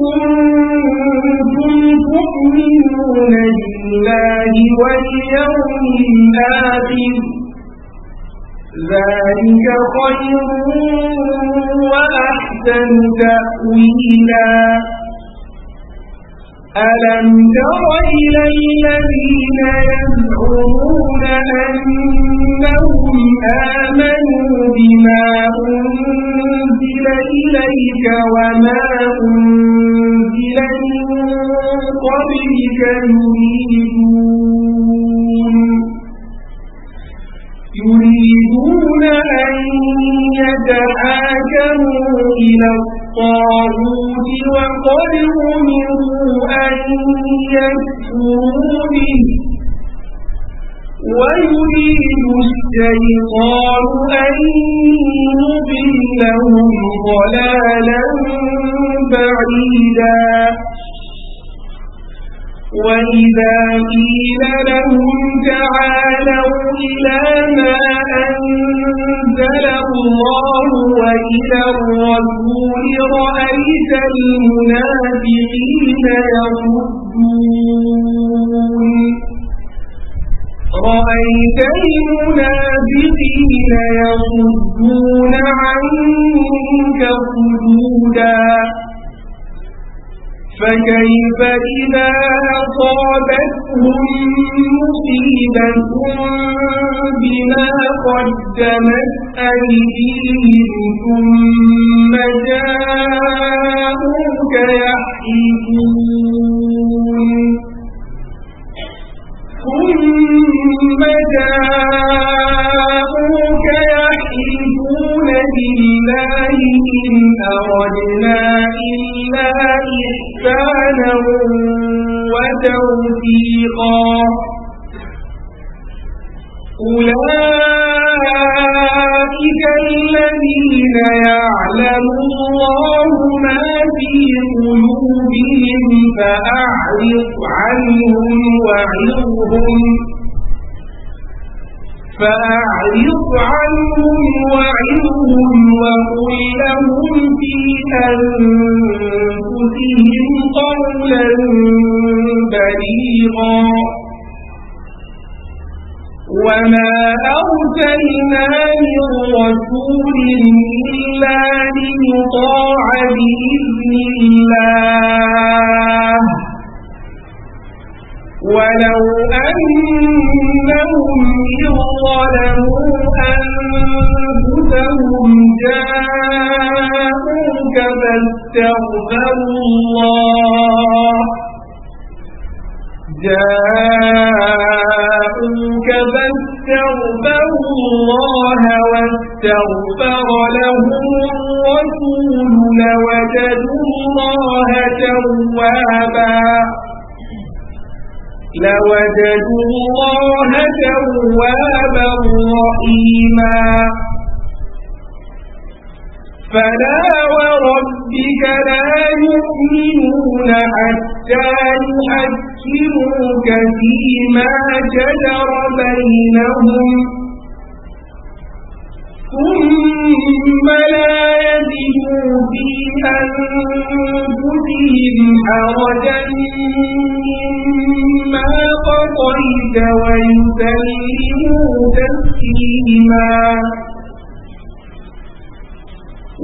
كنتم تؤمنون بالله واليوم الآخر ذلك خير وأحسن تأويلاً ألم تر إلى الذين يزعمون أنهم آمنوا بما أنزل إليك وما أنزل من قبلك يريدون يريدون أن يتحاكموا إلى الطاغوت وقد أمروا أن يكفروا به ويريد الشيطان أن يضلهم ضلالا بعيدا وإذا قيل لهم تعالوا إلى ما أنزل الله وإلى الرسول رأيت المنافقين يصدون رأيت المنافقين يصدون عنك صدودا فكيف إذا أصابتهم مصيبة بما قدمت أيديهم ثم جاءوك يحلفون ثم جاءوك يحلفون بالله إن أردنا إلا إحسانا إحسانا وتوفيقا أولئك الذين يعلم الله ما في قلوبهم فأعرض عنهم وعظهم فأعرض عنهم وعظهم وقل لهم في أنفسهم قولا بليغا وما أرسلنا من رسول إلا ليطاع بإذن الله ولو أنهم إذ ظلموا أنفسهم جاءوك فاستغفروا الله جاءوك فاستغفروا الله واستغفر لهم الرسول لوجدوا الله توابا لوجدوا الله توابا رحيما فلا وربك لا يؤمنون حتى يحكموك فيما جدر بينهم ثم لا يجدوا في أنفسهم حرجا مما قضيت ويسلموا تسليما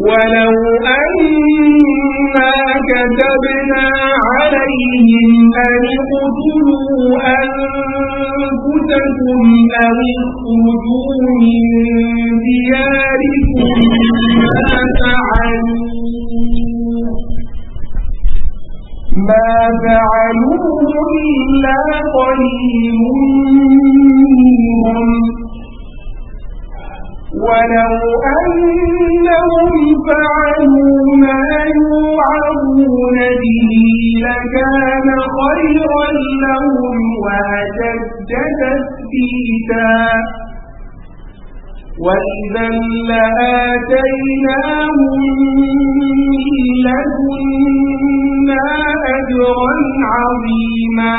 ولو أنا كتبنا عليهم أن اقتلوا أنفسكم أو اخرجوا من دياركم ما فعلوا ما فعلوه إلا قليل منهم ولو أنهم فعلوا ما يوعظون به لكان خيرا لهم وأشد تثبيتا وإذا لآتيناهم من لدنا أجرا عظيما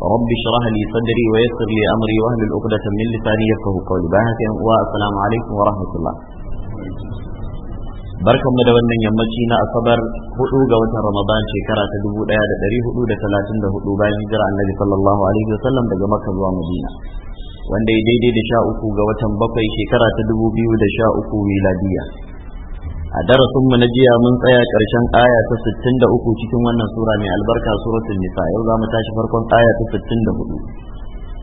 رب اشرح لي صدري ويسر لي امري واهل عقدة من لساني يفقهوا قولي بارك والسلام عليكم ورحمة الله barkan mu da wannan yammaci na asabar hudu ga watan ramadan shekara ta dubu daya da dari hudu da talatin da hudu bayan hijira annabi sallallahu alaihi daga makka zuwa madina wanda ya daidai da sha uku ga watan bakwai shekara ta dubu biyu da sha uku miladiya a darasin mu na jiya mun tsaya ƙarshen aya ta 63 cikin wannan sura mai albarka suratul nisa yau za mu tashi farkon aya ta 64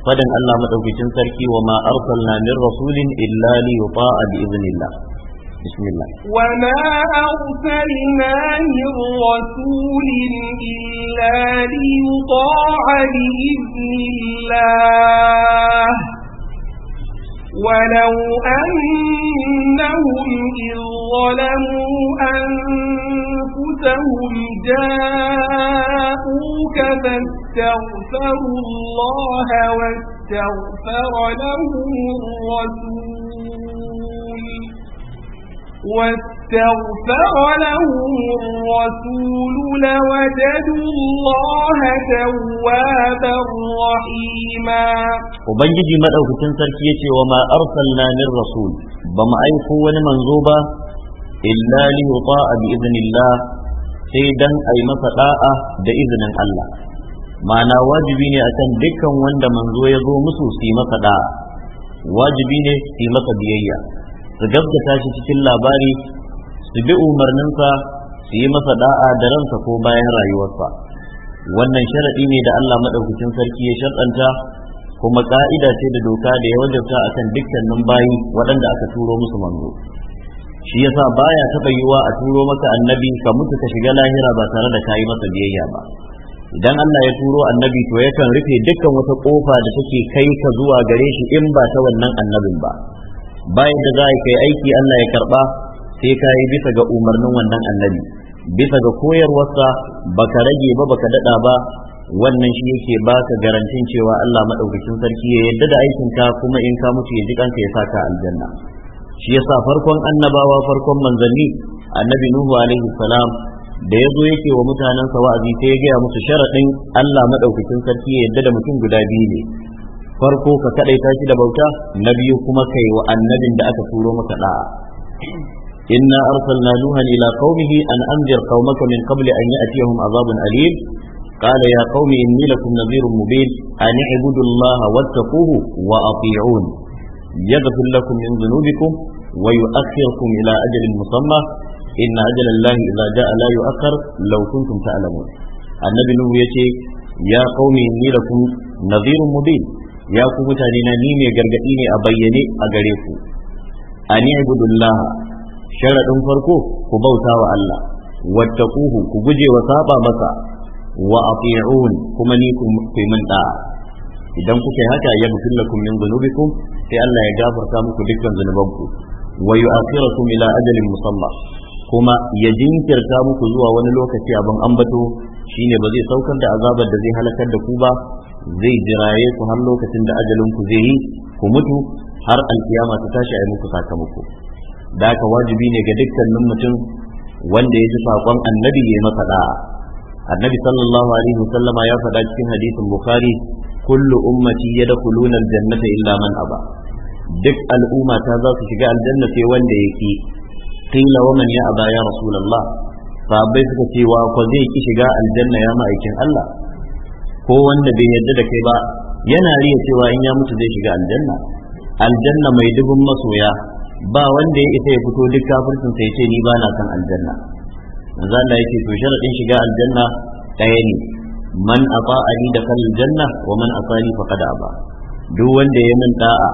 fadin Allah madaukakin sarki wa ma arsalna min rasulin illa li yuta'a bi iznillah بسم الله وما أرسلنا من رسول إلا ليطاع بإذن الله ولو أنهم إذ ظلموا أنفسهم جاءوك فاستغفروا الله واستغفر لهم الرسول واستغفر لهم الرسول لوجدوا الله توابا رحيما وبنجي مدوكتين سركي يتي وما أرسلنا من رسول بما أيقو منزوبا إلا ليطاع بإذن الله سيدا أي مسقاء بإذن الله ma'ana wajibi ne akan dukkan wanda manzo ya zo musu su yi masa da wajibi ne su yi masa biyayya su gaskata shi cikin labari su bi umarninsa su yi masa da'a da ransa ko bayan rayuwarsa wannan sharaɗi ne da Allah maɗaukacin sarki ya sharɗanta kuma ƙa'ida ce da doka da ya wajabta a kan dukkanin bayi waɗanda aka turo musu manzo shi yasa baya taɓa yiwa a turo maka annabi ka mutu ka shiga lahira ba tare da ka yi masa biyayya ba idan Allah ya turo annabi to yakan rufe dukkan wata ƙofa da take kai ka zuwa gare shi in ba ta wannan annabin ba bayan da za a kai aiki Allah ya karba sai ka yi bisa ga umarnin wannan annabi bisa ga koyarwarsa ka rage ba ba ka daɗa ba wannan shi yake ka garantin cewa Allah madaukakin sarki ya yadda da aikin ka kuma in ka mutu ya ji kanka ya saka aljanna shi yasa farkon annabawa farkon manzanni annabi nuhu alaihi salam da ya zo yake wa mutanensa wa'azi sai ya gaya musu sharaɗin Allah maɗaukakin sarki ya yarda da mutum guda biyu ne farko ka kadaita shi da bauta na biyu kuma kai wa annabin da aka turo maka da'a inna arsalna nuhan ila qaumihi an anzir qaumaka min qabli an ya'tiyahum azabun alim qala ya qaumi inni lakum nadhirun mubin an ibudu Allah wattaquhu wa ati'un yaghfir lakum min dhunubikum wa yu'akhirukum ila ajalin musamma inna ajala Allah idza ja'a la yu'akhkar law kuntum ta'lamun annabi nuhu yace ya qaumi inni lakum nadhirun mubin ya ku mutane na ni mai gargadi ne a bayyane a gare ku ani ibudullah sharadin farko ku bauta wa Allah wattaquhu ku guje wa saba masa wa ati'un kuma ni ku min da'a idan kuka haka ya bukun lakum min dhunubikum sai Allah ya gafarta muku dukkan zunubanku wa yu'akhirukum ila ajalin musamma kuma ya jinkirta muku zuwa wani lokaci abin ambato shine ba zai saukar da azabar da zai halakar da ku ba zai jiraye ku har lokacin da ajalin ku zai yi ku mutu har alkiyama ta tashi a yi muku sakamako da haka wajibi ne ga dukkanin mutum wanda ya ji saƙon annabi ya masa da'a annabi sallallahu alaihi wasallama ya faɗa cikin hadisin bukhari kullu ummati yadkhuluna aljannata illa man aba duk al'umma ta za su shiga aljanna sai wanda yake qila wa man ya aba ya rasulullah sahabbai suka ce wa ko zai ki shiga aljanna ya ma'aikin Allah ko wanda bai yarda da kai ba yana riya cewa in ya mutu zai shiga aljanna aljanna mai dubun masoya ba wanda ya isa ya fito duk kafircin sai ce ni ba na san aljanna manzo Allah yake to sharadin shiga aljanna ɗaya ne man ata'ani da kal janna wa man asani faqad aba duk wanda ya min da'a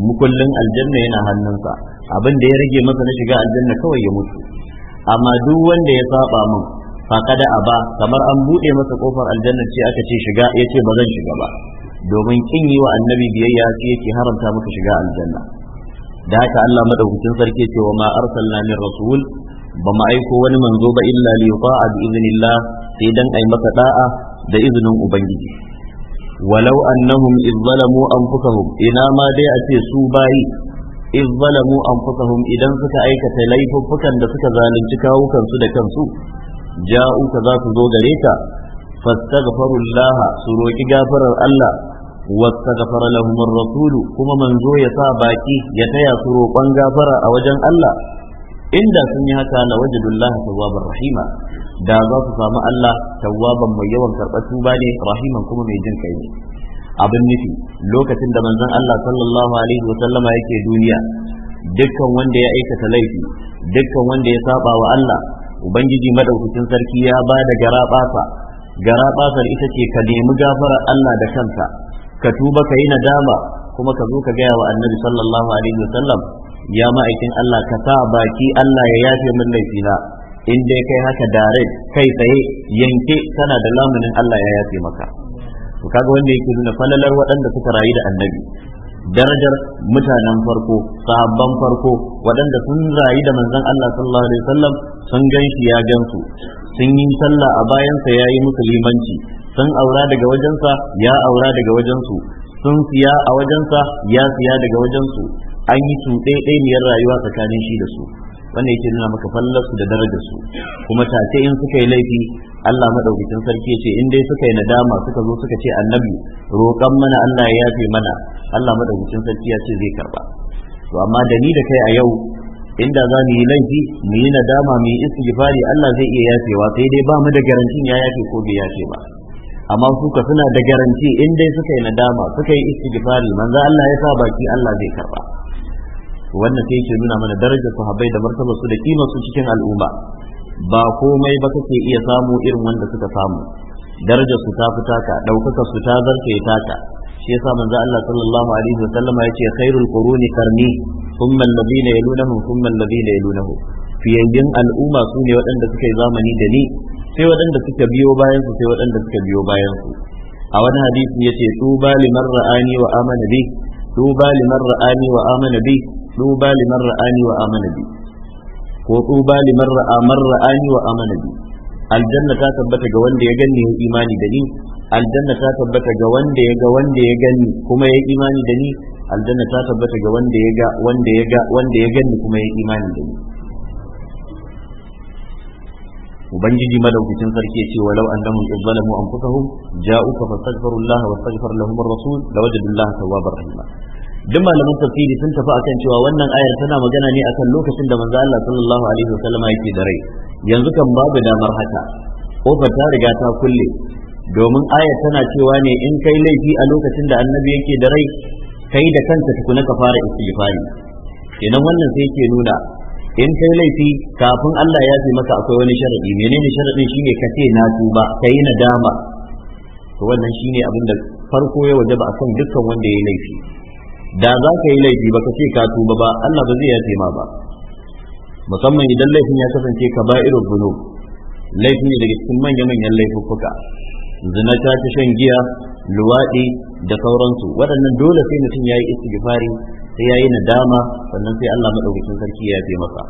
mukullin aljanna yana hannunsa abin da ya rage masa na shiga aljanna kawai ya mutu amma duk wanda ya saba min faƙada a ba kamar an buɗe masa ƙofar aljanna ce aka ce shiga ya ce ba zan shiga ba domin kin yi wa annabi biyayya shi yake haramta maka shiga aljanna da haka Allah madaukakin sarki ce wa ma arsalna min rasul ba mu aiko wani manzo ba illa li yuqa bi iznillah sai dan ai maka da'a da izinin ubangiji walau annahum Izzalamu anfusahum ina ma dai a ce su bayi Izzalamu zalamu anfusahum idan suka aikata laifuffukan da suka zalunci kawukansu da kansu ja'uka za su zo gare ka fastaghfiru Allah su roki gafarar Allah wastaghfara lahum ar-rasulu kuma manzo ya sa baki ya taya su roƙon gafara a wajen Allah inda sun yi haka la wajadu Allah tawwabar rahima da za su samu Allah tawwaban mai yawan karɓar tuba ne rahiman kuma mai jin kai ne abin nufi lokacin da manzon Allah sallallahu alaihi wa sallama yake duniya dukkan wanda ya aikata laifi dukkan wanda ya saba wa Allah ubangiji madaukakin sarki ya ba da gara basa gara basar ita ce ka nemi gafarar Allah da kanta, ka tuba ka yi nadama kuma ka zo ka gaya wa annabi sallallahu alaihi wasallam ya ma'aikin Allah ka sa baki Allah ya yafe min laifina in dai kai haka dare kai tsaye yanke kana da lamunin Allah ya yafe maka to kaga wanda yake nuna falalar waɗanda suka rayu da annabi darajar mutanen farko sahabban farko waɗanda sun rayu da manzon Allah sallallahu alaihi wasallam sun shi ya su sun yi sallah a bayansa ya yi musu limanci sun aura daga wajensa ya aura daga wajensu sun siya a wajensa ya siya daga wajensu an yi cuɗe ɗainiyar rayuwa tsakanin shi da su wanda yake nuna maka fallarsu da darajarsu kuma ce in suka yi laifi Allah madaukakin sarki ce in dai suka yi nadama suka zo suka ce annabi roƙan mana Allah ya yafe mana Allah madaukakin sarki ya ce zai karba to amma da ni da kai a yau inda za mu yi laifi mu yi nadama mu yi istighfari Allah zai iya yafewa sai dai ba mu da garantin ya yafe ko bai yafe ba amma su ka suna da garanti in dai suka yi nadama suka yi istighfari manzo Allah ya sa baki Allah zai karba wannan sai yake nuna mana darajar sahabbai da martaba su da kimar su cikin al'umma ba komai ba kake iya samu irin wanda suka samu darajar su ta fita ka daukaka su ta zarce taka shi yasa manzo Allah sallallahu alaihi wa sallam yace khairul quruni qarni thumma alladhina yalunahum thumma alladhina yalunahum fiyayyin al'umma su ne waɗanda suka yi zamani da ni sai waɗanda suka biyo bayan su sai waɗanda suka biyo bayan su a wani hadisi yace tuba liman ra'ani wa amana bi tuba liman ra'ani wa amana bi duba liman ra'ani wa amana ko duba liman ra'a man ra'ani wa amana bi aljanna ta tabbata ga wanda ya ganni ya imani da ni aljanna ta tabbata ga wanda ya ga wanda ya ganni kuma ya imani da ni aljanna ta tabbata ga wanda ya ga wanda ya ga wanda ya ganni kuma ya imani da ni ubangiji madaukakin sarki ya ce walau annahum izzalamu anfusahum ja'uka fastaghfirullah wastaghfir lahum ar-rasul lawajadullah tawwabar rahima duk malamin tafsiri sun tafi akan cewa wannan ayar tana magana ne akan lokacin da manzo Allah sallallahu alaihi wasallam yake da rai yanzu kan babu damar haka kofar ta riga ta kulle domin ayar tana cewa ne in kai laifi a lokacin da annabi yake da rai kai da kanka tukuna ka fara istighfari idan wannan sai yake nuna in kai laifi kafin Allah ya fi maka akwai wani sharadi menene sharadin shine ka ce na tuba kai dama, to wannan shine abin da farko ya wajaba akan dukkan wanda ya laifi da za ka yi laifi ba ka ce ka tuba ba Allah ba zai yafe ma ba musamman idan laifin ya kasance ka ba irin bunu laifin ne daga cikin manya manyan laifuffuka zina ta ci shan giya luwaɗi da sauransu waɗannan dole sai mutum ya yi istighfari sai ya yi nadama sannan sai Allah maɗaukakin sarki ya yafe masa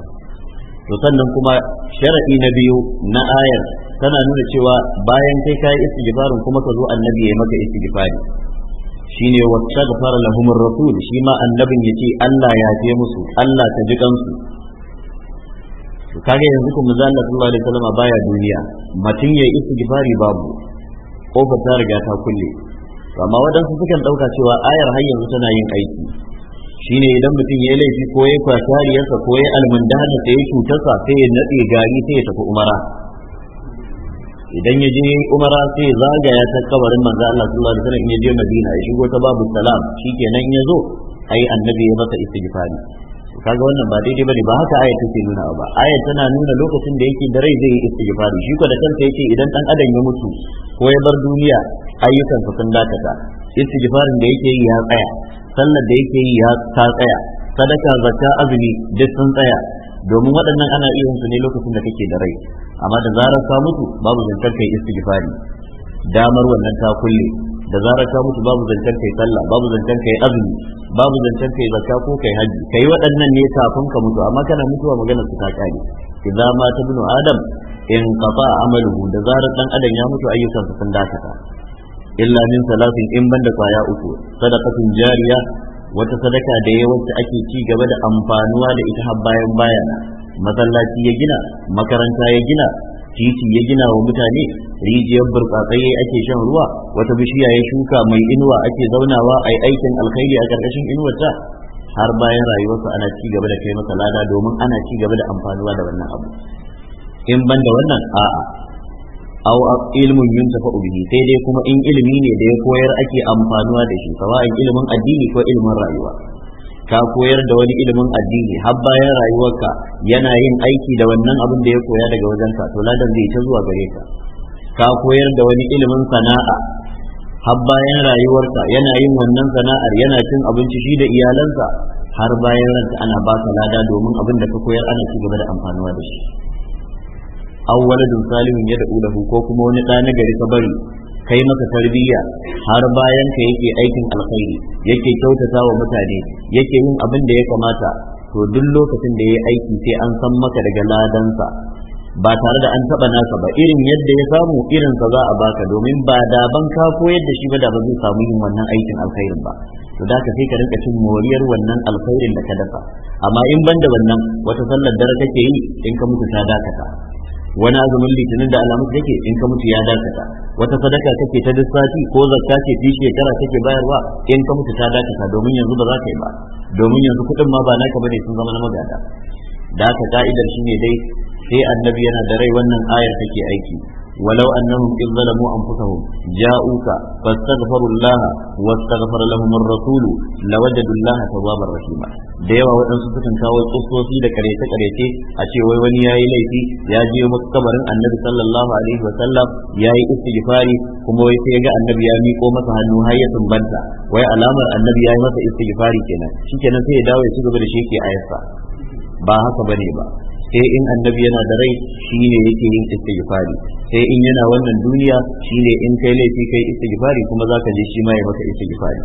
to sannan kuma sharaɗi na biyu na ayar tana nuna cewa bayan kai ka yi istighfarin kuma ka zo annabi ya yi maka istighfari shine wacce ga fara lahumar rasul shi ma annabin ya ce Allah ya je musu Allah ta ji kansu to kage yanzu kun manzo Allah sallallahu alaihi wasallam baya duniya matin ya isa istighfari babu kofar ta riga ta kulle amma wadansu sukan dauka cewa ayar har yanzu tana yin aiki shine idan mutum ya laifi ko ya kwatariyarsa ko ya almundana sai ya cutarsa sai ya nade gari sai ya tafi umara idan ya je umara sai zagaya ta kabarin manzo Allah sallallahu alaihi wasallam in ya je Madina ya shigo ta babu salam shikenan ya zo ai annabi ya masa istighfari kaga wannan ba daidai bane ba haka aya ke nuna ba aya tana nuna lokacin da yake da rai zai yi istighfari shi ko da kanta yake idan dan adam ya mutu ko ya bar duniya ayyukan sa sun dakata istighfarin da yake yi ya tsaya sallar da yake yi ya tsaya sadaka zakka azumi duk sun tsaya domin waɗannan ana iya yin su ne lokacin da kake da rai amma da zarar ta mutu babu zantar kai istighfari damar wannan ta kulle da zarar ta mutu babu zantar kai sallah babu zantar kai azumi babu zantar kai zakka ko kai haji kai waɗannan ne kafin ka mutu amma kana mutuwa maganar su ta kare idan ma ta binu adam in qata amaluhu da zarar dan adam ya mutu ayyukan su sun dakata illa min salatin in banda kwaya uku sadaqatin jariya wata sadaka da ya wacce ake ci gaba da amfanuwa da ita har bayan baya masallaci ya gina makaranta ya gina titi ya gina wa mutane rijiyar burtsatsaye ake shan ruwa wata bishiya ya shuka mai inuwa ake zaunawa a aikin alkhairi a ƙarƙashin inuwarta har bayan rayuwarsa ana ci gaba da kai masa lada domin ana ci gaba da amfanuwa da wannan abu in ban da wannan a'a aw ilmun yuntafa bihi sai dai kuma in ilimi ne da ya koyar ake amfanuwa da shi in ilimin addini ko ilimin rayuwa ka koyar da wani ilimin addini har bayan rayuwarka yana yin aiki da wannan abin da ya koya daga wajenka to ladan zai ta zuwa gare ka ka koyar da wani ilimin sana'a har bayan rayuwarka yana yin wannan sana'ar yana cin abinci shi da iyalansa har bayan ranta ana baka lada domin abin da ka koyar ana ci gaba da amfanuwa da shi aw waladun salihun yad'u lahu ko kuma wani ɗa na gari ka bari kai maka tarbiyya har bayan ka yake aikin alkhairi yake kyautata wa mutane yake yin abin da ya kamata to duk lokacin da ya aiki sai an san maka daga ladansa ba tare da an taba nasa ba irin yadda ya samu irin sa za a baka domin ba da ban ka koyar da shi ba da ba zai samu yin wannan aikin alkhairin ba to da ka sai ka rinka cin moriyar wannan alkhairin da ka dafa amma in banda wannan wata sallar dare kake yi in ka mutu ta dakata wani azumin litinin da alamun take in ka mutu ya dakata wata sadaka kake ta duk sati ko zakka ce fi shekara kake bayarwa in ka mutu ta dakata domin yanzu ba za ka yi ba domin yanzu kuɗin ma ba naka bane sun zama na magada da idan ka'idar shine dai sai annabi yana da rai wannan ayar take aiki ولو أنهم إذ ظلموا أنفسهم جاءوك فاستغفروا الله واستغفر لهم الرسول لوجدوا الله توابا رحيما da yawa waɗansu sukan kawo tsotsosi da karyace-karyace a ce wai wani yayi laifi ya je kabarin annabi sallallahu alaihi wa sallam yayi istighfari kuma wai sai ga annabi ya miƙo masa hannu har ya sumbanta wai alamar annabi yayi masa istighfari kenan shikenan sai ya dawo ya ci gaba da shi ke ba haka bane ba sai in annabi yana da rai ne yake yin istighfari sai in yana wannan duniya ne in kai laifi kai istighfari kuma zaka je shi ma ya maka istighfari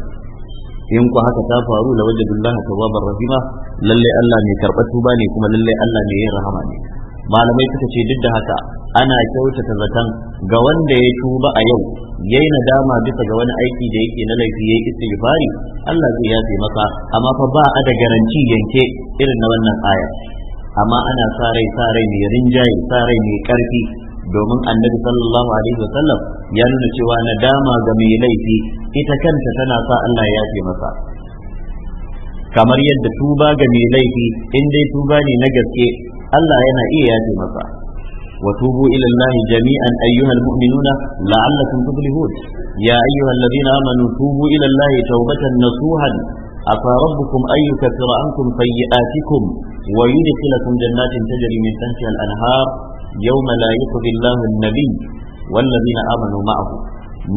in ku haka ta faru la wajadullaha tawwabar rahima lalle Allah ne karɓar tuba ne kuma lalle Allah ne yin rahama ne malamai suka ce duk da haka ana kyautata zaton ga wanda ya tuba a yau yayi nadama bisa ga wani aiki da yake na laifi yayi istighfari Allah zai yafe maka, amma fa ba a da garanti yanke irin na wannan aya amma ana sa rai sa rai mai rinjaye sa rai mai karfi domin annabi sallallahu alaihi wasallam ya nuna cewa nadama ga mai laifi ita kanta tana sa Allah ya ce masa kamar yadda tuba ga mai laifi in dai tuba ne na gaske Allah yana iya yafe masa wa tubu ila Allah jami'an ayyuha almu'minuna la'allakum tuflihun ya ayyuha alladhina amanu tubu ila Allah tawbatan nasuhan عسى ربكم أن يكفر عنكم سيئاتكم ويدخلكم جنات تجري من تحتها الأنهار يوم لا يقضي الله النبي والذين آمنوا معه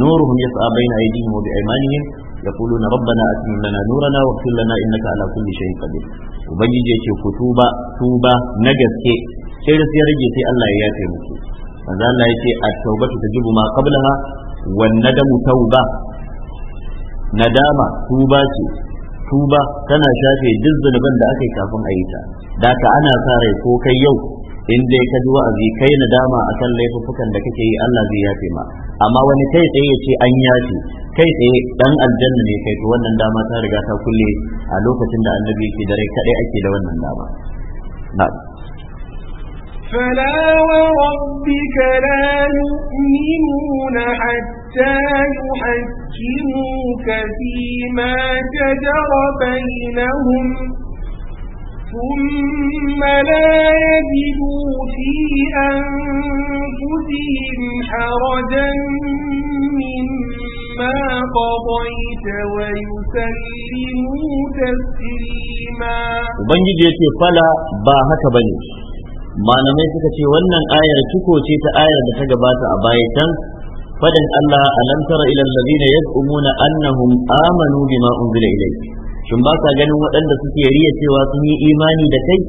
نورهم يسعى بين أيديهم وبأيمانهم يقولون ربنا أتمم لنا نورنا واغفر لنا إنك على كل شيء قدير وبنجي يشوف توبة توبة نجس sai da sai rage sai Allah ya yafe musu manzo Allah ya ce at-taubatu tajibu ma qablaha wan nadamu tauba nadama tuba ce tuba tana shafe duk zunuban da aka yi kafin a yi ta da ka ana sa rai ko kai yau in dai ka ji wa'azi kai nadama akan laifukan da kake yi Allah zai yafe ma amma wani kai tsaye ya ce an yafe kai tsaye dan aljanna ne kai to wannan dama ta riga ta kulle a lokacin da annabi yake da rai kadai ake da wannan dama na'am فلا وربك لا يؤمنون حتى يحكموك فيما شجر بينهم ثم لا يجدوا في أنفسهم حرجا مما قضيت ويسلموا تسليما وبنجد يتي فلا باهك بني malamai suka ce wannan ayar ciko ce ta ayar da ta gabata a baya can fadan Allah alam tara ila alladhina yaz'umuna annahum amanu bima unzila ilayk shin ba ka ganin waɗanda suke riya cewa sun yi imani da kai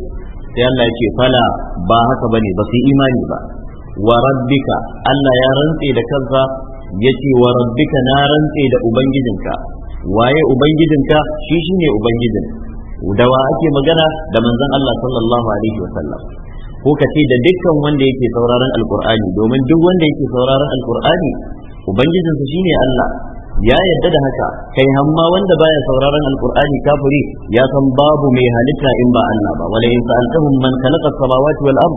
sai Allah ya ce fala ba haka bane ba su imani ba wa rabbika Allah ya rantse da kansa yace wa rabbika na rantse da ubangijinka waye ubangijinka shi shine ubangijin da wa ake magana da manzon Allah sallallahu alaihi wasallam ko ka ce da dukkan wanda yake sauraron alkur'ani domin duk wanda yake sauraron alkur'ani ubangijinsa shine Allah ya yadda da haka kai hamma wanda baya sauraron alkur'ani kafiri ya san babu mai halitta in ba Allah ba wala in sa'altahum man khalaqa samawati wal ard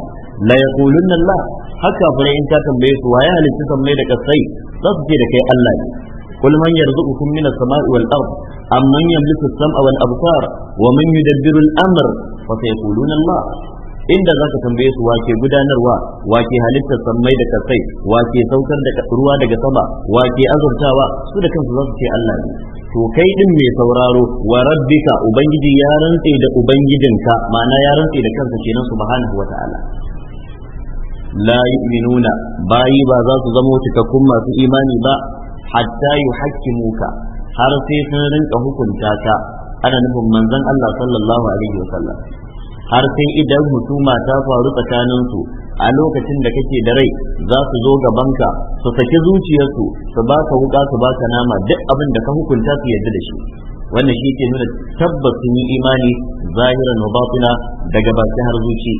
la yaqulunna Allah haka fure in ka tambaye su waye halitta sammai da kasai za su ce da kai Allah ne قل من يرزقكم من yanzu والأرض أم من يملك السمع والأبصار ومن يدبر الأمر فسيقولون الله inda za ka tambaye su wake gudanarwa wake halittar sammai da kasai wake saukar da ruwa daga sama wake azurtawa su da kansu za su ce Allah ne to kai din mai sauraro wa rabbika ubangiji ya rantse da ubangijinka ma'ana ya rantse da kansa kenan subhanahu wata'ala la yu'minuna bayi ba za su zama cikakkun masu imani ba hatta yuhakkimuka har sai sun rinka hukunta ta ana nufin manzon Allah sallallahu alaihi wasallam har sai idan husuma ta faru tsakaninsu a lokacin da kake da rai za su zo gabanka su saki zuciyarsu su ba ka wuka su ba ka nama duk abin da ka hukunta su yadda da shi wannan shi ke nuna tabbas sun yi imani zahiran wa batina daga baki har zuci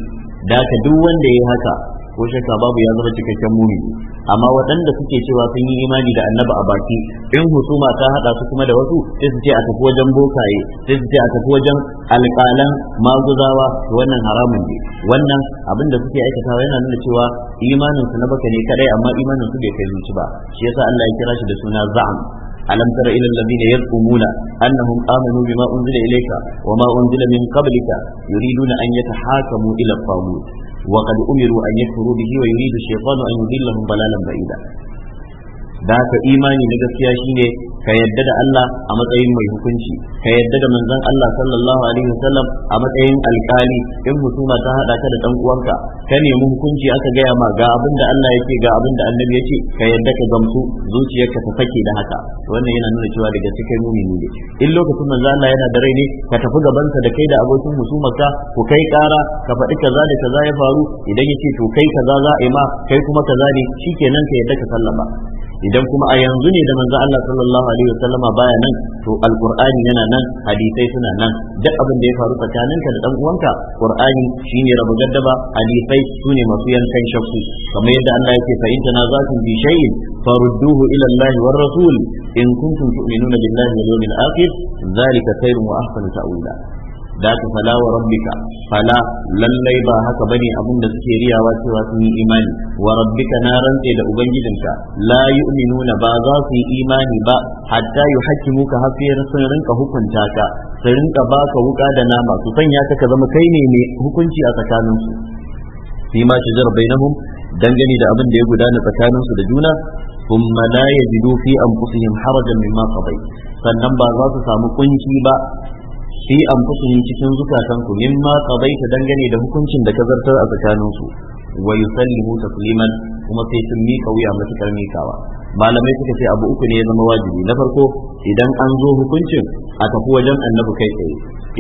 da duk wanda ya yi haka ko shakka babu ya zama cikakken mumi amma waɗanda suke cewa sun yi imani da annabi a baki in husuma ta hada su kuma da wasu sai su ce a tafi wajen bokaye sai su ce a tafi wajen alƙalan maguzawa wannan haramun ne wannan abin da suke aikatawa yana nuna cewa imanin su na baka ne kadai amma imanin su bai kai zuci ba shi yasa Allah ya kira shi da suna za'am ألم تر إلى الذين يزعمون أنهم آمنوا بما أنزل إليك وما أنزل من قبلك يريدون أن يتحاكموا إلى الطاغوت وقد أمروا أن يكفروا به ويريد الشيطان أن يضلهم ضلالا بعيدا da haka imani na gaskiya shine ka yadda da Allah a matsayin mai hukunci ka yadda da manzon Allah sallallahu alaihi wasallam a matsayin alkali in husuma ta hada ka da dan uwanka ka nemi hukunci aka gaya ma ga abin Allah yake ga abin da annabi yake ka yadda ka gamsu zuciyarka ta fake da haka wannan yana nuna cewa daga cikin mumini ne in lokacin manzon Allah yana da rai ne ka tafi gabansa da kai da abokin husumarka ku kai kara ka faɗi kaza da kaza ya faru idan yake to kai kaza za a yi ma kai kuma kaza ne shikenan ka yadda ka sallama idan kuma a yanzu ne da manzo Allah sallallahu alaihi wasallama baya nan to alqur'ani yana nan hadisai suna nan duk abin da ya faru tsakaninka da dan uwanka qur'ani shine rabu gaddaba hadisai sune masu yankan shakku kamar yadda Allah yake fa inna zakum bi shay'in farudduhu ila Allah war rasul in kuntum tu'minuna billahi wal yawmil akhir dhalika khairun wa ahsanu ta'wila da ka fala wa rabbika fala lallai ba haka bane abin da suke riyawa cewa sun yi imani wa rabbika na rantse da ubangijinka la yu'minuna ba za su yi imani ba hatta ka hafiyar sun rinka hukunta ka su rinka baka wuka da nama su sanya ka ka zama kai ne mai hukunci a tsakaninsu fi ma shajar bainahum dangane da abin da ya gudana tsakaninsu da juna ثم لا يجدوا في أنفسهم حرجا مما قضيت sannan ba za su samu kunci ba fi anfusihim cikin ku. mimma qadaita dangane da hukuncin da ka zartar a tsakaninsu wa yusallimu tasliman kuma sai sun mika wuya matukar mikawa malamai suka ce abu uku ne ya zama wajibi na farko idan an zo hukuncin a tafi wajen annabi kai tsaye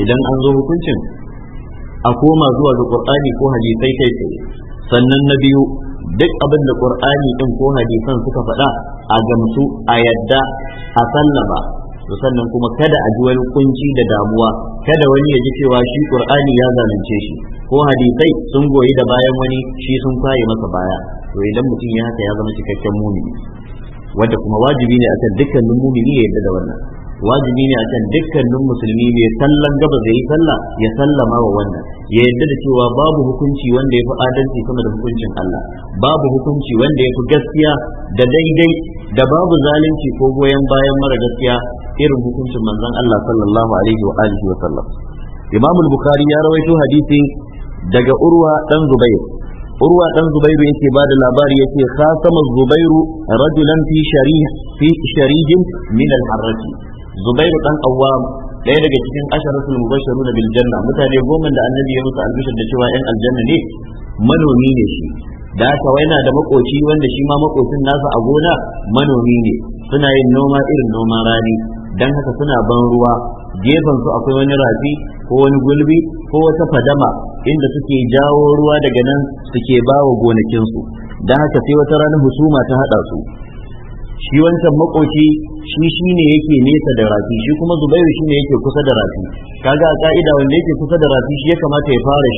idan an zo hukuncin a koma zuwa ga qur'ani ko hadisai kai tsaye sannan na biyu duk abin da qur'ani din ko hadisan suka faɗa a gamsu a yadda a sallama to sannan kuma kada a ji wani kunci da damuwa kada wani ya ji cewa shi qur'ani ya zalunce shi ko hadisai sun goyi da bayan wani shi sun kwaye masa baya to idan mutum ya haka ya zama cikakken mumini wanda kuma wajibi ne akan dukkanin mumini ya yarda da wannan wajibi ne akan dukkanin musulmi ne sallan gaba zai yi sallah ya sallama wa wannan ya yarda da cewa babu hukunci wanda ya fi adalci sama da hukuncin Allah babu hukunci wanda ya fi gaskiya da daidai da babu zalunci ko goyon bayan mara gaskiya irin hukuncin manzon Allah sallallahu alaihi wa alihi wa sallam Imam al-Bukhari ya rawaito hadisin daga Urwa dan Zubair Urwa dan Zubair yake ba da labari yake khasama Zubair rajulan fi sharih fi sharijin min al-harrati Zubair dan Awwam daya daga cikin asharatul mubashiruna bil janna mutane goma da annabi ya musu albishir da cewa yan aljanna ne manomi ne shi da haka waina da makoci wanda shi ma makocin nasa a gona manomi ne suna yin noma irin noman rani dan haka suna ban ruwa gefen su akwai wani rafi ko wani gulbi ko wata fadama inda suke jawo ruwa daga nan suke bawa gonakin su dan haka sai wata ranar husuma ta haɗa su shi wancan makoci shi shi ne yake nesa da rafi shi kuma zubairu shi ne yake kusa da rafi kaga a ka'ida wanda yake kusa da rafi shi ya kamata ya fara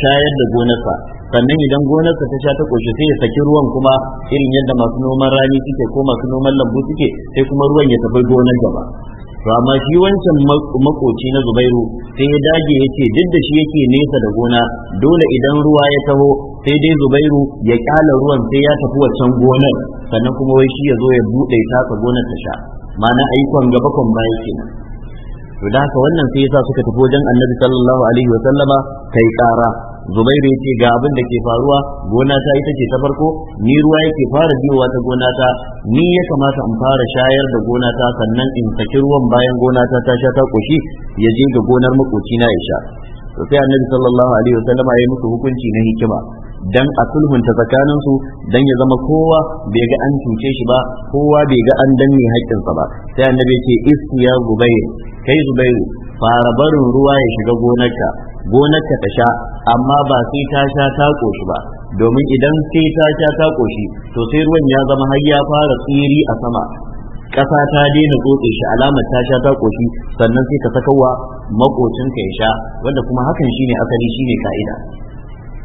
shayar da gonarsa sannan idan gonarsa ta sha ta koshe sai ya saki ruwan kuma irin yadda masu noman rani suke ko masu noman lambu suke sai kuma ruwan ya tafi gonar gaba to amma shi wancan makoci na zubairu sai ya dage ya ce duk da shi yake nesa da gona dole idan ruwa ya taho sai dai zubairu ya kyala ruwan sai ya tafi wancan gonar sannan kuma wai shi ya zo ya buɗe ta ka gonar ta sha ma'ana ayyukan gaba kon baya kenan to da haka wannan sai yasa suka tafi wajen annabi sallallahu alaihi wa sallama kai ƙara zubairu yace ga abin da ke faruwa gona ta ita ce ta farko ni ruwa yake fara biyowa ta gona ta ni ya kamata in fara shayar da gona ta sannan in saki ruwan bayan gona ta ta sha ta koshi ya je ga gonar makoci na ya sha to sai annabi sallallahu alaihi wa sallama ya yi musu hukunci na hikima dan a sulhunta tsakanin su dan ya zama kowa bai ga an cuce shi ba kowa bai ga an danne haƙƙinsa ba sai annabi ce istiya zubair kai zubairu fara barin ruwa ya shiga gonarka gonarka ta sha amma ba sai ta sha ta koshi ba domin idan sai ta sha ta koshi to sai ruwan ya zama har ya fara tsiri a sama ƙasa ta daina tsotse shi alamar ta sha ta koshi sannan sai ka sakawa makocinka ya sha wanda kuma hakan shine asali shine ka'ida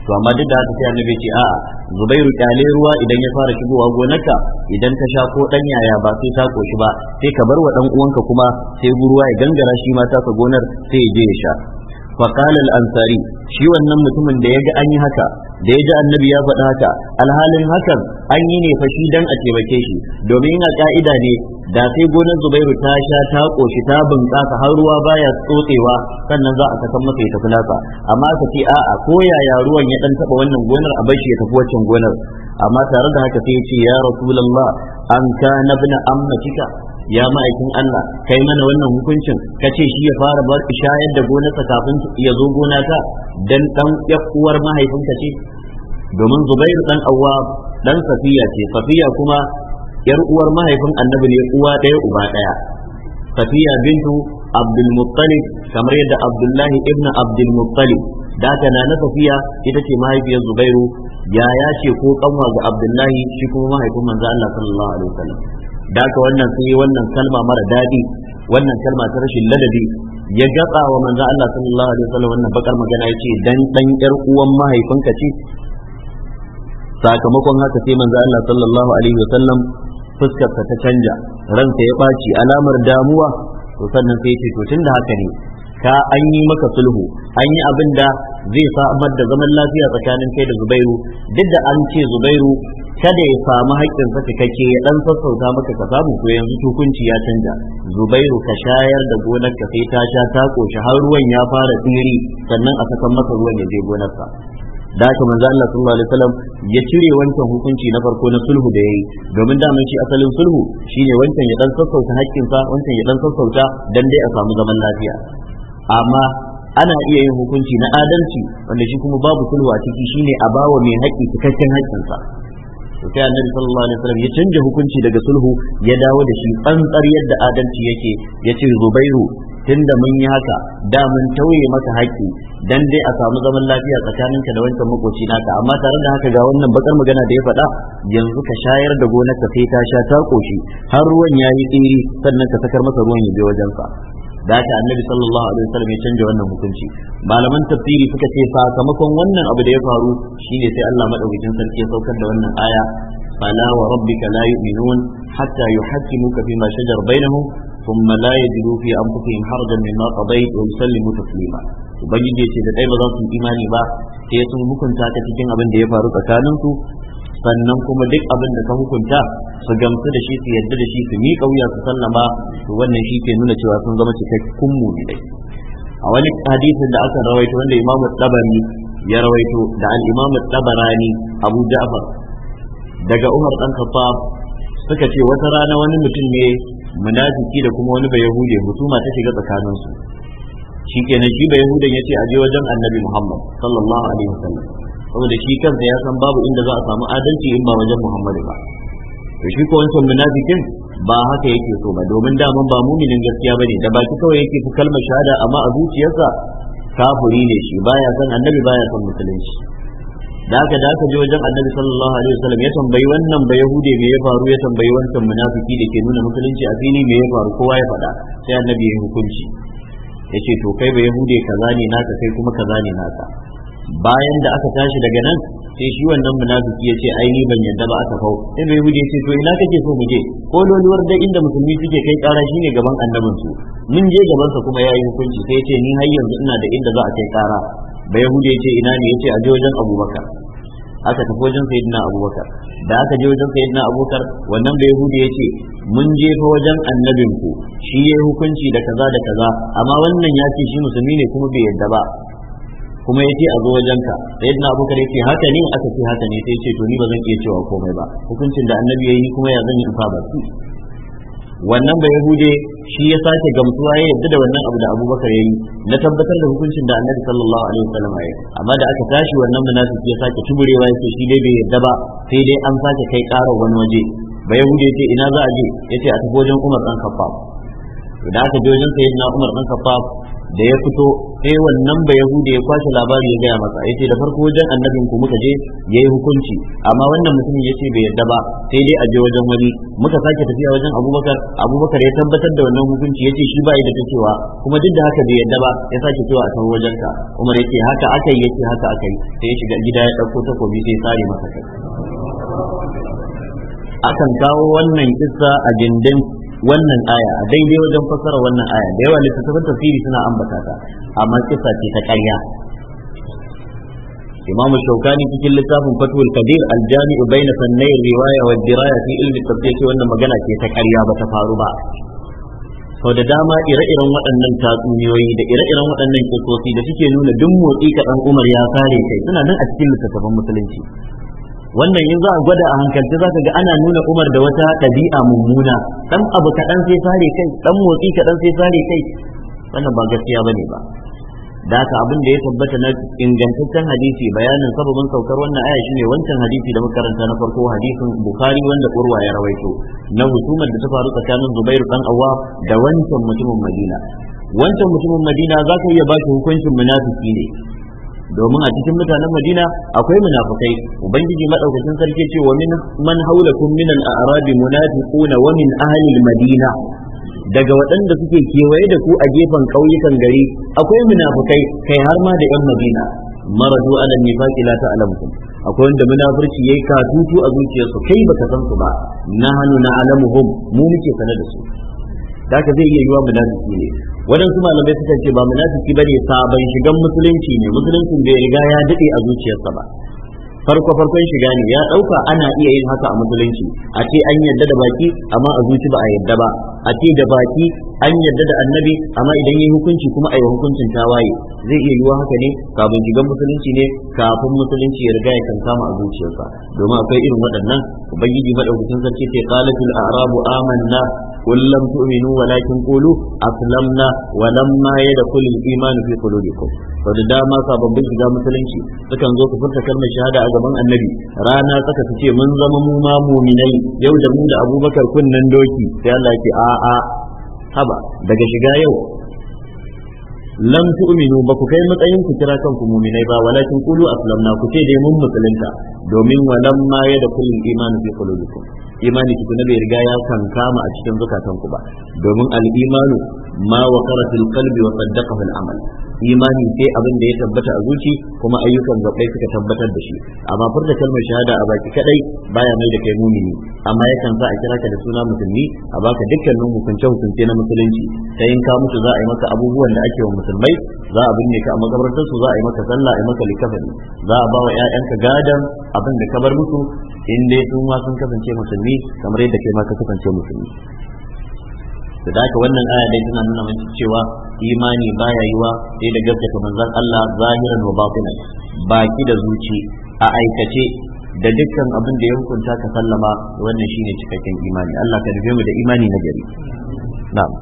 to amma duk da haka sai annabi ce a'a zubairu kyale ruwa idan ya fara shigowa gonarka idan ka sha ko dan yaya ba sai ta koshi ba sai ka bar wa dan uwanka kuma sai ruwa ya gangara shi ma ta gonar sai ya je ya sha al ansari. shi wannan mutumin da ya ga an yi haka da ya ji annabi ya faɗa haka alhalin hakan an yi ne fashi dan a taimake shi domin a ka'ida ne da sai gonar zubairu ta sha ta koshi ta bunƙasa har ruwa baya tsotsewa sannan za a sakan masa ya tafi nasa amma ka ce a'a ko yaya ruwan ya dan taba wannan gonar a bar shi ya tafi waccan gonar amma tare da haka sai ya ce ya rasulullah an kana amma kika. ya ma'aikin Allah kai mana wannan hukuncin ka ce shi ya fara bar shayar da gonarsa kafin ya zo gona ta dan dan uwar mahaifinka ce domin Zubairu dan Awwa dan Safiya ce Safiya kuma yar uwar mahaifin Annabi ne uwa ɗaya uba ɗaya Safiya bintu Abdul Muttalib kamar yadda Abdullahi ibn Abdul da ta na na Safiya ita ce mahaifiyar Zubairu yaya ce ko kanwa ga Abdullahi shi kuma mahaifin manzo Allah sallallahu alaihi wasallam da haka wannan sai wannan kalma mara daɗi wannan kalma ta rashin ladabi ya gatsawa wa manzo Allah sallallahu alaihi wasallam wannan bakar magana yace dan dan yar uwan mahaifinka ce sakamakon haka sai manzo Allah sallallahu alaihi wasallam fuskarsa ta canja ransa ya ɓaci alamar damuwa to sannan sai ce to tunda haka ne ka an yi maka sulhu an yi abin da zai samar da zaman lafiya tsakanin kai da zubairu duk da an ce zubairu kada ya samu haƙƙin sa cikakke ya ɗan sassauta maka ka samu ko yanzu hukunci ya canja zubairu ka shayar da gonar ka sai ta sha ta koshi har ruwan ya fara tsiri sannan a sakan maka ruwan ya je gonar sa da haka manzo Allah sallallahu alaihi wasallam ya cire wancan hukunci na farko na sulhu da yayi domin da mun ci asalin sulhu shine wancan ya dan sassauta haƙƙin sa wancan ya dan sassauta dan dai a samu zaman lafiya amma ana iya yin hukunci na adalci wanda shi kuma babu sulhu a ciki shine a bawa mai haƙƙi cikakken haƙƙinsa sa to sai annabi sallallahu alaihi wasallam ya canja hukunci daga sulhu ya dawo da shi tsantsar yadda adalci yake ya yace zubairu tunda mun yi haka da mun tauye maka haƙƙi dan dai a samu zaman lafiya tsakaninka da wancan makoci naka amma tare da haka ga wannan bakar magana da ya faɗa yanzu ka shayar da ka sai ta sha ta koshi har ruwan yayi tsiri sannan ka sakar masa ruwan ya je wajensa da haka annabi sallallahu alaihi wasallam ya canja wannan hukunci malaman tafsiri suka ce sakamakon wannan abu da ya faru shine sai Allah madaukakin sarki ya saukar da wannan aya fala wa rabbika la yu'minun hatta yuhaqqimuka fima shajar bainahum thumma la yajidu fi anfusihim harajan mimma qadayt wa yusallimu taslima ubangiji ya ce da dai ba za su imani ba sai sun hukunta ka cikin abin da ya faru tsakaninsu sannan kuma duk abin da ka hukunta su gamsu da shi su yarda da shi su miƙa wuya su sallama to wannan shi ke nuna cewa sun zama cikakkun mu'minai a wani hadisin da aka rawaito wanda imamu tabari ya rawaito da al-imamu tabarani abu ja'far daga umar dan khattab suka ce wata rana wani mutum ne munafiki da kuma wani bayahude mutuma ta shiga tsakaninsu Shi kenan shi ce a je wajen annabi muhammad sallallahu alaihi wasallam saboda shi kansa ya san babu inda za a samu adalci in ba wajen Muhammadu ba to shi ko wancan munafikin ba haka yake so ba domin daman ba muminin gaskiya bane da baki kawai yake ta kalmar shahada amma a zuciyarsa kafuri ne shi baya san annabi baya san musulunci da haka da aka je wajen annabi sallallahu alaihi wasallam ya tambayi wannan ba yahude me ya faru ya tambayi wancan munafiki da ke nuna musulunci a fili me ya faru kowa ya faɗa sai annabi ya yi hukunci ya ce to kai ba yahude kaza ne naka kai kuma kaza ne naka bayan da aka tashi daga nan sai shi wannan munafiki ya ce ai ni ban yadda ba aka kau sai bai huje ce to ina kake so mu je ko loluwar da inda musulmi suke kai kara shine gaban annabin su mun je gaban sa kuma yayi hukunci sai ya ce ni har yanzu ina da inda za a kai kara bai huje ce ina ne ya ce a je wajen Abubakar aka tafi wajen sayyidina Abubakar da aka je wajen sayyidina Abubakar wannan bai huje ce mun je fa wajen annabin ku shi yayi hukunci da kaza da kaza amma wannan ya ce shi musulmi ne kuma bai yadda ba kuma ya ce a zo wajen ka. wajenka sayyidina abubakar yace haka ne aka ce haka ne sai yace to ni ba zan iya cewa komai ba hukuncin da annabi yi kuma ya zan yi in ba su wannan ba yahude shi ya sake gamsuwa ya yadda da wannan abu da abubakar ya yi na tabbatar da hukuncin da annabi sallallahu alaihi wasallam ya amma da aka tashi wannan munafiki ya sake tuburewa ya ce shi dai bai yadda ba sai dai an sake kai karar wani waje ba yahude ya ce ina za a je ya ce a tafi wajen umar dan kafaf da aka je wajen sayyidina umar dan kafaf da ya fito sai wannan ba ya yahudi ya kwashe labari ya gaya masa yace da farko wajen annabin ku muka je yayi hukunci amma wannan mutumin yace bai yadda ba sai dai a je wajen wani muka sake tafiya wajen abubakar abubakar ya tabbatar da wannan hukunci ce, shi ba da cewa kuma duk da haka bai yadda ba ya sake cewa a san wajen ka umar yace haka akai yace haka akai sai ya shiga gida ya ɗauko takobi sai sare masa kai akan kawo wannan kissa a dindin wannan aya a daidai wajen fassara wannan aya da yawa littattafan tafsiri suna ambata ta amma kisa ce ta ƙarya إمام الشوكاني في كل riwaya فتوى الكبير الجامع بين فني الرواية wannan magana علم ta ƙarya ba ta faru ba. sau da dama ire-iren waɗannan tatsuniyoyi da ire-iren waɗannan kisosi da suke nuna duk motsi kaɗan umar ya kare kai suna nan a cikin littattafan musulunci wannan yanzu a gwada a hankalce zaka ga ana nuna Umar da wata ɗabi'a mummuna dan abu kaɗan sai sare kai dan motsi kaɗan sai sare kai wannan ba gaskiya bane ba da haka abin da ya tabbata na ingantaccen hadisi bayanin sababin saukar wannan aya shine wancan hadisi da makaranta na farko hadisin bukhari wanda urwa ya rawaito na husumar da ta faru tsakanin zubairu dan awwa da wancan mutumin madina wancan mutumin madina za ka iya bashi hukuncin munafiki ne domin a cikin mutanen Madina akwai munafukai ubangiji madaukakin sarki ce wa min man haulakum min al-a'rab munafiquna wa min ahli al-madina daga waɗanda suke kewaye da ku a gefen ƙauyukan gari akwai munafukai kai har ma da 'yan madina maradu ala nifaqi la ta'lamukum akwai wanda munafurci yayi katutu a zuciyarsu kai baka san su ba nahnu na'lamuhum mu muke sanar da su da haka zai iya yiwa munafiki ne waɗansu malamai suka ce ba munafiki bane sabon shigan musulunci ne musuluncin bai riga ya dade a zuciyarsa ba farko farkon shiga ne ya ɗauka ana iya yin haka a musulunci a ce an yadda da baki amma a zuci ba a yadda ba a ce da baki an yadda da annabi amma idan yi hukunci kuma a yi hukuncin tawaye zai iya yiwa haka ne kafin shigan musulunci ne kafin musulunci ya riga ya kan kama a zuciyarsa domin akwai irin waɗannan ubangiji madaukakin sarki ce qalatul a'rabu amanna قل لم تؤمنوا ولكن قولوا أسلمنا ولما يدخل الإيمان في قلوبكم da dama sababbin shiga musulunci sukan zo ku furta kalmar shahada a gaban annabi rana saka su ce mun zama mu ma muminai yau da mu da abubakar kunnen doki sai Allah ya ce a'a haba daga shiga yau lam tu'minu ba ku kai matsayin ku kira kanku mu'minai ba walakin qulu aslamna ku ce dai mun musulunta domin walam ma ya da kullin imani fi qulubikum imani kiku na bai riga ya kankama a cikin ku ba domin al-imanu ma wa fil qalbi wa saddaqahu imani sai abin da ya tabbata a zuci kuma ayyukan gabbai suka tabbatar da shi amma furta kalmar shahada a baki kadai baya mai da kai mumini amma yakan sa a kira ka da suna musulmi a baka dukkanin hukunce hukunce na musulunci sai in ka mutu za a yi maka abubuwan da ake wa musulmai za a binne ka a makabartar su za a yi maka sallah a yi maka likafani za a ba wa ƴaƴanka gadan abin da ka bar musu in dai sun ma sun kasance musulmi kamar yadda kai ma ka kasance musulmi da haka wannan aya dai tana nuna mana cewa imani baya yiwa sai da gaskata manzon Allah zahiran wa batinan baki da zuci a aikace da dukkan abin da ya hukunta ka sallama wannan shine cikakken imani Allah ka rufe mu da imani na gari na'am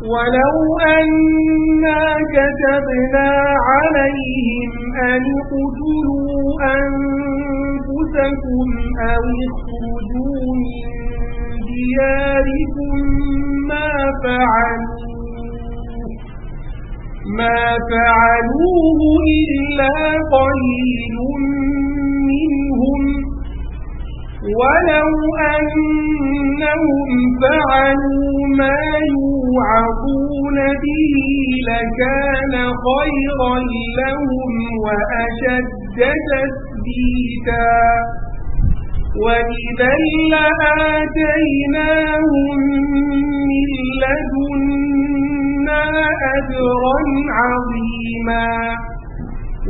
ولو أنا كتبنا عليهم أن اقتلوا أنفسكم أو اخرجوا من دياركم ما فعلوا ما فعلوه إلا قليل منهم ولو أنهم فعلوا ما يوعظون به لكان خيرا لهم وأشد تثبيتا وإذا لآتيناهم من لدنا أجرا عظيما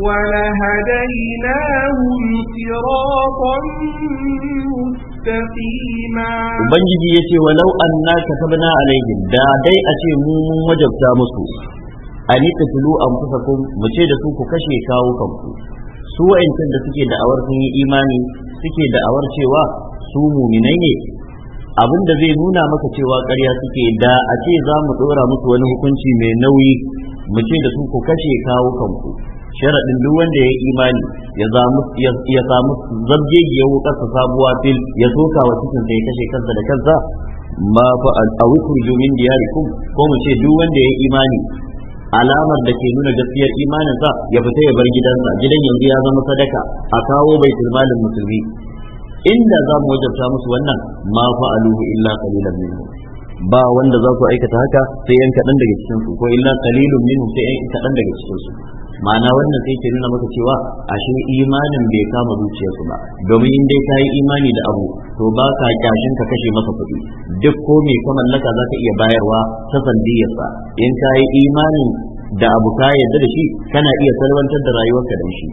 ولهديناهم صراطا مستقيما Ubangiji ya ce walau an na katabna alaihim da dai ace ce mu mun wajabta musu ani tatlu an kusa mu ce da su ku kashe kawo kanku su wa'ancan da suke da da'awar sun yi imani suke da'awar cewa su muminai ne abin da zai nuna maka cewa ƙarya suke da a ce za mu ɗora musu wani hukunci mai nauyi mu ce da su ku kashe kawo kanku sharaɗin duk wanda ya yi imani ya samu ya wukar sa sabuwa fil ya soka wa cikin ya kashe kansa da kansa ma fa a wukur jumin diyarikum ko mu ce duk wanda ya yi imani alamar da ke nuna gaskiyar imaninsa ya fita ya bar gidansa gidan yanzu ya zama sadaka a kawo bai malin musulmi inda za mu wajabta musu wannan ma fa'aluhu illa qalilan minhum ba wanda za ku aikata haka sai yan kaɗan daga cikin su ko illa qalilun minhum sai yan kaɗan daga cikin su ma'ana wannan sai ke nuna maka cewa ashe imanin bai kama zuciyarsu ba domin in dai kayi imani da abu to ba ka kyashin ka kashe masa kuɗi duk ko me ka mallaka za ka iya bayarwa ta sa, in ka yi imanin da abu ka yarda da shi kana iya salwantar da rayuwarka da shi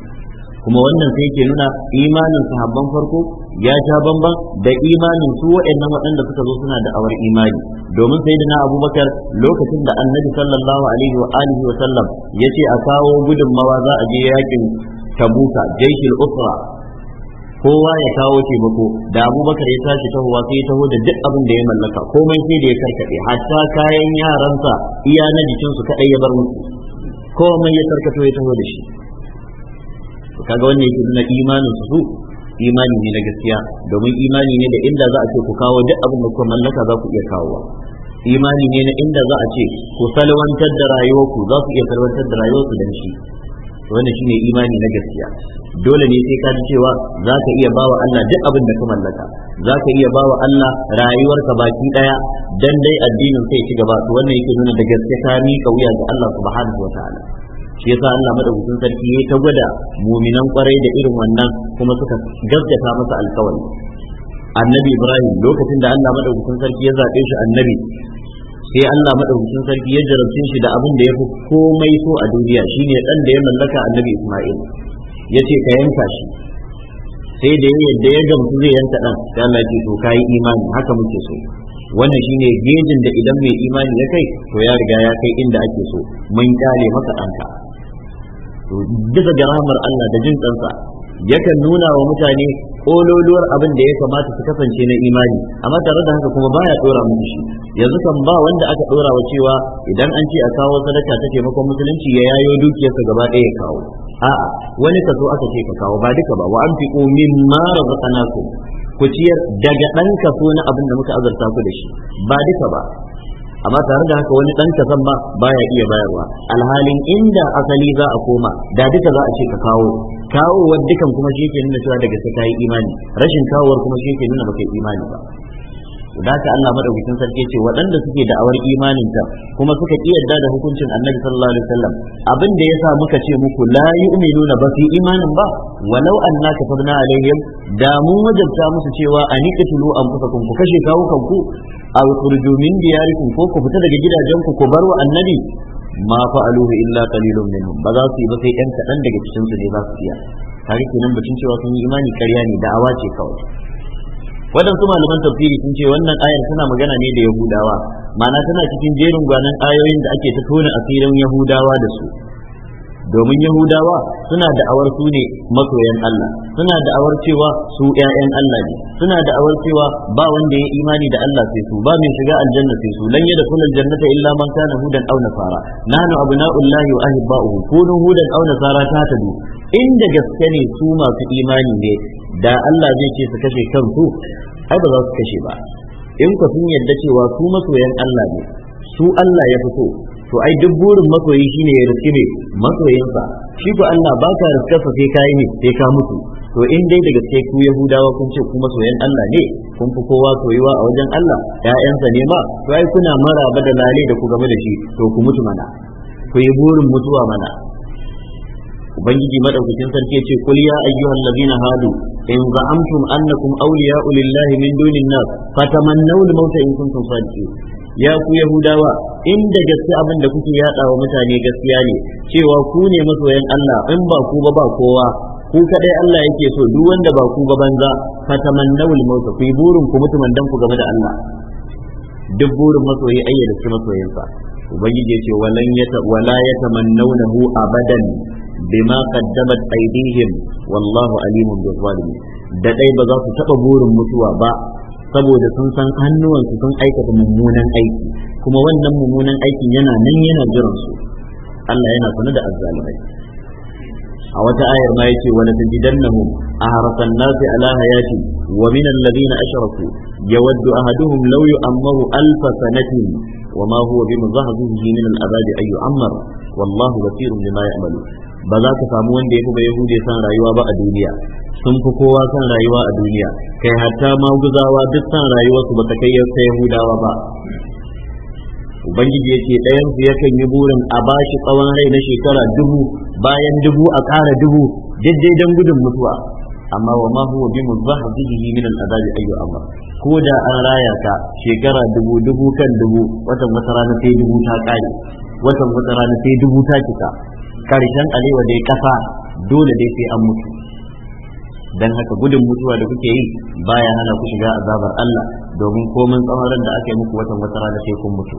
kuma wannan sai ke nuna imanin sahabban farko ya sha bamban da imanin su waɗannan waɗanda suka zo suna da awar imani domin sai na abubakar lokacin da annabi sallallahu alaihi wa alihi wa sallam ya ce a kawo gudunmawa za a je yakin tabuka jaishil usra kowa ya kawo taimako da abubakar ya tashi tahowa sai ya taho da duk abin da ya mallaka komai sai da ya karkaɗe hatta kayan yaransa iya na jikinsu kaɗai ya bar musu komai ya karkato ya taho da shi kaga wannan yake nuna imanin su imani ne na gaskiya domin imani ne da inda za a ce ku kawo duk abin da ku mallaka za ku iya kawowa imani ne na inda za a ce ku salwantar da rayuwarku za ku iya salwantar da rayuwarku da shi wannan shine imani na gaskiya dole ne sai ka ji cewa za ka iya bawa Allah duk abin da ka mallaka za ka iya bawa Allah rayuwarka baki daya dan dai addinin sai ci gaba to wannan yake nuna da gaskiya ka miƙa wuya ga Allah subhanahu wataala shi yasa Allah madaukakin sarki yayi ta gwada muminan kwarai da irin wannan kuma suka gaskata masa alkawari annabi Ibrahim lokacin da Allah madaukakin sarki ya zabe shi annabi sai Allah madaukakin sarki ya jarabce shi da abin da ya fi komai so a duniya shine dan da ya mallaka annabi Isma'il yace ka yanka shi sai da ya yadda ya gamsu zai yanka dan sai Allah ya to kai imani haka muke so wannan shine gejin da idan mai imani ya kai to ya riga ya kai inda ake so mun kyale maka danka to bisa ga Allah da jin kansa yakan nuna wa mutane ololuwar abin da ya kamata su kasance na imani amma tare da haka kuma baya dora mu shi yanzu kan ba wanda aka dora wa cewa idan an ce a kawo sadaka ta taimakon musulunci ya yayo dukiyarsa gaba ɗaya ya kawo a'a wani kaso aka ce ka kawo ba duka ba wa anfiqu mimma razaqnakum ku ciyar daga ɗan kaso na abin da muka azurta ku da shi ba duka ba amma tare da haka wani ɗan kasan ba baya iya bayarwa alhalin inda asali za a koma da duka za a ce ka kawo kawowar dukan kuma shi nuna cewa daga sai kayi imani rashin kawowar kuma shi yake nuna baka imani ba da haka Allah madaukakin sarki ce waɗanda suke da'awar imanin ta kuma suka ki yarda da hukuncin Annabi sallallahu alaihi wasallam abin da yasa muka ce muku la yu'minuna ba fi imanin ba walau anna katabna alaihim da mu wajabta musu cewa an anfusakum ku kashe kawo kanku aw khurju min diyarikum ko ku fita daga gidajenku ku bar wa Annabi ma fa'aluhu illa qalilun minhum ba za su yi ba sai ɗan kaɗan daga cikin su ne za su iya tare kenan batun cewa sun yi imani ƙarya ne da awa ce kawai waɗansu malaman tafsiri sun ce wannan ayar tana magana ne da yahudawa ma'ana tana cikin jerin gwanan ayoyin da ake ta tona asirin yahudawa da su domin yahudawa suna da'awar su ne masoyan Allah suna da'awar cewa su ƴaƴan Allah ne suna da'awar cewa ba wanda ya imani da Allah sai su ba mai shiga aljanna sai su lan yadkhul aljannata illa man kana hudan aw nasara nanu abna'ullahi wa ahibba'uhu kunu hudan aw nasara ta tadu inda gaske ne su masu imani ne da Allah zai ce su kashe kansu ai ba za su kashe ba in ka sun yadda cewa su masoyan Allah ne su Allah ya fito to ai duk burin masoyi shine ya riske ne masoyinsa shi ko Allah ba ka riskarsa sai ka yi ne sai ka mutu to in dai da gaske ku Yahudawa kun ce kuma masoyan Allah ne kun fi kowa soyuwa a wajen Allah ƴaƴansa ne ma to ai kuna maraba da lale da ku game da shi to ku mutu mana ku yi burin mutuwa mana ubangiji madaukakin sarki yace kul ya ayyuhal ladina hadu in za'amtum annakum awliya'u lillahi min dunin nas fatamannaw al-maut in kuntum sadiqin ya ku yahudawa inda gaske abin da kuke yada wa mutane gaskiya ne cewa ku ne masoyan Allah in ba ku ba ba kowa ku kadai Allah yake so duk wanda ba ku ba banza fatamannaw al-maut ku yi burin ku mutumin dan ku game da Allah duk burin masoyi ayyana su masoyinsa ubangiji ya ce wala ya tamannawnahu abadan bima qaddamat aydihim wallahu alimun bil zalimin da dai ba za su taba burin mutuwa ba saboda sun san hannuwansu sun aikata mummunan aiki kuma wannan mummunan aikin yana nan yana jiran su Allah yana sanar da azzalimai a wata ayar ma yace wala tajidannahum ahrasan nasi ala hayati wa min alladhina ashraku yawaddu ahaduhum law yu'ammaru alf sanatin wa ma huwa bimuzahzihi min al'adabi ay yu'ammar wallahu basirun bima ya'malun ba za ka samu wanda ya fi ba yahudi san rayuwa ba a duniya sun fi kowa san rayuwa a duniya kai hatta guzawa duk san rayuwarsu ba ta kai ta yahudawa ba ubangiji ya ce ɗayansu yakan yi burin a bashi tsawon rai na shekara dubu bayan dubu a ƙara dubu daidai don gudun mutuwa amma wa ma huwa bi muzahzihi min al-adab ayyu amma. ko da an raya ka shekara dubu dubu kan dubu watan wata rana sai dubu ta kare watan wata rana sai dubu ta cika karshen alewa dai kasa dole dai sai an mutu dan haka gudun mutuwa da kuke yi baya hana ku shiga azabar Allah domin komai tsawon da aka yi muku watan wata rana sai kun mutu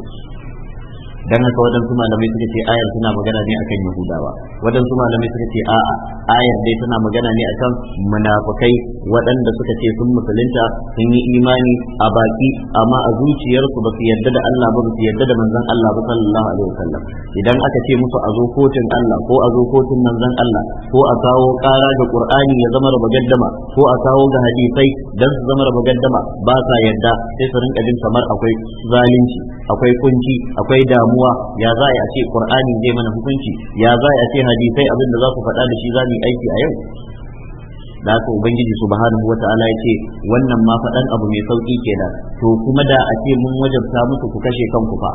dan haka waɗansu malamai suka ce ayar tana magana ne akan yahudawa waɗansu malamai suka ce a'a ayar dai tana magana ne akan munafukai waɗanda suka ce sun musulunta sun yi imani a baki amma a zuciyarsu ba su yarda da Allah ba su yarda da manzon Allah ba sallallahu alaihi wasallam idan aka ce musu a zo kotun Allah ko a zo kotun manzon Allah ko a kawo ƙara ga Qur'ani ya zama raba ko a kawo ga hadisai dan su zama raba ba sa yarda sai su rinka jin kamar akwai zalunci akwai kunci akwai damuwa ya za a ce qur'ani zai mana hukunci ya za a ce hadisai abin da za ku faɗa da shi za mu aiki a yau da haka ubangiji subhanahu wataala ya ce wannan ma faɗan abu mai sauki kenan to kuma da a ce mun wajabta musu ku kashe kanku fa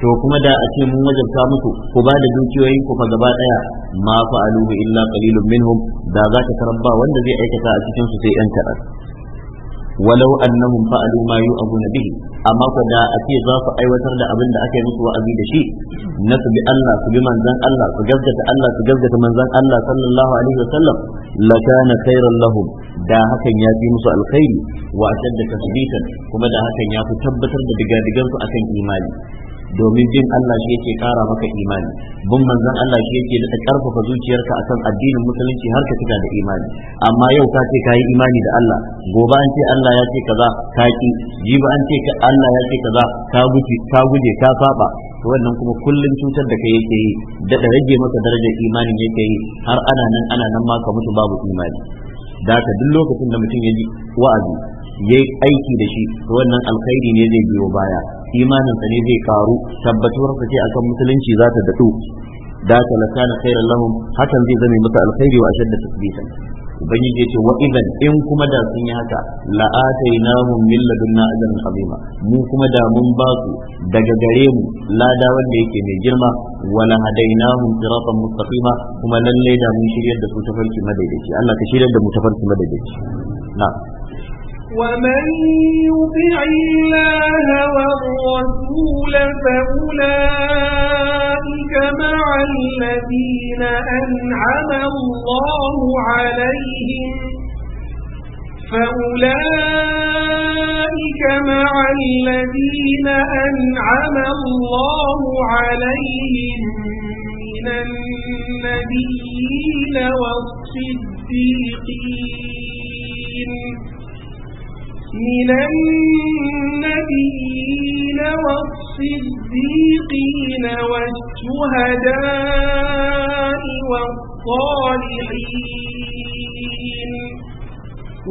to kuma da a ce mun wajabta musu ku ba da dukiyoyin ku fa gaba daya ma fa'aluhu illa qalilun minhum da za ka karamba wanda zai aikata a cikin su sai yan kaɗan walau annahum fa'alu ma yu'abuna bihi amma ku da a ce za su aiwatar da abin da aka yi musu wa'azi da shi na su bi Allah su bi manzan Allah su gaskata Allah su gaskata manzan Allah sallallahu alaihi wasallam la kana khairan lahum da hakan ya bi musu alkhairi wa ashadda tasbitan kuma da hakan ya fi tabbatar da digadigan su akan imani domin bin Allah shi yake kara maka imani bin manzon Allah shi yake da karfafa zuciyarka akan addinin musulunci har ka fita da imani amma yau ka ce kayi imani da Allah gobe an ce Allah ya ce kaza ka ki jibi an ce Allah ya ce kaza ka guje ka guje ka saba wannan kuma kullun cutar da kai yake yi da rage maka darajar imanin yake yi har ana nan ana nan ma ka mutu babu imani da haka duk lokacin da mutum ya ji wa'azi yayi aiki da shi wannan alkhairi ne zai biyo baya imaninsa ne zai karu tabbatuwarsa ce akan musulunci za ta dadu da ta lakana khairan lahum hakan zai zame masa alkhairi wa ashadda tasbitan ubangiji yace ce wa idan in kuma da sun yi haka la'atainahum min ladunna ajran azima mu kuma da mun ba su daga gare mu lada wanda yake mai girma wa la hadainahum siratan mustaqima kuma lalle da mun shiryar da su tafarki madaidaici Allah ka shiryar da mu tafarki madaidaici na'am ومن يطع الله والرسول فأولئك مع الذين أنعم الله عليهم فأولئك مع الذين أنعم الله عليهم من النبيين والصديقين من النبيين والصديقين والشهداء والصالحين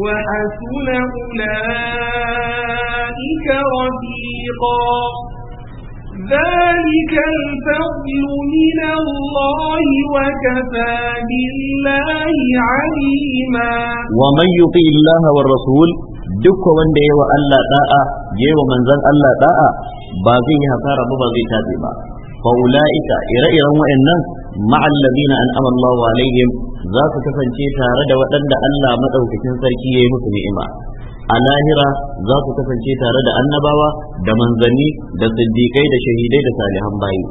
وحسن أولئك رفيقا ذلك الفضل من الله وكفى بالله عليما ومن يطيع الله والرسول duk wanda ya wa Allah da'a yayi wa manzon Allah da'a ba zai yi hasara ba ba zai tabe ba fa ulaika ire-iren wa'annan ma'al na an'ama Allahu alaihim za su kasance tare da waɗanda Allah madaukakin sarki ya yi musu ni'ima a lahira za su kasance tare da annabawa da manzanni da siddiƙai da shahidai da salihan bayi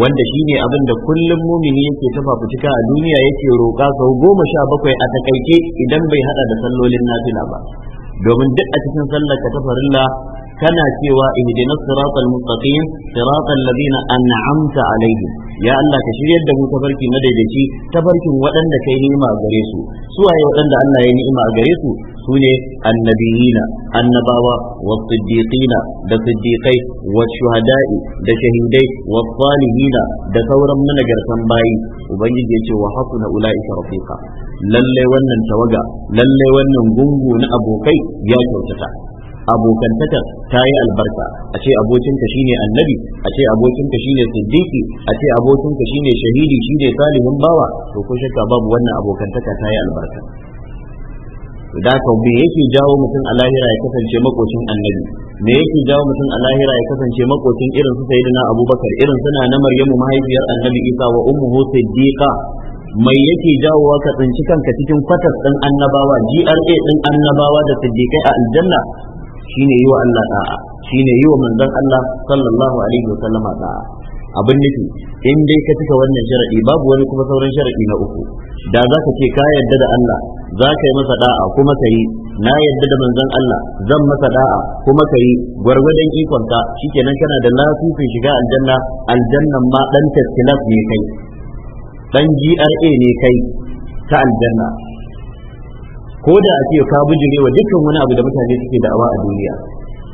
wanda shine abin da kullum mumini yake ta fafutuka a duniya yake roƙa sau goma sha bakwai a takaice idan bai hada da sallolin nafila ba domin duk a cikin sallar ka ta kana cewa ihdina siratal mustaqim siratal ladina an'amta alaihim ya Allah ka shiryar da mu tafarki na daidaici tafarkin waɗanda kai ni'ima gare su su waye waɗanda Allah ya ni'ima gare su su ne annabiyina annabawa wa siddiqina da siddiqai wa shuhada'i da shahidai wa salihina da sauran managartan bayi ubangiji ya ce wa hasuna ulaika rafiqa lallai wannan tawaga lallai wannan gungu na abokai ya kyautata abokantakar ta yi albarka a ce abokinka shine annabi a ce abokinka shine siddiqi a ce abokinka shine shahidi shine salihin bawa to ko shakka babu wannan abokantaka ta yi albarka da ka me yake jawo mutum a lahira ya kasance makocin annabi me yake jawo mutum a lahira ya kasance makocin irin su sayyidina abubakar irin suna na maryamu mahaifiyar annabi isa wa ummuhu siddiqa mai yake jawowa ka tsinci kanka cikin kwatas ɗin annabawa GRA ɗin annabawa da siddiƙai a aljanna shine yi wa Allah da'a shine yi wa manzon Allah sallallahu alaihi wasallam abin nufi in dai ka cika wannan sharadi babu wani kuma sauran sharadi na uku da za ka ce ka yarda da Allah za ka yi masa da'a kuma ka yi na yarda da manzon Allah zan masa da'a kuma ka yi gwargwadon ikonka shikenan kana da lafifin shiga aljanna aljannan ma dan taskilas ne kai dan GRA ne kai ta aljanna ko da a ce ka bujure wa dukkan wani abu da mutane suke da'awa a duniya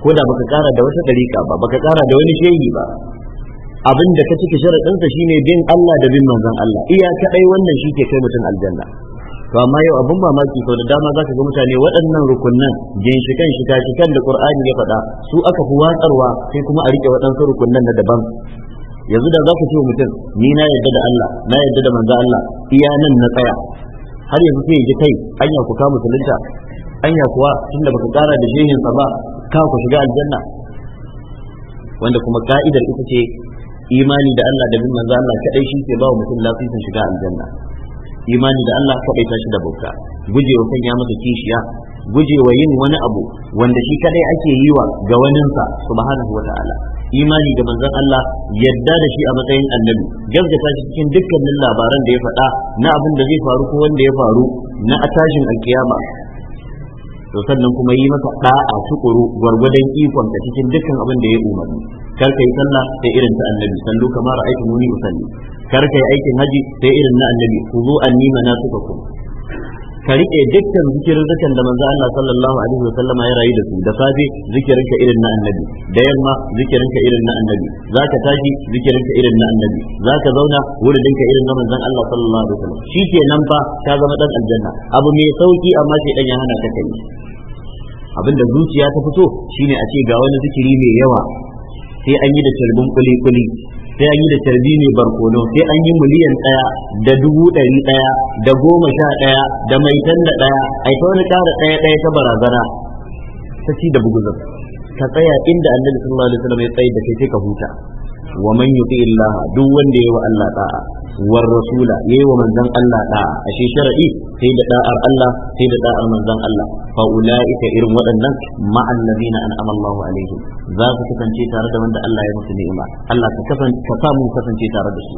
ko da baka kara da wata dariƙa ba baka kara da wani shehi ba abin da ka cika sharaɗinsa shine bin Allah da bin manzon Allah iya dai wannan shi ke kai mutum aljanna to amma yau abin mamaki sau da dama zaka ga mutane waɗannan rukunnan ginshikan shika shikan da Qur'ani ya faɗa su aka fi watsarwa sai kuma a rike waɗansu rukunnan na daban yanzu da za ka ce mutum ni na yadda da Allah na yadda da manzo Allah iya nan na tsaya har yanzu sai ji kai anya ku ka musulunta anya kuwa tunda baka kara da shehin sa ba ka ku shiga aljanna wanda kuma ka'idar ita ce imani da Allah da bin manzo Allah kadai shi ke ba wa mutum lafiyar shiga aljanna imani da Allah kadai ta shi da bauta gujewa sanya masa kishiya gujewa yin wani abu wanda shi kadai ake yi wa ga waninsa subhanahu wata'ala imani ga manzon Allah yadda da shi a matsayin annabi gaskata shi cikin dukkanin labaran da ya faɗa na abin da zai faru ko wanda ya faru na atashin alkiyama to sannan kuma yi maka da'a tukuru gwargwadon ikon ta cikin dukkan abin da ya umarni kar kai sallah sai irin ta annabi sallu kamar aikin muni usalli kar kai aikin haji sai irin na annabi ku zo annima na suka kuma ka riƙe dukkan zikirin zakan da manzo Allah sallallahu alaihi wasallam ya rayu da su da safe zikirin ka irin na annabi da yamma zikirin ka irin na annabi zaka tashi zikirin ka irin na annabi zaka zauna wurin ka irin na manzon Allah sallallahu alaihi wasallam nan fa ka zama dan aljanna abu mai sauki amma sai dan ya hana ka kai abinda zuciya ta fito shine a ce ga wani zikiri mai yawa sai an yi da turbin kuli kuli sai an yi da carbi mai barkono sai an yi miliyan ɗaya da dubu ɗari ɗaya da goma sha ɗaya da can da ɗaya a yi wani ƙara ɗaya ɗaya ta barazana ta ci da buguzar ka tsaya inda annabi sallallahu alaihi wasallam ya tsaye da kai sai ka huta wa man yuti duk wanda yayi wa Allah da'a war rasula yayi wa manzon Allah da'a ashe shar'i sai da da'ar Allah sai da da'ar manzon Allah fa ulaika irin waɗannan ma'an ladina an'ama Allahu alaihim za su kasance tare da wanda Allah ya musu ni'ima Allah ka kasance ka samu kasance tare da su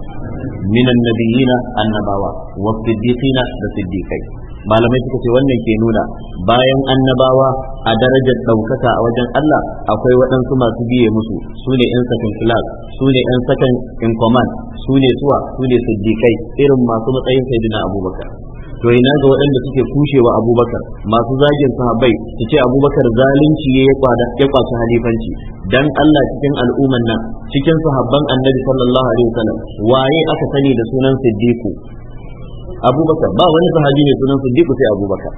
minan nabiyina annabawa wa siddiqina da siddiqai malamai suka ce wannan ke nuna bayan annabawa a darajar ɗaukaka a wajen Allah akwai waɗansu masu biye musu su ne yan sakan class su ne yan sakan in command su ne suwa su ne siddiƙai irin masu matsayin sayyidina abubakar to ina ga waɗanda suke kushewa abubakar masu zagin sahabbai su ce abubakar zalunci ya ya halifanci dan Allah cikin al'umman nan cikin sahabban annabi sallallahu alaihi wasallam waye aka sani da sunan siddiqu abubakar ba wani sahabi mai sunan siddiqu sai abubakar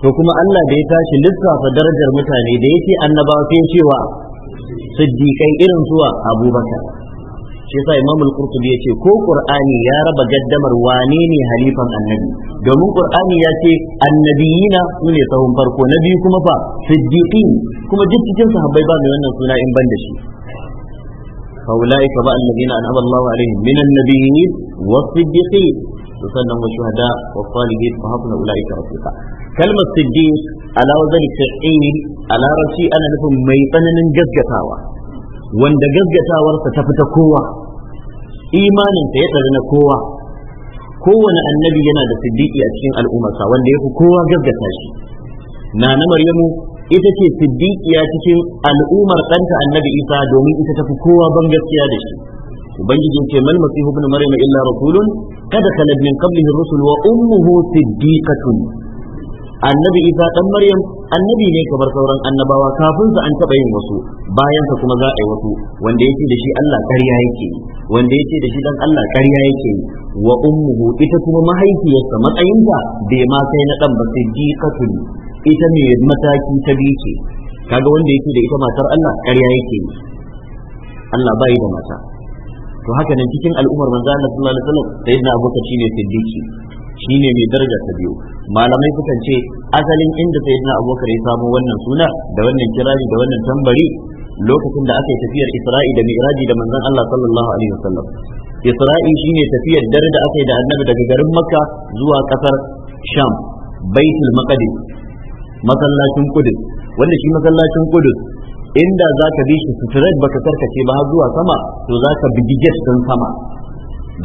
to kuma Allah da ya tashi lissafa darajar mutane da yake annabawa sai cewa siddiqai irin suwa abubakar shi yasa imam al-qurtubi yace ko qur'ani ya raba gaddamar wane ne halifan annabi domin qur'ani ya ce annabiyina su ne sahun farko na biyu kuma fa siddiqin kuma duk cikin sahabbai ba mai wannan suna in ban da shi فأولئك بقى الذين أنعم الله عليهم من النبيين والصديقين to sannan wa shuhada wa salihin fa hafna ulaika rafiqa kalmar siddiq ala wazan fi'il a larabci ana nufin mai tsananin gaskatawa wanda gaskatawarsa ta fita kowa imaninsa ya tsari na kowa kowane annabi yana da siddiqi a cikin al'ummarsa wanda ya fi kowa gaskata shi Nana maryamu ita ce siddiqiya cikin al'ummar ɗanta annabi isa domin ita tafi kowa ban gaskiya da shi ubangiji ce mal masihu ibn maryam illa rasulun kada khalad min qablihi rusul wa ummuhu siddiqatun annabi isa dan maryam annabi ne kamar sauran annabawa kafin sa an taba yin wasu bayan sa kuma za a yi wasu wanda yake da shi Allah ƙarya yake wanda yake da shi dan Allah ƙarya yake wa ummuhu ita kuma mahaifiyarsa matsayinta bai ma sai na dan ba siddiqatun ita ne mataki ta biyu ce kaga wanda yake da ita matar Allah ƙarya yake Allah bai da mata to haka nan cikin al'ummar manzo Allah sallallahu alaihi wasallam sayyidina Abubakar shine siddiqi shine mai daraja ta biyu malamai sukan ce asalin inda sayyidina Abubakar ya samu wannan suna da wannan kirari da wannan tambari lokacin da aka yi tafiyar Isra'i da Mi'raji da manzon Allah sallallahu alaihi wasallam Isra'i shine tafiyar dare da aka yi da Annabi daga garin Makka zuwa kasar Sham Baitul Maqdis masallacin Qudus wanda shi masallacin Qudus inda za ka bi shi straight baka karkace ba har zuwa sama to za ka bi gate din sama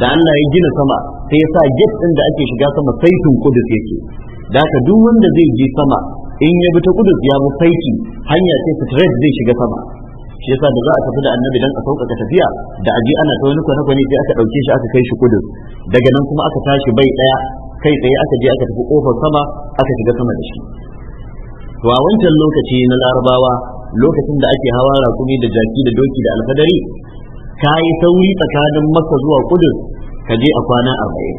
da Allah ya gina sama sai ya sa gate din da ake shiga sama saitun kudus yake da ka duk wanda zai je sama in ya bi ta kudus ya bi saiti hanya ce sutured zai shiga sama shi yasa da za a tafi da annabi dan a sauƙaƙa tafiya da aji ana ta wani kwane sai aka ɗauke shi aka kai shi kudus daga nan kuma aka tashi bai ɗaya kai tsaye aka je aka tafi ƙofar sama aka shiga sama da shi to a wancan lokaci na larabawa lokacin da ake hawa rakumi da jaki da doki da alfadari ka yi sauri tsakanin maka zuwa kudus ka je a kwana a baya.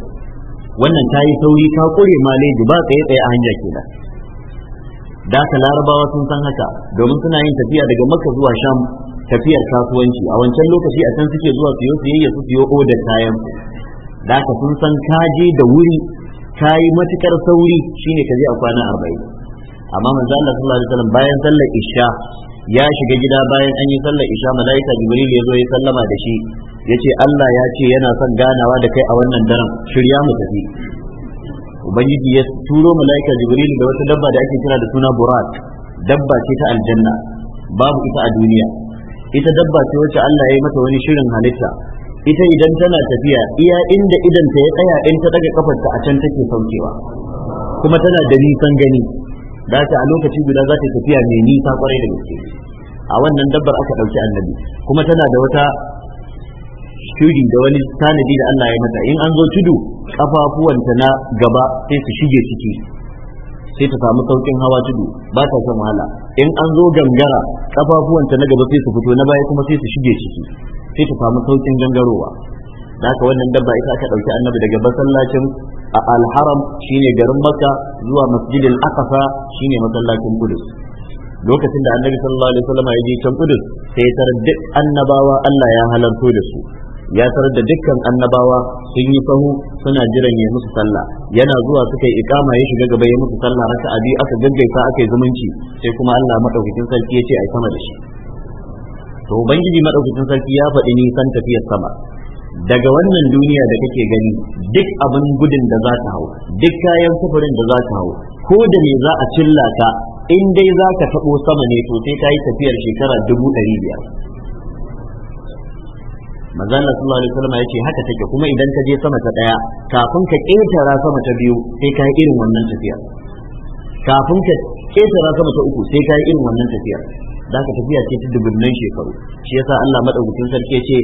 wannan ta yi sauri ka kure maleji ba tsaye tsaye a hanya kenan da ka larabawa sun san haka domin suna yin tafiya daga makka zuwa sham tafiyar kasuwanci a wancan lokaci a can suke zuwa siyo siyayya su siyo odar kayan da ka sun san ka je da wuri ka yi matukar sauri shine ka je a kwana arba'in amma manzo Allah sallallahu alaihi wasallam bayan sallar isha ya shiga gida bayan an yi sallar isha malaika jibril ya zo ya sallama da shi yace Allah ya ce yana son ganawa da kai a wannan daren shirya mu tafi ubangiji ya turo malaika jibril da wata dabba da ake kira da suna burat dabba ce ta aljanna babu ita a duniya ita dabba ce wacce Allah ya yi mata wani shirin halitta ita idan tana tafiya iya inda ta ya tsaya in ta daga kafarta a can take saukewa kuma tana da nisan gani da ta a lokaci guda za ta tafiya mai nisa kwarai da gaske a wannan dabbar aka ɗauki annabi kuma tana da wata shiri da wani tanadi da Allah ya mata in an zo tudu kafafuwanta na gaba sai su shige ciki sai ta samu saukin hawa tudu ba ta son wahala in an zo gangara kafafuwanta na gaba sai su fito na baya kuma sai su shige ciki sai ta samu saukin gangarowa da haka wannan dabba ita aka ɗauki annabi daga masallacin a alharam shine garin makka zuwa masjidil aqsa shine masallacin kudus lokacin da annabi sallallahu alaihi wasallam ya je can kudus sai tarar duk annabawa Allah ya halarto da su ya tarar da dukkan annabawa sun yi sahu suna jiran ya musu sallah yana zuwa suka yi ikama ya shiga gaba ya musu sallah raka abi aka gaggaisa aka yi zumunci sai kuma Allah madaukakin sarki ya ce ai sama da shi to ubangiji madaukakin sarki ya faɗi nisan tafiyar sama daga wannan duniya da kake gani duk abin gudun da za ta hau duk kayan sufurin da za ta hau ko da me za a cilla ka in dai za ka taɓo sama ne to sai ka yi tafiyar shekara dubu ɗari biyar manzon sallallahu alaihi wasallam ya ce haka take kuma idan ka je sama ta ɗaya, kafin ka ƙetara sama ta biyu sai ka yi irin wannan tafiyar kafin ka ƙetara sama ta uku sai ka yi irin wannan tafiyar da ka tafiya ce ta dubunnan shekaru shi yasa Allah madaukakin sarki ce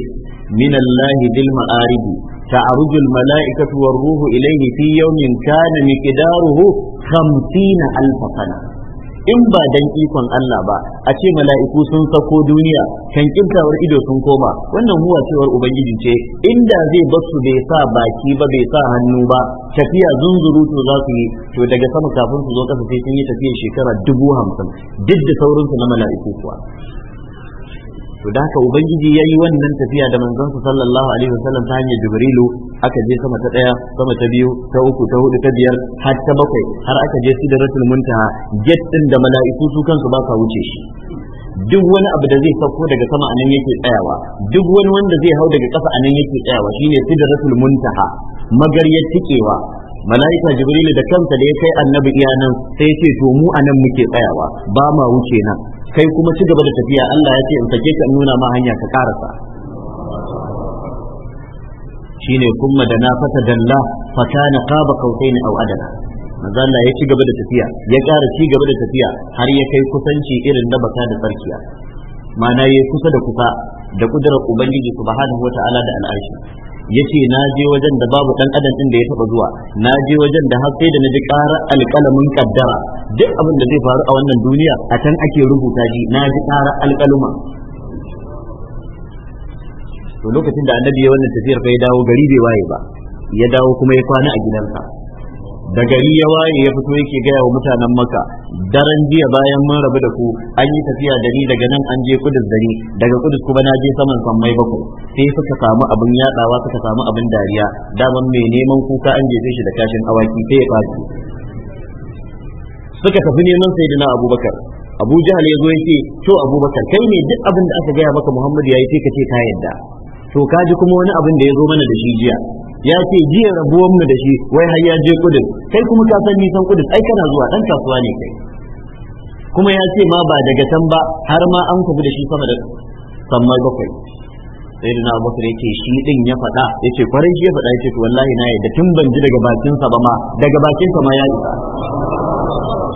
minallahi dil ma'arib ta'ruju al mala'ikatu war ruhu ilayhi fi yawmin kana miqdaruhu 50 alf sana in ba dan ikon Allah ba a ce mala'iku sun sako duniya kan kintawar ido sun koma wannan huwa cewar ubangiji ce inda zai basu bai sa baki ba bai sa hannu ba tafiya zunzuru to za su yi to daga sama kafin su zo kasa sai sun yi tafiya shekara dubu hamsin duk da saurinsu na mala'iku kuwa to da haka ubangiji ya yi wannan tafiya da su sallallahu alaihi wasallam ta hanyar jibrilu aka je sama ta daya sama ta biyu ta uku ta hudu ta biyar har ta bakwai har aka je sidratul muntaha get din da mala'iku su kansu ba ka wuce shi duk wani abu da zai sauko daga sama anan yake tsayawa duk wani wanda zai hau daga kasa anan yake tsayawa shine sidratul muntaha magaryar tikewa mala'ika jibrilu da kansa da ya kai annabi iyanan sai ya ce to mu anan muke tsayawa ba ma wuce nan kai kuma ci gaba da tafiya Allah ya ce in sake ka nuna ma hanya ka karasa shine kuma da na fata dalla fa kana qaba kautaini aw adala manzo Allah ya ci gaba da tafiya ya ƙara ci gaba da tafiya har ya kai kusanci irin da baka da tsarkiya mana ya kusa da kusa da kudurar ubangiji subhanahu wata'ala da al'arshi yace na je wajen da babu dan adam din da ya taba zuwa na je wajen da har sai da naji karar alƙalamin kaddara duk abin da zai faru a wannan duniya a can ake rubuta ji na ji ƙara alƙaluma to lokacin da annabi ya wannan tafiyar fa ya dawo gari bai waye ba ya dawo kuma ya kwana a gidansa da gari ya waye ya fito yake gaya wa mutanen maka daren jiya bayan mun rabu da ku an yi tafiya da ni daga nan an je kudus da ni daga kudus kuma na je saman sammai bako sai suka samu abin yadawa suka samu abin dariya daman mai neman kuka an jefe shi da kashin awaki sai ya fasu suka tafi neman sayyidina abubakar abu jahal ya zo ya ce to abubakar kai ne duk abin da aka gaya maka muhammad ya yi sai ka ce ka yadda to kaji kuma wani abin da ya zo mana da shi jiya ya ce jiya rabuwan mu da shi wai har ya je kudin kai kuma ka san nisan kudin ai kana zuwa dan kasuwa ne kai kuma ya ce ma ba daga can ba har ma an tafi da shi sama da sammai bakwai sai da na bakar ya ce shi din ya faɗa ya ce kwarin shi ya faɗa ya ce to wallahi na yadda tun ban ji daga bakinsa ba ma daga bakinsa ma ya isa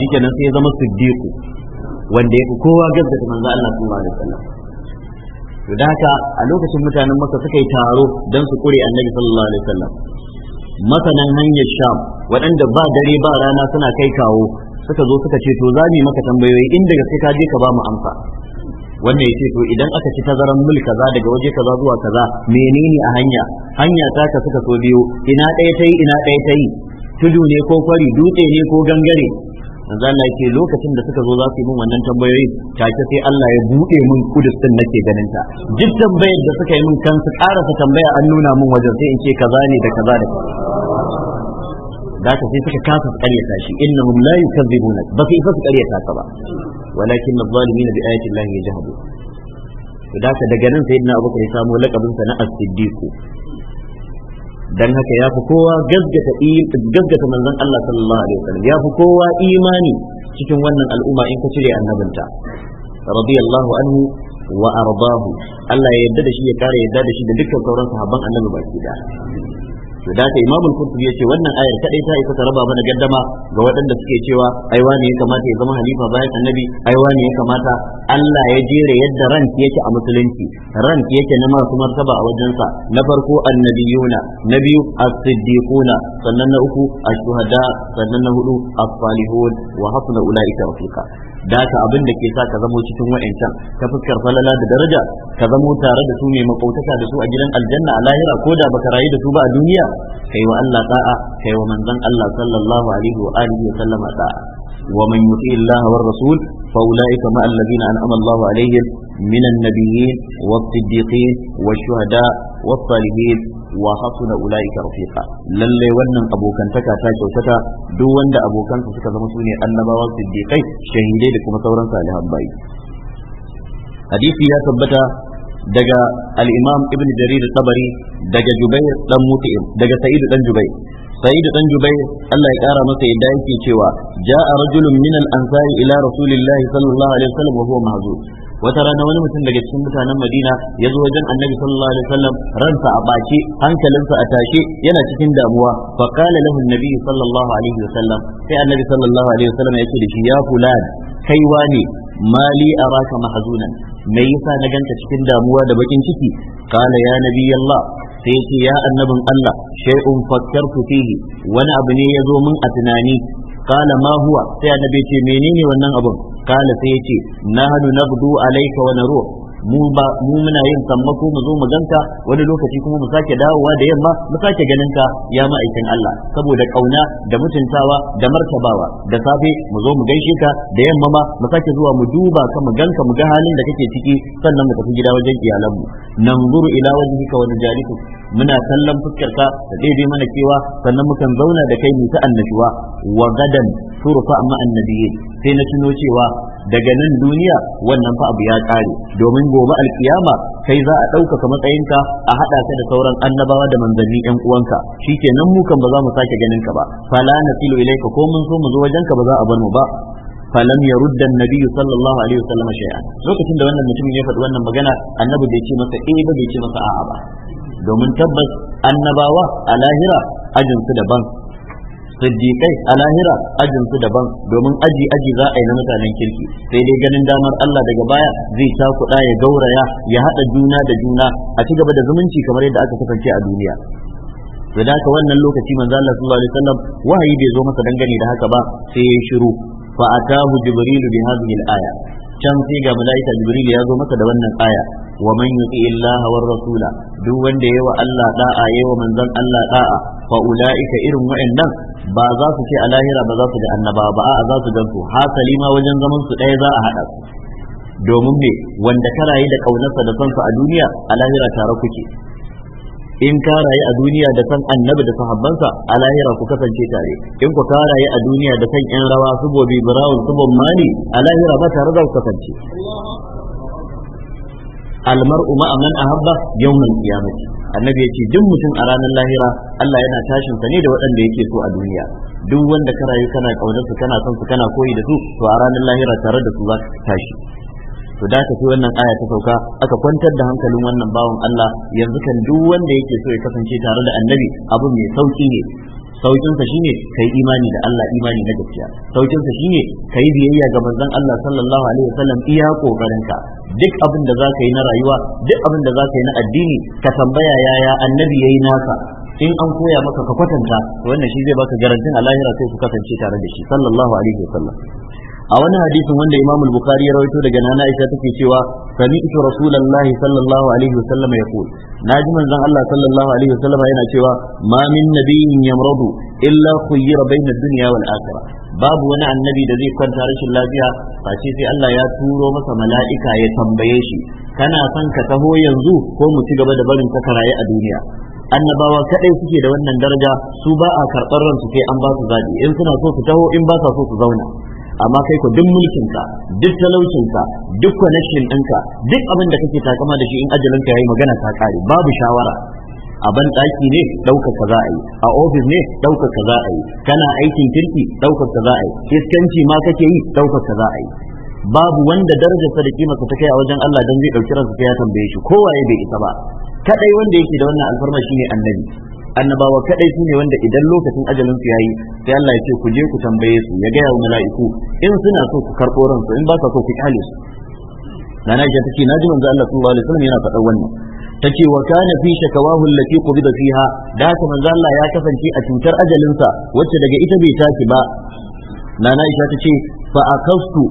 shi kenan sai ya zama siddiqu wanda ya fi kowa gaskata manzo Allah sallallahu alaihi wasallam da haka a lokacin mutanen maka suka yi taro don su kure annabi sallallahu alaihi wasallam masanan hanyar sham waɗanda ba dare ba rana suna kai kawo suka zo suka ce to za mu maka tambayoyi inda gaske ka je ka ba mu amsa wannan yace to idan aka ci tazaran mil kaza daga waje kaza zuwa kaza menene a hanya hanya ta ka suka so biyo ina ɗaya ta yi ina ɗaya ta yi tudu ne ko kwari dutse ne ko gangare manzo Allah yake lokacin da suka zo za su yi min wannan tambayoyi take sai Allah ya bude min kudus nake ganin ta duk tambayar da suka yi min kan su karasa tambaya an nuna min wajen sai in ce kaza ne da kaza da da ka sai suka kasa su karyata shi innahum la yukazzibuna ba su isa su karyata ka ba walakin adh-dhalimin bi ayati Allah yajhadu to da ka daga nan sayyidina Abubakar ya samu laqabin sa na as-siddiq dan haka ya fi kowa gaggata manzon Allah sallallahu alaihi wasallam ya fi kowa imani cikin wannan al'umma in ka cire annabinta radiyallahu anhu wa ardahu Allah ya yarda da shi ya kare yarda da shi da dukkan sauran sahabban annabi baki da to da ka imamul qurtubi yace wannan ayar kadai ta isa ta raba mana gaddama ga waɗanda suke cewa ai wani ya kamata ya zama halifa bayan annabi ai wani ya kamata Allah ya jere yadda ran yake a musulunci ran yake na masu martaba a wajensa na farko annabiyuna na biyu as-siddiquna sannan na uku ash-shuhada sannan na hudu as-salihun wa hasuna ulaika rafiqa da abin da ke sa ka zamo cikin wa'ancan ta fuskar falala da daraja ka zamo tare da su mai makautaka da su a gidan aljanna a lahira ko da baka rayu da su ba a duniya kai wa Allah ta'a kai wa manzon Allah sallallahu alaihi wa alihi wa sallama ta'a ومن يطيع الله والرسول an مع wa أنعم الله عليهم من النبيين والصديقين والشهداء والصالحين wa hasuna ulaika rafiqa lalle wannan abokantaka ta kyautata duk wanda abokansa suka zama su ne annabawa siddiqai shahidai da kuma sauran salihan bayi hadisi ya tabbata daga al-imam ibn jarir tabari daga jubair dan mut'im daga sa'id dan jubair sa'id dan jubair Allah ya kara masa yadda yake cewa ja'a rajulun min al-ansari ila rasulillahi sallallahu alaihi wasallam wa huwa mahzun wata rana wani mutum daga cikin mutanen Madina ya zo wajen Annabi sallallahu alaihi wasallam ransa a bace hankalinsa a tashe yana cikin damuwa fa qala lahu annabi sallallahu alaihi wasallam sai Annabi sallallahu alaihi wasallam ya ce da shi ya fulan kai wani mali araka mahzunan me yasa na ganta cikin damuwa da bakin ciki qala ya nabi Allah sai ce ya annabin Allah shay'un fakkartu fihi wani abu ne ya zo min a tunani qala ma huwa sai annabi ce menene wannan abun kala sai yace nahnu na alayka wa naruh mu ba mu muna yin sammako mu zo mu ganka wani lokaci kuma mu sake dawowa da yamma mu sake ganin ka ya ma'aikin Allah saboda kauna da mutuntawa da martabawa da safe mu zo mu gaishe ka da yamma ma mu sake zuwa mu duba ka mu ganka mu ga halin da kake ciki sannan mu tafi gida wajen iyalanmu nanzuru ila wajhika wa najalika muna kallon fuskar ka da daidai mana cewa sannan mukan zauna da kai mu ta annashuwa wa gadan turfa ma'annabiyyin sai na tuno cewa daga nan duniya wannan fa abu ya kare domin gobe alkiyama kai za a ɗaukaka matsayinka a haɗa ka da sauran annabawa da manzanni yan uwanka shikenan mu kan ba za mu sake ganin ka ba fala nasilu ilaika ko mun so mu zo wajenka ba za a bar mu ba falam ya rudda nabi sallallahu alaihi wasallam shay'a lokacin da wannan mutumin ya faɗi wannan magana annabi bai ce masa eh ba bai ce masa a'a ba domin tabbas annabawa a lahira ajin su daban siddiqai a lahira ajin su daban domin aji aji za a yi na mutanen kirki sai dai ganin damar Allah daga baya zai ta kuɗa ya gauraya ya haɗa juna da juna a ci gaba da zumunci kamar yadda aka kasance a duniya da haka wannan lokaci manzo Allah sallallahu alaihi wasallam wahayi bai zo masa dangane da haka ba sai ya shiru fa atahu jibrilu bi hadhihi al-aya can sai ga mala'ika jibril ya zo masa da wannan aya wa man yuti illaha war rasula duk wanda yayi wa Allah da'a yayi wa manzon Allah da'a fa ulaika irin wa'annan ba za su ce a lahira ba za su ga annaba ba a za su gan su hasali ma wajen zaman su ɗaya za a haɗa su domin me wanda ka rayu da ƙaunarsa da sonsa a duniya a lahira tare kuke in ka rayu a duniya da san annabi da sahabbansa a lahira ku kasance tare in ku ka rayu a duniya da san yan rawa subo bi brown subo mali a lahira ba tare za ku kasance almar'u ma man ahabba yawmal qiyamah annabi yace duk mutum a ranar lahira Allah yana tashin sa ne da waɗanda yake so a duniya duk wanda ka rayu kana kaunar su kana son su kana koyi da su to a ranar lahira tare da su za ka tashi to da ta wannan aya ta sauka aka kwantar da hankalin wannan bawan Allah yanzu kan duk wanda yake so ya kasance tare da annabi abu mai sauki ne saukinsa shine kai imani da Allah imani na gaskiya saukinsa shine kai biyayya ga manzon Allah sallallahu alaihi wasallam iya kokarinka duk abin da za yi na rayuwa duk abin da za yi na addini ka tambaya yaya annabi yayi nasa in an koya maka ka kwatanta wannan shi zai baka garantin a lahira sai ku kasance tare da shi sallallahu alaihi wasallam a wani hadisin wanda Imam al-Bukhari ya rawaito daga Nana Aisha take cewa sami'tu Rasulullahi sallallahu alaihi wasallam yaqul naji manzon Allah sallallahu alaihi wasallam yana cewa ma min nabiyyin yamradu illa khayyira bayna ad-dunya wal akhirah babu wani annabi da zai kwanta rashin lafiya face sai Allah ya turo masa mala'ika ya tambaye shi kana son ka taho yanzu ko mu ci gaba da barin ka karaye a duniya annabawa kadai suke da wannan daraja su ba a karɓar ransu sai an ba su zaɓi in suna so su taho in ba so su zauna amma kai ku duk mulkinka, duk talaucinsa, duk connection ɗinka duk abin da kake takama da shi in ajalin ka yayi magana ta kare babu shawara a ban ɗaki ne ɗaukar ka za a yi a ofis ne ɗaukar ka za a yi kana aikin kirki ɗaukar ka za a yi iskanci ma kake yi ɗaukar ka za a yi babu wanda darajarsa da kimarsa ta kai a wajen Allah dan zai ɗauki ransa sai ya tambaye shi Kowa ya bai isa ba kadai wanda yake da wannan alfarma shine annabi annabawa kadai su ne wanda idan lokacin ajalin su yayi sai Allah ya ce ku je ku tambaye su ya gaya wa mala'iku in suna so ku karɓo ransu in ba sa so ku kyale su nana Aisha tace naji manzo Allah sallallahu alaihi wasallam yana faɗa wannan Ta ce wa kana fi shakawahu allati qubida fiha da haka manzo Allah ya kasance a cutar ajalinsa wacce daga ita bai tashi ba nana Aisha tace fa akastu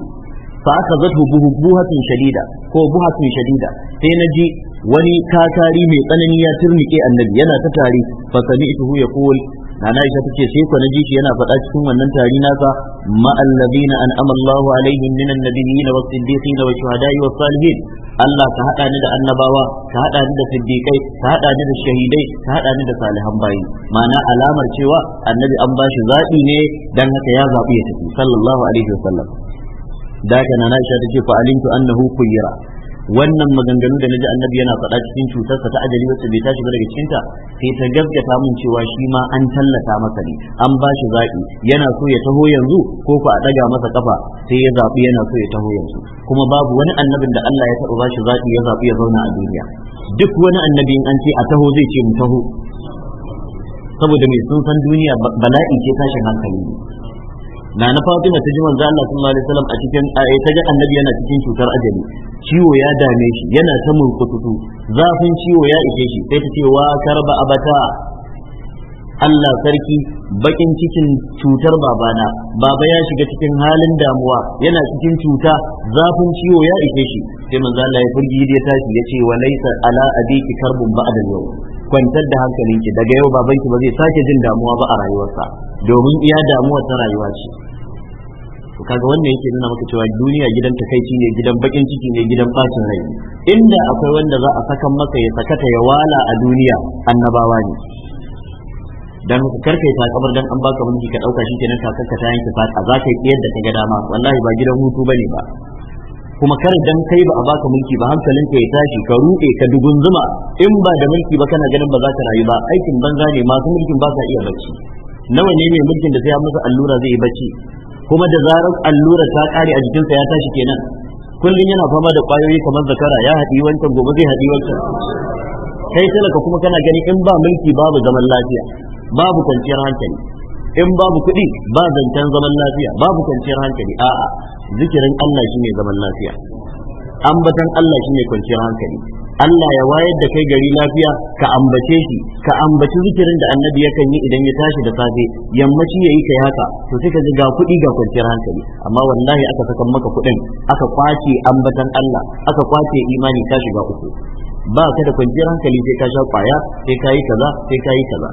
fa aka zato buhatun shadida ko buhatun shadida sai na ji wani katari mai tsanani ya turnike annabi yana ta tari fa sami'tuhu yaqul Na Aisha tace sai ko ji shi yana faɗa cikin wannan tari nasa ma alladhina an'ama alaihim minan nabiyyin was siddiqin wa shuhada'i was salihin Allah ka hada ni da annabawa ka hada ni da siddiqai ka hada ni da shahidai ka hada ni da salihan bayi ma'ana alamar cewa annabi an bashi zabi ne dan haka ya zabi ya tafi sallallahu alaihi sallam. da na Aisha tace fa alimtu annahu kuyira wannan maganganu da naji annabi yana faɗa cikin cutarsa ta ajali wacce bai tashi ba daga cikin ta sai ta gaskata mun cewa shi ma an tallata masa ne an ba shi yana so ya taho yanzu ko ku a ɗaga masa kafa sai ya zaɓi yana so ya taho yanzu kuma babu wani annabin da Allah ya taɓa ba shi zaɓi ya zaɓi ya zauna a duniya duk wani annabi in an ce a taho zai ce mu taho saboda mai sun san duniya bala'i ce tashin hankali ne na na Fatima ta ji manzo Allah sallallahu alaihi wasallam a cikin ayi ta ga annabi yana cikin cutar ajali ciwo ya dame shi yana ta murkututu zafin ciwo ya ishe shi sai ta ce wa karba abata Allah sarki bakin cikin cutar babana baba ya shiga cikin halin damuwa yana cikin cuta zafin ciwo ya ishe shi sai manzo Allah ya furgi ya tashi ya ce wa laysa ala abiki karbun ba'da yau kwantar da hankalinki daga yau babanki ba zai sake jin damuwa ba a rayuwarsa domin iya damuwa ta rayuwa ce Ku kaga wannan yake nuna maka cewa duniya gidan takaici ne gidan bakin ciki ne gidan fatin rai inda akwai wanda za a saka maka ya sakata ya wala a duniya annabawa ne dan haka karkai ta kabar dan an baka mulki ka dauka shi kenan kakar ka ta yanke fata za ka yi yadda ka ga dama wallahi ba gidan hutu bane ba kuma kar dan kai ba a baka mulki ba hankalin ka ya tashi ka ruɗe ka dugun zuma in ba da mulki ba kana ganin ba za ka rayu ba aikin banza ne masu mulkin ba sa iya bacci nawa ne mai mulkin da sai ya masa allura zai yi bacci kuma da zarar allura ta kare a jikinsa ya tashi kenan kullum yana fama da kwayoyi kamar zakara ya haɗi wancan gobe zai haɗi wancan kai talaka kuma kana gani in ba mulki babu zaman lafiya babu kwanciyar hankali in babu kuɗi ba zancen zaman lafiya babu kwanciyar hankali a'a zikirin Allah shine zaman lafiya ambatan Allah shine kwanciyar hankali Allah ya wayar da kai gari lafiya ka ambace shi ka ambaci zikirin da annabi yakan yi idan ya tashi da safe yammaci yayi kai haka to sai ka ji ga kuɗi ga kwanciyar hankali amma wallahi aka saka maka kuɗin aka kwace ambatan Allah aka kwace imani ka shiga uku ba ka da kwanciyar hankali sai ka sha kwaya sai ka yi kaza sai ka yi kaza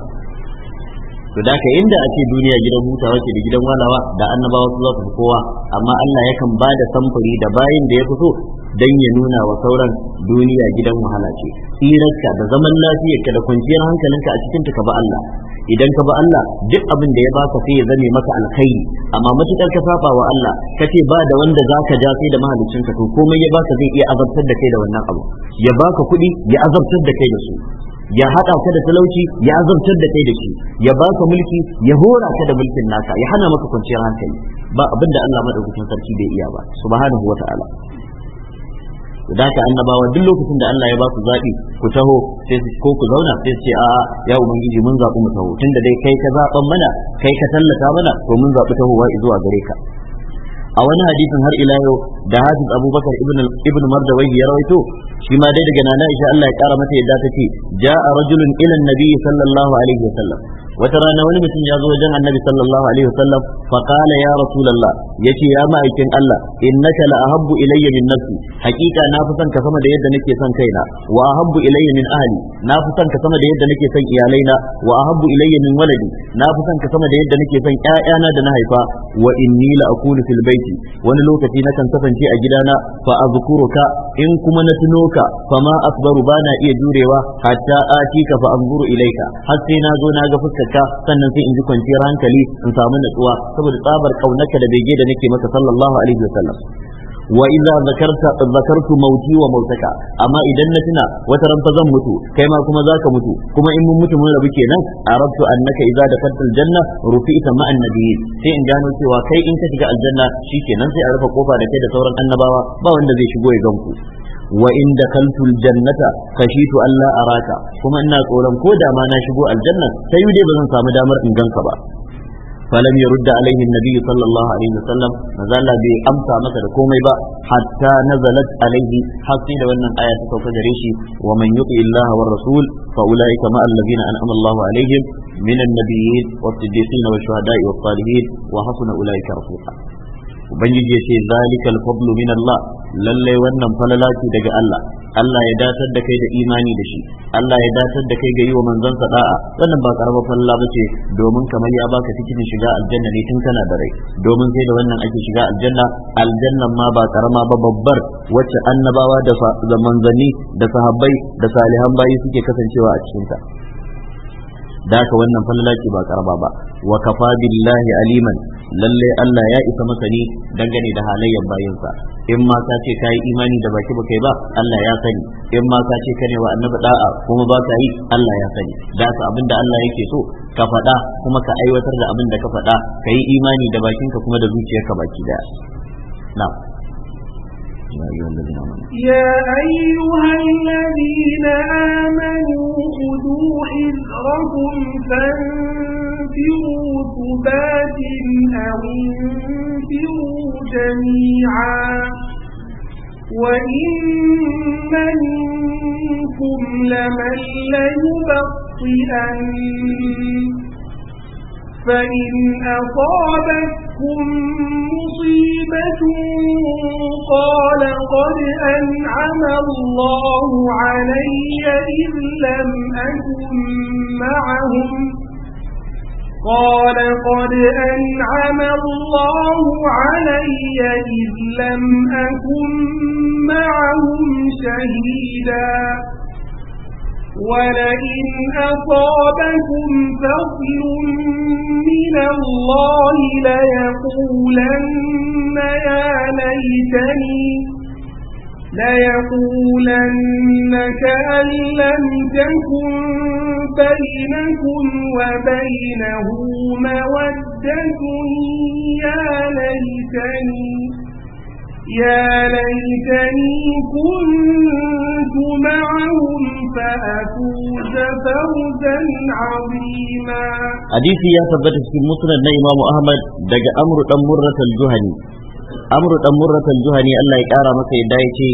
to da ka inda a ce duniya gidan hutawa ke da gidan walawa da annabawa su za su fi kowa amma Allah yakan ba da samfuri da bayin da ya fi so dan ya nuna wa sauran duniya gidan wahala ce tsirarka da zaman lafiyarka da kwanciyar hankalinka a cikin ka ba Allah idan ka ba Allah duk abin da ya baka sai ya zame maka alkhairi amma matukar ka saba wa Allah ka ce ba da wanda zaka ja sai da mahaliccinka to komai ya baka zai iya azabtar da kai da wannan abu ya baka kuɗi ya azabtar da kai da su ya haɗa ka da talauci ya azabtar da kai da shi ya ba ka mulki ya hora ka da mulkin naka ya hana maka kwanciyar hankali ba abinda Allah madaukakin sarki bai iya ba subhanahu wata'ala da haka annabawa duk lokacin da Allah ya ba ku zaɓi ku taho sai ko ku zauna sai ce a ya ubangiji mun zaɓi mu taho tunda dai kai ka zaɓan mana kai ka tallata mana to mun zaɓi tahowa zuwa gare ka a wani hadisin har ila yau da hafiz abubakar ibn ibn mardawai ya rawaito shi ma dai daga nana isha Allah ya kara mata yadda ta ce ja'a rajulun ila nabi sallallahu alaihi wasallam wata rana wani mutum ya zo wajen annabi sallallahu alaihi wasallam fa qala ya rasulullah yace ya ma'aikin Allah innaka la ahabbu ilayya min nafsi hakika na fi son ka sama da yadda nake son kaina wa ahabbu ilayya min ahli na fi son ka sama da yadda nake son iyalaina wa ahabbu ilayya min waladi na fi son ka sama da yadda nake son ƴaƴana da na haifa wa inni la akulu fil baiti wani lokaci na kan kasance a gidana fa azkuruka in kuma na tuno ka fa ma asbaru bana iya jurewa hatta atika fa anzuru ilayka har sai na zo na ga fuskar ka sannan sai in ji kwanciyar hankali in samu natsuwa saboda tsabar kaunaka da bege da nake maka sallallahu alaihi wasallam wa idza zakarta zakartu mauti wa mautaka amma idan na tuna wata ran zan mutu kai ma kuma zaka mutu kuma in mun mutu mun rabu kenan arabtu annaka idza dakarta aljanna rufi'ta ma'an nabiyyin sai in gano cewa kai in ka shiga aljanna shikenan sai a rufe kofa da kai da sauran annabawa ba wanda zai shigo ya ganku wa inda kaltul jannata kashitu Allah araka kuma ina tsoron ko da ma na shigo aljanna sai dai ba zan samu damar in ganka ba falam yurda alaihi annabi sallallahu alaihi wasallam mazalla bai amsa masa da komai ba hatta nazalat alaihi har da wannan aya ta sauka gare shi wa man yuti Allah war rasul fa ulaika kama alladhina an'ama Allah alaihim min an-nabiyyin was-siddiqin wash-shuhada'i was-salihin wa hasuna ulaika rafiqa ubangiji ce zalikal fadlu min Allah lallai wannan falala ce daga Allah Allah ya datar da kai da imani da shi Allah ya datar da kai ga yi wa manzon sa da'a wannan ba karamar falala bace domin kamar ya baka tikitin shiga aljanna ne tun kana da rai domin sai da wannan ake shiga aljanna aljannan ma ba karama ba babbar wacce annabawa da manzani da sahabbai da salihan bayi suke kasancewa a cikin ta da haka wannan falala ba karama ba wa kafa billahi aliman lalle Allah ya isa masani dangane da halayyar bayinsa in ma ka ce kai imani da baki ba kai ba Allah ya sani in ma ka ce kane wa annabi da'a kuma ba ka yi Allah ya sani da ka abinda Allah yake so ka faɗa kuma ka aiwatar da abin da ka faɗa ka yi imani da bakinka kuma da zuciyarka baki daya na'am يا أيها الذين آمنوا خذوا حذركم فانفروا انفروا ثبات أو انفروا جميعا وإن منكم لمن ليبطئن فإن أصابتكم مصيبة قال قد أنعم الله علي إذ لم أكن معهم قال قد أنعم الله علي إذ لم أكن معهم شهيدا ولئن أصابكم فضل من الله ليقولن يا ليتني ليقولنك أن لم تكن بينكم وبينه مودة يا ليتني يا ليتني كنت معهم فأفوز فوزا عظيما حديثي يا ثبت في مسند إمام أحمد دج أمر أمرة الجهني amru dan murratal juhani Allah ya kara masa yadda yace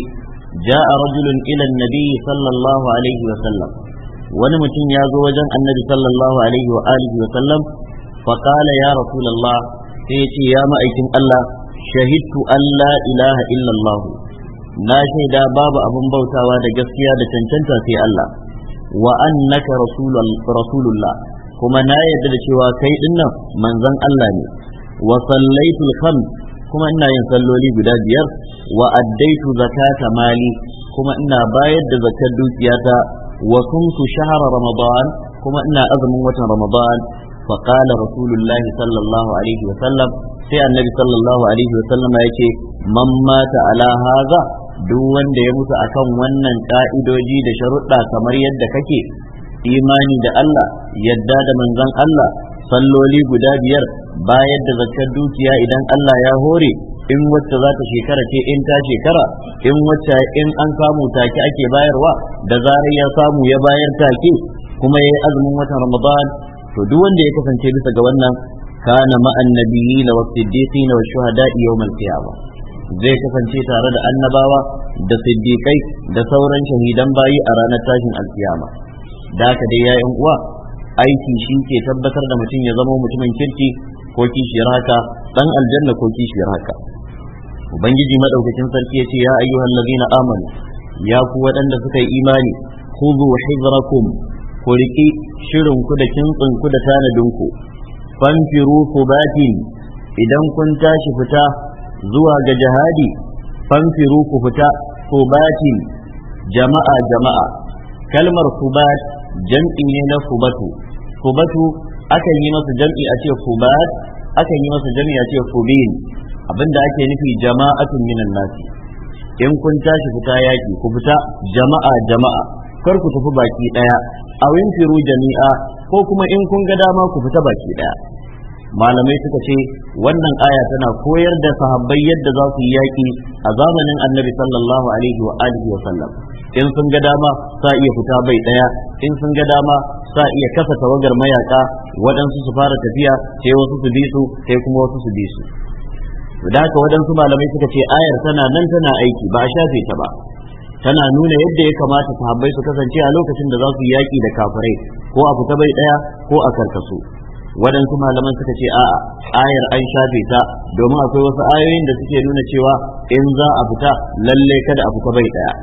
ja'a rajulun ila annabi sallallahu alaihi wa sallam wani mutum ya zo wajen annabi sallallahu alaihi wa alihi wa sallam fa qala ya rasulullah sai yace ya ma'aikin Allah shahidtu an la ilaha illa Allah na shaida babu abin bautawa da gaskiya da cancanta sai Allah wa annaka rasulullah kuma na yarda da cewa kai dinnan manzon Allah ne wa sallaitul khams kuma ina yin salloli guda biyar wa addaitu zakata mali kuma ina bayar da zakar dukiyata wa kuntu shahara ramadan kuma ina azumin watan ramadan fa qala rasulullah sallallahu alaihi wa sallam sai annabi sallallahu alaihi wa sallam yake man mata ala haza duk wanda ya mutu akan wannan ka'idoji da sharuɗa kamar yadda kake imani da Allah yadda da manzon Allah salloli guda biyar bayar da zakar dukiya idan Allah ya hore in wacce za ta shekara ce in ta shekara in wacce in an samu take ake bayarwa da zarar ya samu ya bayar take kuma ya yi azumin watan ramadan to duk wanda ya kasance bisa ga wannan kana ma'an na wa siddiqina wa shuhada'i yawmal qiyamah zai kasance tare da annabawa da siddiqai da sauran shahidan bayi a ranar tashin alkiyama da haka dai ya uwa aiki shi ke tabbatar da mutum ya zama mutumin kirki ko kishiyar haka dan aljanna ko kishiyar haka ubangiji madaukakin sarki ya ce ya ayyuhan ladina amanu ya ku waɗanda suka yi imani khudhu hizrakum ku riki shirin ku da kintsin ku da tanadin ku fanfiru subatin idan kun tashi fita zuwa ga jihadi fanfiru ku fita subatin jama'a jama'a kalmar subat jam'i ne na subatu kubatu akan yi masa jam'i a ce kubat akan yi masa jam'i a ce kubin abinda ake nufi jama'atun minan nasi in kun tashi fita yaki ku fita jama'a jama'a kar ku tafi baki daya a winfiru jami'a ko kuma in kun ga dama ku fita baki daya malamai suka ce wannan aya tana koyar da sahabbai yadda za su yi yaƙi a zamanin annabi sallallahu alaihi wa alihi wa sallam in sun ga dama sa iya fita bai daya in sun ga dama sa iya kasa tawagar mayaka waɗansu su fara tafiya sai wasu su bi su sai kuma wasu su bi su da haka waɗansu malamai suka ce ayar tana nan tana aiki ba a shafe ta ba tana nuna yadda ya kamata sahabbai su kasance a lokacin da za su yaƙi da kafirai ko a fita bai ɗaya ko a karkasu waɗansu malaman suka ce a ayar an shafe ta domin akwai wasu ayoyin da suke nuna cewa in za a fita lallai kada a fita bai ɗaya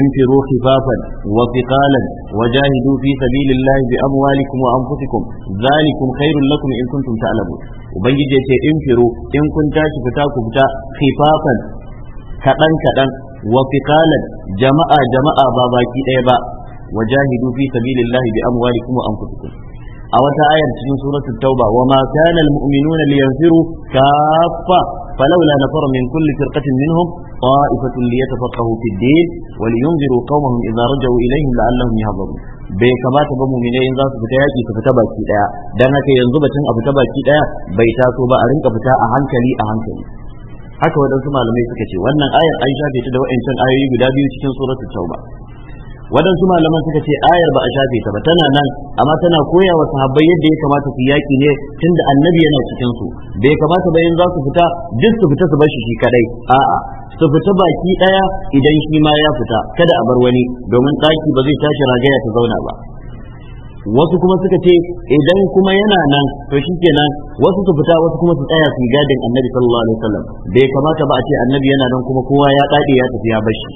انفروا خفافا وثقالا وجاهدوا في سبيل الله باموالكم وانفسكم ذلكم خير لكم ان كنتم تعلمون ubangiji ce infiru in kun tashi fita ku fita khifafan kadan kadan wa fiqalan jama'a jama'a ba baki ɗaya ba wajahidu fi sabilillahi bi amwalikum wa anfusikum a wata ayar cikin suratul tauba wa ma kana almu'minuna فلولا نفر من كل فرقة منهم طائفة ليتفقهوا في الدين ولينذروا قومهم إذا رجعوا إليهم لعلهم يهضرون bai kamata ba muminai in za su fita yaki su fita baki daya dan haka yanzu batun a fita baki daya bai taso ba a rinka fita a hankali a hankali haka waɗansu malamai suka ce wannan ayar an shafe ta da wa'ancan ayoyi guda biyu cikin suratul tauba waɗansu malaman suka ce ayar ba a shafe ta ba tana nan amma tana koya wa sahabbai yadda ya kamata su yaki ne tunda annabi yana cikin su bai kamata ba za su fita duk su fita su bar shi shi kadai a'a su fita baki daya idan shi ma ya fita kada a bar wani domin daki ba zai tashi ragaya ta zauna ba wasu kuma suka ce idan kuma yana nan to shikenan wasu su fita wasu kuma su tsaya su gadin annabi sallallahu alaihi wasallam bai kamata ba a ce annabi yana nan kuma kowa ya dade ya tafi ya bashi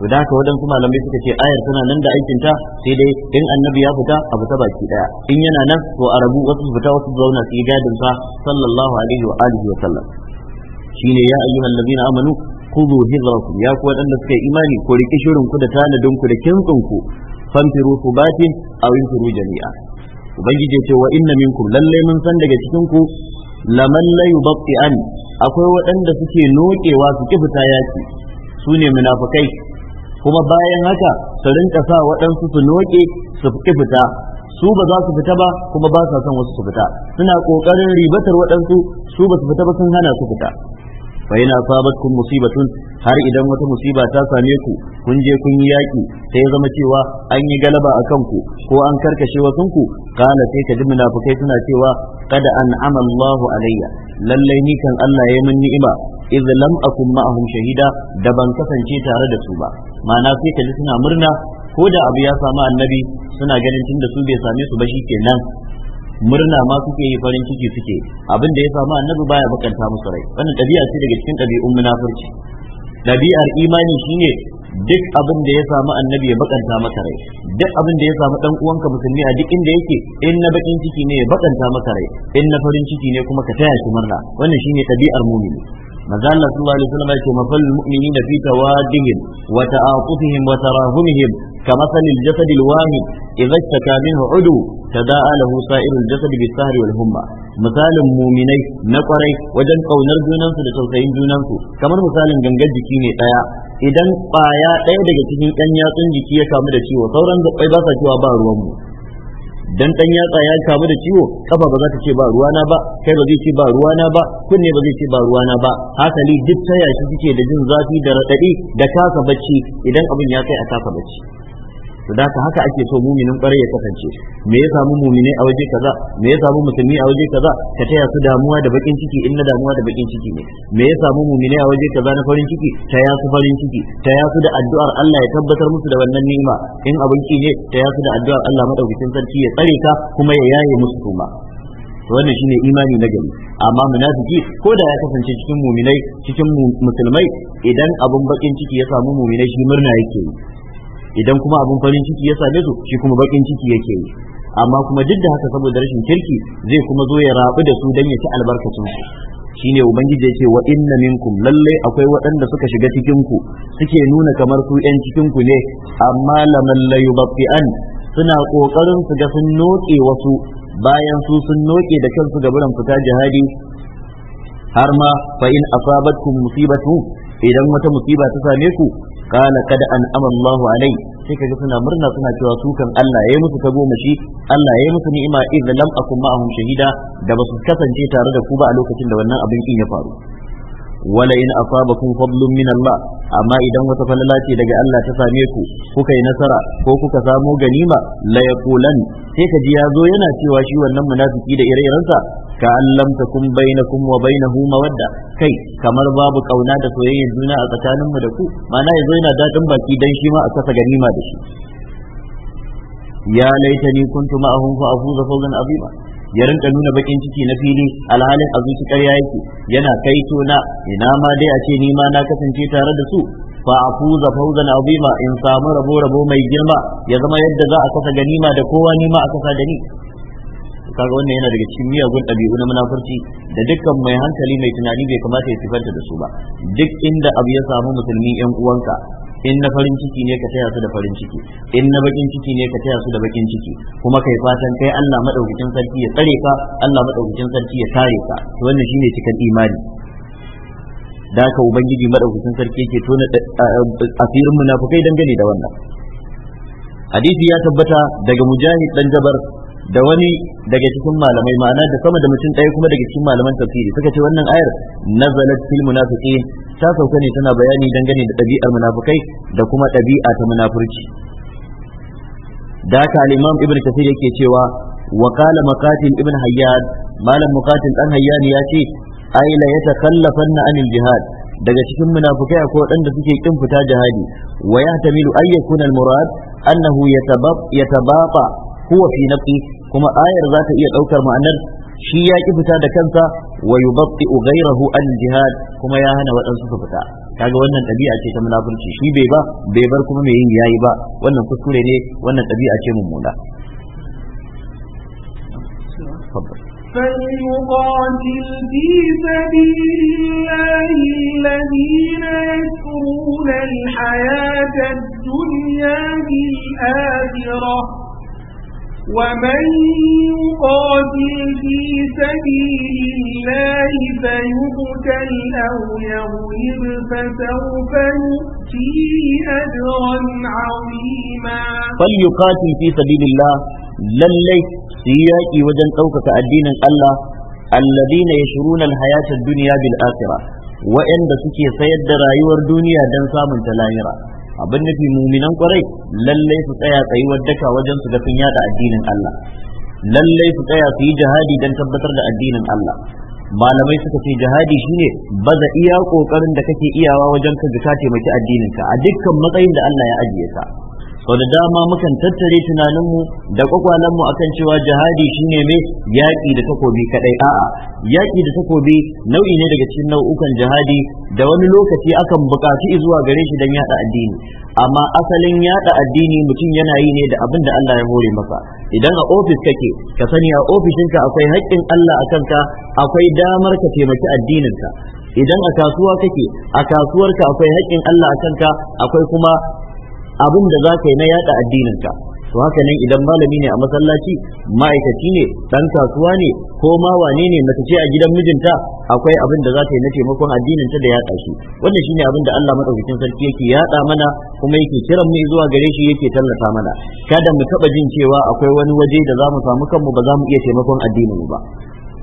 to da haka waɗansu malamai suka ce ayar tana nan da aikin ta sai dai in annabi ya fita a fita baki daya in yana nan to a rabu wasu fita wasu zauna su yi gadin sa sallallahu alaihi wa alihi wa sallam shine ya ayyuhal ladina amanu khudhu hidrakum ya ku waɗanda suka yi imani ko riki shirin ku da tanadin ku da kintsin ku famfiru subatin aw yunfiru jami'a ubangiji ce wa inna minkum lalle mun san daga cikin ku laman la yubqi'an akwai waɗanda suke nokewa su kibta yaki su ne munafikai kuma bayan haka su rinka sa waɗansu su noke su fi fita su ba za su fita ba kuma ba sa son wasu su fita suna ƙoƙarin ribatar waɗansu su ba su fita ba sun hana su fita fa yana sabatkum musibatun har idan wata musiba ta same ku kun je kun yi yaƙi sai zama cewa an yi galaba a kanku ko an karkashe wasun ku kana sai ka ji munafukai suna cewa kada an amallahu alayya lallai ni kan Allah ya min ni'ima iz lam akun ma'ahum shahida da ban kasance tare da su ba ma'ana sai ka ji suna murna ko da abu ya samu annabi suna ganin tunda su bai same su ba shikenan murna ma suke yi farin ciki suke abinda ya samu annabi baya bakanta musu rai wannan ɗabi'a ce daga cikin ɗabi'un munafurci ɗabi'ar imani shine duk abin da ya samu annabi ya bakanta maka rai duk abin da ya samu dan uwanka musulmi a duk inda yake in na bakin ciki ne ya bakanta maka rai in na farin ciki ne kuma ka taya shi murna wannan shine ɗabi'ar mumini manzo Allah sallallahu alaihi wasallam yake mafal mu'minina fi tawadihim wa ta'atufihim wa tarahumihim كمثل الجسد الواحد إذا اشتكى منه عدو تداعى له سائر الجسد بالسهر والهمة مثال مؤمني نقري وجن قونر جونansu da tausayin junansu kamar misalin gangar jiki ne ɗaya idan baya ɗaya daga cikin ɗan yatsun jiki ya kamu da ciwo sauran da ba cewa ba ruwanmu dan dan yatsa ya kamu da ciwo kafa ba za ta ce ba ruwa na ba kai ba zai ce ba ruwana ba kunne ba zai ce ba ruwa na ba hakali duk ta yashi suke da jin zafi da radadi da kasa bacci idan abin ya kai a kasa bacci to da haka ake so muminin kwarai ya kasance me ya samu mumine a waje kaza me ya samu musulmi a waje kaza ka taya su damuwa da bakin ciki in na damuwa da bakin ciki ne me ya samu mumine a waje kaza na farin ciki taya su farin ciki taya su da addu'ar Allah ya tabbatar musu da wannan ni'ima in abin ki ne taya su da addu'ar Allah madaukakin sarki ya tsare ka kuma ya yaye musu kuma wannan shine imani na gari amma munafiki ko da ya kasance cikin muminai cikin musulmai idan abun bakin ciki ya samu muminai shi murna yake yi idan kuma abin farin ciki ya same su shi kuma bakin ciki yake yi amma kuma duk da haka saboda rashin kirki zai kuma zo ya rabu da su dan ya ci albarkacin su shine ubangiji yake wa inna minkum lalle akwai waɗanda suka shiga cikin ku suke nuna kamar su yan cikin ku ne amma lamal la yubqi'an suna kokarin su ga sun noke wasu bayan su sun noke da kansu ga buran fita jihadi har ma fa in asabatkum musibatu idan wata musiba ta same ku qala kad an'ama Allahu alai sai kaga suna murna suna cewa su kan Allah yayi musu shi. Allah yayi musu ni'ima idh lam akum ma'ahum shahida da basu kasance tare da ku ba a lokacin da wannan abin ya faru wala in asabakum fadlun min Allah amma idan wata falala ce daga Allah ta same ku kuka yi nasara ko kuka samu ganima la yaqulan sai ka ji yazo yana cewa shi wannan munafiki da ire-irensa ka allam takum bainakum wa bainahu mawadda kai kamar babu kauna da soyayya juna a tsakaninmu da ku Mana yazo yana dadin baki dan shi ma a kasa ganima da shi ya laitani kuntu ma'ahum fa afuza fawzan azima ya rinka nuna bakin ciki na fili alhalin a zuci ya yake yana kai tona ina ma dai a ce ni ma na kasance tare da su fa fuza abu azima in samu rabo rabo mai girma ya zama yadda za a kasa ganima da kowa ni ma a kasa gani kaga wannan yana daga cikin miyagun ɗabi'u na munafurci da dukkan mai hankali mai tunani bai kamata ya sifanta da su ba duk inda abu ya samu musulmi yan uwanka in na farin ciki ne ka taya su da farin ciki in na bakin ciki ne ka taya su da bakin ciki kuma kai fatan kai Allah madaukakin sarki ya tsare ka Allah madaukakin sarki ya tare ka to wannan shine cikin imani da ka ubangiji madaukakin sarki yake tona asirin munafukai dangane da wannan hadisi ya tabbata daga mujahid dan jabar da wani daga cikin malamai ma'ana da sama da mutum ɗaya kuma daga cikin malaman tafsiri suka ce wannan ayar nazalat fil munafiqin ta sauka ne tana bayani dangane da ɗabi'ar munafikai da kuma ɗabi'a ta munafurci da haka al-imam ibn kathir yake cewa wa qala maqatil ibn hayyan malam muqatil dan hayyan ya ce ay la yatakallafanna anil jihad daga cikin munafukai akwai waɗanda suke kin fita jihadi wa yahtamilu ayyakuna al-murad annahu yatabaqa huwa fi nafsi kuma ayar za ta iya ɗaukar ma'anar shi ya ki fita da kansa wa yubatti ghayrahu an jihad kuma ya hana waɗansu su fita kaga wannan ɗabi'a ce ta munafurci shi bai ba bai bar kuma mai yin yayi ba wannan kuskure ne wannan ɗabi'a ce mummuna فليقاتل في سبيل الله الذين يكرون الحياة الدنيا بالآخرة ومن يقاتل في سبيل الله فيقتل أو يغلب فسوف نؤتيه أجرا عظيما فليقاتل في سبيل الله للي سياكي وجن توكك الدين الله الذين يشرون الحياة الدنيا بالآخرة وإن سكي سيد رايور دنيا دن سامن تلاهرة abin nufi muminan kwarai lallai su tsaya tsayuwar daka wajen su ga sun yada addinin Allah lallai su tsaya su yi jihadi don tabbatar da addinin Allah malamai suka ce jihadi shine baza iya kokarin da kake iyawa wajen ka ga taimaki addinin ka a dukkan matsayin da Allah ya ajiye ka sau da dama mukan tattare tunaninmu da kwakwalenmu kan cewa jihadi shine mai yaƙi da takobi kaɗai? a'a yaƙi da takobi nau'i ne daga cikin nau'ukan jihadi da wani lokaci akan buƙaci zuwa gare shi don yaɗa addini amma asalin yaɗa addini mutum yana yi ne da abin da Allah ya hore masa idan a ofis kake ka sani a ofishinka akwai haƙƙin Allah a kanka akwai damar ka taimaki addininka idan a kasuwa kake a kasuwarka akwai haƙƙin Allah a kanka akwai kuma abin da za ka yi na yada addininka to haka nan idan malami ne a masallaci ma'aikaci ne dan kasuwa ne ko ma wane ne mace ce a gidan mijinta akwai abin da za ta yi na taimakon addininta da yada shi wannan shine abin da Allah madaukakin sarki yake yada mana kuma yake kiran mu zuwa gare shi yake tallata mana kada mu taɓa jin cewa akwai wani waje da za mu samu kanmu ba za mu iya taimakon addininmu ba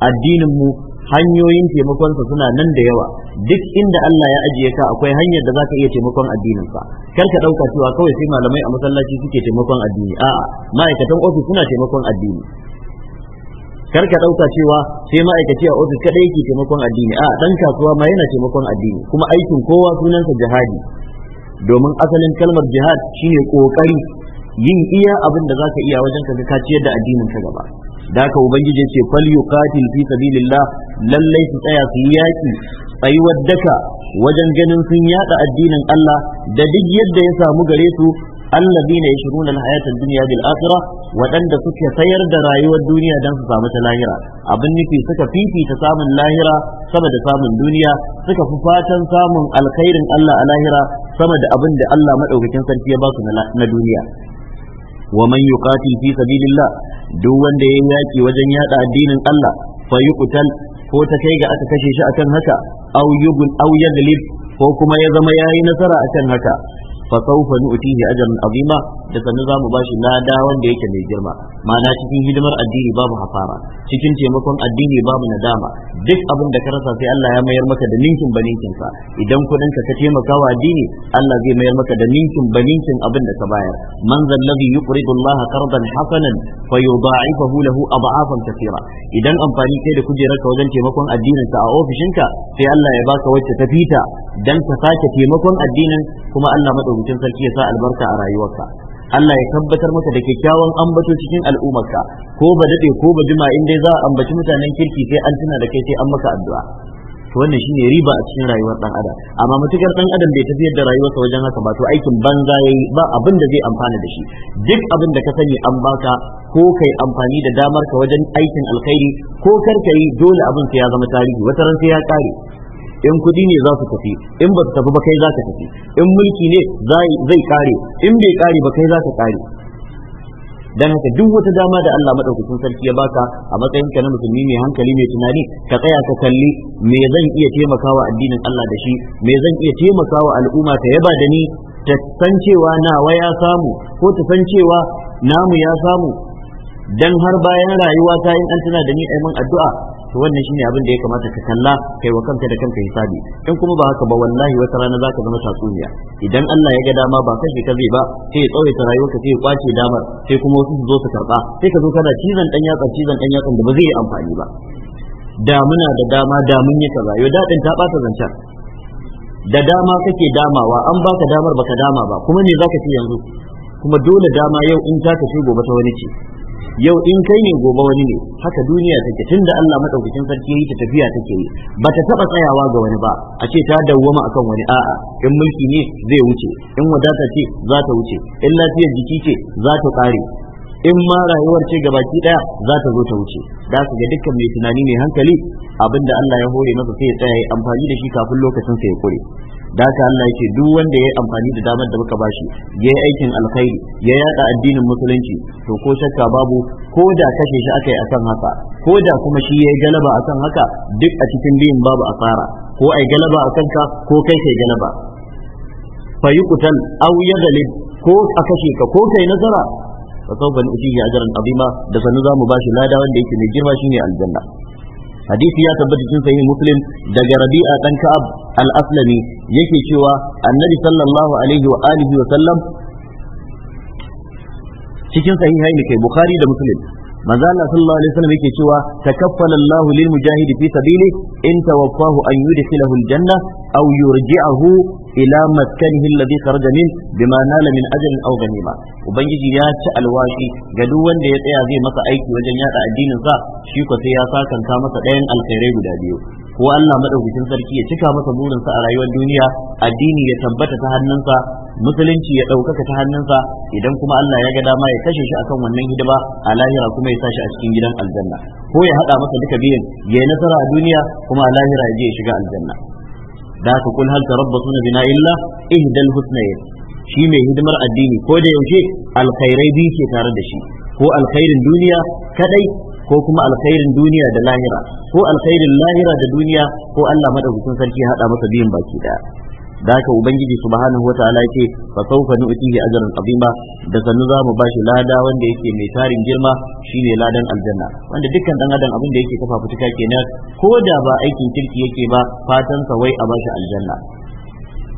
addinin mu hanyoyin taimakonsa suna nan da yawa duk inda Allah ya ajiye ka akwai hanyar da zaka iya taimakon addininsa kar ka dauka cewa kawai sai malamai a masallaci suke taimakon addini a'a ma'aikatan ofis suna taimakon addini kar ka dauka cewa sai ma'aikaci a ofis kadai yake taimakon addini a'a dan kasuwa ma yana taimakon addini kuma aikin kowa sunansa jihadi domin asalin kalmar jihad shine kokari yin iya abin da zaka iya wajen ka ka ciyar da addinin ka gaba da haka ubangiji ce fal yuqatil fi sabilillah lallai su tsaya su yi yaki tsayuwar daka wajen ganin sun yada addinin Allah da duk yadda ya samu gare su allazina yashruna alhayata ad-dunya bil akhirah wadanda suke sayar da rayuwar duniya dan su samu ta lahira abin nufi suka fifita samun lahira sama da samun duniya suka fi fatan samun alkhairin Allah a lahira sama da abin da Allah madaukakin sarki ya ba su na duniya wa man yuqatil fi sabilillah duk wanda ya yaki wajen yada addinin Allah fa yuqtal ko ta kai ga aka kashe shi akan haka aw yugun aw yadlib ko kuma ya zama yayi nasara akan haka fa sawfa nu'tihi ajran azima da sannu za mu bashi lada wanda yake mai girma ma'ana cikin hidimar addini babu hafara cikin taimakon addini babu nadama duk abin da ka rasa sai Allah ya mayar maka da ninkin baninkin ka idan kudin ka ka taimaka wa addini Allah zai mayar maka da ninkin baninkin abin da ka bayar man zallazi yuqridu Allah qardan hasanan fayudha'ifahu lahu ad'afan katira idan amfani kai da kujerar ka wajen taimakon addinin ka a ofishinka sai Allah ya baka wacce ta fita dan ka sake taimakon addinin kuma Allah madaukakin madaukakin sarki ya sa albarka a rayuwarka Allah ya tabbatar maka da kyakkyawan ambato cikin al'ummarka ko ba dade ko ba jima in dai za a ambaci mutanen kirki sai an tuna da kai sai an maka addu'a to wannan shine riba a cikin rayuwar dan adam amma matukar dan adam bai tafiyar da rayuwarsa wajen haka ba to aikin banza yayi ba abin da zai amfana da shi duk abin da ka sani an baka ko kai amfani da damar ka wajen aikin alkhairi ko kar ka yi dole abin sai ya zama tarihi wata ran sai ya kare in kudi ne za su tafi in ba su tafi ba kai za ka tafi in mulki ne zai kare in bai kare ba kai za ka kare dan haka duk wata dama da Allah madaukakin sarki ya baka a matsayin ka na musulmi mai hankali mai tunani ka tsaya ka kalli me zan iya taimakawa addinin Allah da shi me zan iya taimakawa al'umma ta yaba da ni ta san cewa nawa ya samu ko ta san cewa namu ya samu dan har bayan rayuwa ta in an tana da ni aiman addu'a to wannan shine abin da ya kamata ka kalla kai wa kanka da kanka hisabi in kuma ba haka ba wallahi wata rana zaka zama tatsuniya idan Allah ya ga dama ba kai ka zai ba sai ya tsawaita ka sai ya kwace damar sai kuma wasu su zo su karba sai ka zo kana cizon dan yatsa cizon dan yatsa da ba zai yi amfani ba da muna da dama da mun yi kaza yau dadin ta bata zancen da dama kake damawa an baka damar baka dama ba kuma me zaka ci yanzu kuma dole dama yau in ta tafi gobe ta wani ce yau in kai ne gobe wani ne haka duniya take tun da Allah madaukakin sarki yi ta tafiya take yi ba ta taba tsayawa ga wani ba a ce ta dawwama akan wani a'a in mulki ne zai wuce in wadata ce za ta wuce in lafiyar jiki ce za ta kare in ma rayuwar ce baki daya za ta zo ta wuce da su ga dukkan mai tunani ne hankali abinda Allah ya hore masa sai ya tsaya amfani da shi kafin lokacin sa ya kure da haka Allah yake duk wanda ya amfani da damar da muka bashi ya yi aikin alkhairi ya yada addinin musulunci to ko shakka babu ko da kashe shi aka yi akan haka ko da kuma shi ya yi galaba akan haka duk a cikin biyun babu asara ko ai galaba akan ka ko kai kai galaba fa yuqtal aw yaghlib ko a kashe ka ko kai nazara fa sawfa nu'tihi ajran azima da sanu zamu bashi lada wanda yake mai girma shine aljanna hadisi ya tabbata cikin sahih muslim daga rabi'a dan ka'ab al-aslami yake cewa annabi sallallahu alaihi wa alihi wa sallam cikin sahihaini kai bukhari da muslim manzo Allah sallallahu alaihi wasallam yake cewa takaffala Allahu lil mujahidi fi sabili in tawaffahu an yudkhilahu al janna aw yurji'ahu ila maskanihi alladhi kharaja min bima nala min ajrin aw ghanima ubangiji ya ci alwashi ga duk wanda ya tsaya zai masa aiki wajen yada addinin sa shi ko sai ya sakanta masa ɗayan alkhairai guda biyu ko Allah madaukakin sarki ya cika masa burinsa a rayuwar duniya addini ya tabbata ta hannunsa musulunci ya ɗaukaka ta hannunsa idan kuma Allah ya ga dama ya kashe shi akan wannan hidima a lahira kuma ya sa shi a cikin gidan aljanna ko ya haɗa masa duka biyan ya yi nasara a duniya kuma a lahira ya je ya shiga aljanna da haka kul suna tarabbasuna bina illa ihdal husnayn shi mai hidimar addini ko da yaushe alkhairai biyu ke tare da shi ko alkhairin duniya kadai ko kuma alkhairin duniya da lahira ko alkhairin lahira da duniya ko Allah madaukakin sarki hada masa biyun baki daya da haka ubangiji subhanahu wataala yake fa sawfa nu'tihi ajran azima da sannu za mu bashi lada wanda yake mai tarin girma shine ladan aljanna wanda dukkan dan adam abin da yake kafa fituka kenan ko da ba aikin kirki yake ba fatan sa wai a bashi aljanna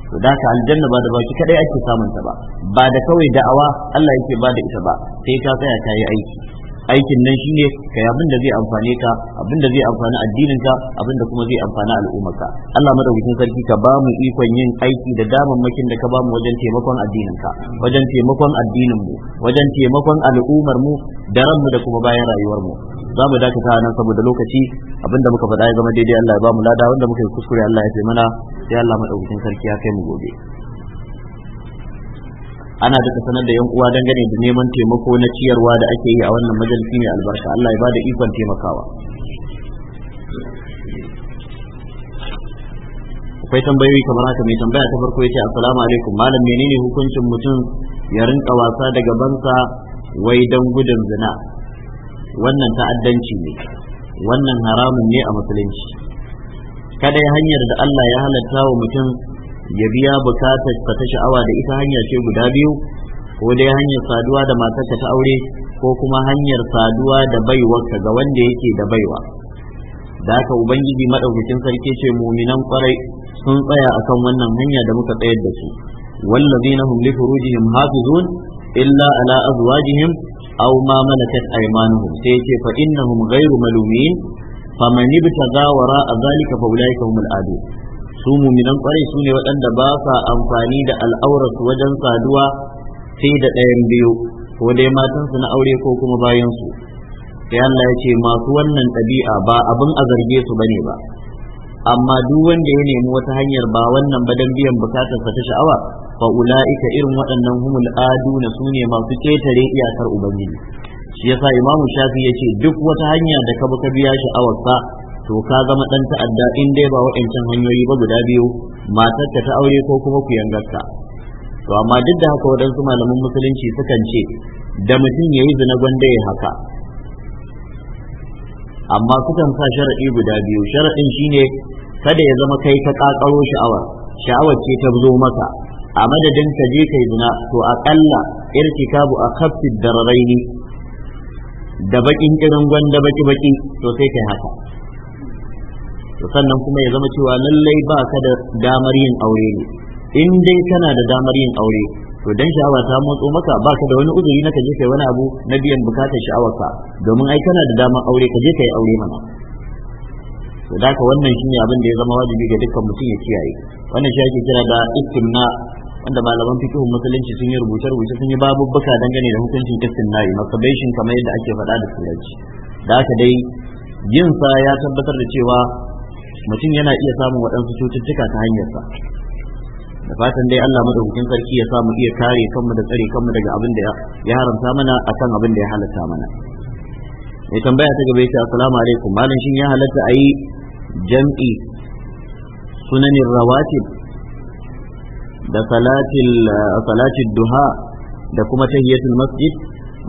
to da ka aljanna ba da baki kadai ake samun ta ba ba da kawai da'awa Allah yake ba da ita ba sai ka tsaya ta yi aiki aikin nan shine kai abin da zai amfane ka abin da zai amfani addinin ka abin da kuma zai amfani al'umma ka Allah madaukakin sarki ka ba mu ikon yin aiki da damammakin da ka ba mu wajen taimakon addinin ka wajen taimakon addinin mu wajen taimakon al'ummar mu da mu da kuma bayan rayuwar mu za mu dakata nan saboda lokaci abin da muka faɗa ya zama daidai Allah ya ba mu lada wanda muka yi kuskure Allah ya taimana sai Allah madaukakin sarki ya kai mu gobe ana duka sanar da yan uwa dangane da neman taimako na ciyarwa da ake yi a wannan majalisi mai albarka Allah ya bada ikon taimakawa akwai tambayoyi kamar haka mai tambaya ta farko yace assalamu alaikum malam menene hukuncin mutum ya rinka wasa da sa wai dan gudun zina wannan ta'addanci ne wannan haramun ne a musulunci kada hanyar da Allah ya halatta wa mutum ya biya bukatar ta ta sha'awa da ita hanya ce guda biyu ko dai hanyar saduwa da matarka ta aure ko kuma hanyar saduwa da baiwarka ga wanda yake da baiwa da haka ubangiji madaukakin sarki ce muminan kwarai sun tsaya akan wannan hanya da muka tsayar da su wallazina hum li furujihim hafizun illa ala azwajihim aw ma malakat aymanuhum sai yace fa innahum ghayru malumin faman ibtaga wara zalika fa ulaika humul adun su muminan kwarai su ne waɗanda ba sa amfani da al'aurarsu wajen saduwa sai da ɗayan biyu ko dai matansu na aure ko kuma bayansu sai Allah ya ce masu wannan ɗabi'a ba abin a zarge su bane ba amma duk wanda ya nemi wata hanyar ba wannan ba dan biyan bukatarsa ta sha'awa fa ula'ika irin waɗannan humul aduna su ne masu ketare iyakar ubangiji shi yasa imamu shafi ya ce duk wata hanya da ka bi ka biya sha'awarsa to ka zama dan ta'adda in dai ba waɗancan hanyoyi ba guda biyu matar ta aure ko kuma ku yangarta to amma duk da haka waɗansu malaman musulunci sukan ce da mutum ya yi zina gwanda ya haka amma sukan sa sharaɗi guda biyu sharaɗin shine kada ya zama kai ka ƙaƙaro sha'awar sha'awar ce ta zo maka a madadin ka je kai zina to aƙalla irtikabu a kafin dararaini da baƙin ƙirin gwanda baki baƙi to sai kai haka to sannan kuma ya zama cewa lallai ba ka da damar yin aure ne in dai kana da damar yin aure to dan sha'awa ta motso maka ba ka da wani uzuri na ka je kai wani abu na biyan bukatar sha'awarka domin ai kana da damar aure ka je kai aure mana to da ka wannan shine abin da ya zama wajibi ga dukkan mutum ya kiyaye wannan shi ake kira da istimna wanda malaman fiqh musulunci sun yi rubuce-rubuce sun yi babubbuka dangane da hukuncin istimna'i masturbation kamar yadda ake faɗa da turanci da haka dai yin sa ya tabbatar da cewa mutum yana iya samun waɗansu cututtuka ta hanyarsa da fatan dai Allah madaukakin sarki ya samu iya kare kanmu da tsare kanmu daga abin da ya haramta mana akan abin da ya halatta mana mai tambaya ta gaba yace assalamu alaikum malam shin ya halatta ayi jam'i sunanin rawatib da salatil salatil duha da kuma tahiyatul masjid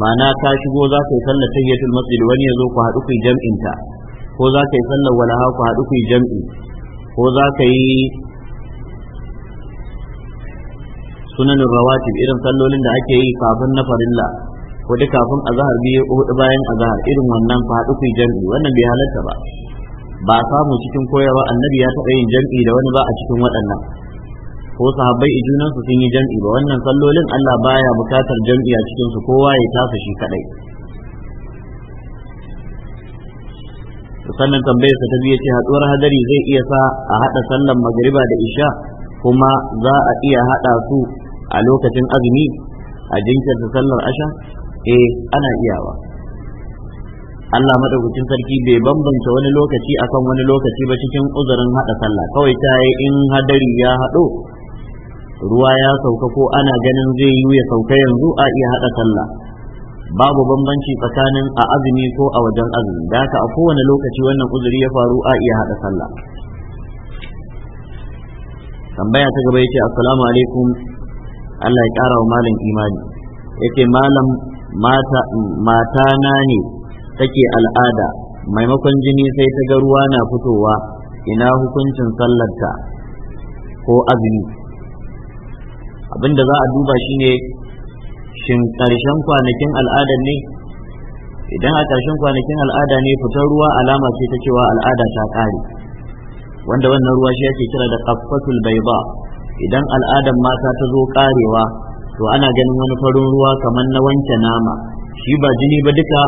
ma'ana ka shigo za ka yi sallar tahiyatul masjid wani ya zo ku haɗu ku jam'in ta ko za ka yi sallar walaha ku haɗu ku yi jam'i ko za ka yi sunanin rawatib irin sallolin da ake yi kafin na farilla ko da kafin azahar biyu hudu bayan azahar irin wannan fa haɗu ku yi jam'i wannan bai halatta ba ba samu cikin koyarwa annabi ya taɓa yin jam'i da wani ba a cikin waɗannan ko sahabbai ijunan su sun yi jam'i ba wannan sallolin Allah baya bukatar jam'i a cikin su kowa ya tasa shi kadai sannan tambayar sa ta biyu ce haɗuwar hadari zai iya sa a haɗa sallan magariba da isha kuma za a iya haɗa su a lokacin azumi a jinkirta sallar asha eh ana iyawa Allah madaukakin sarki bai bambanta wani lokaci akan wani lokaci ba cikin uzurin haɗa sallah kawai ta yi in hadari ya hado ruwa ya sauka ko ana ganin zai yi ya sauka yanzu a iya hada sallah babu bambanci tsakanin a azumi ko a wajen azumi da haka a kowane lokaci wannan uzuri ya faru a iya haɗa sallah tambaya ta gaba yace assalamu alaikum Allah ya ƙara wa malam imani yace malam mata na ne take al'ada maimakon jini sai ta ga ruwa na fitowa ina hukuncin sallarta ko azumi abinda za a duba shine shin ƙarshen kwanakin al'ada ne idan a ƙarshen kwanakin al'ada ne fitar ruwa alama ce ta cewa al'ada ta ƙare wanda wannan ruwa shi ake kira da bai bayda idan al'adan mata ta zo ƙarewa to ana ganin wani farin ruwa kamar na wanke nama shi ba jini ba duka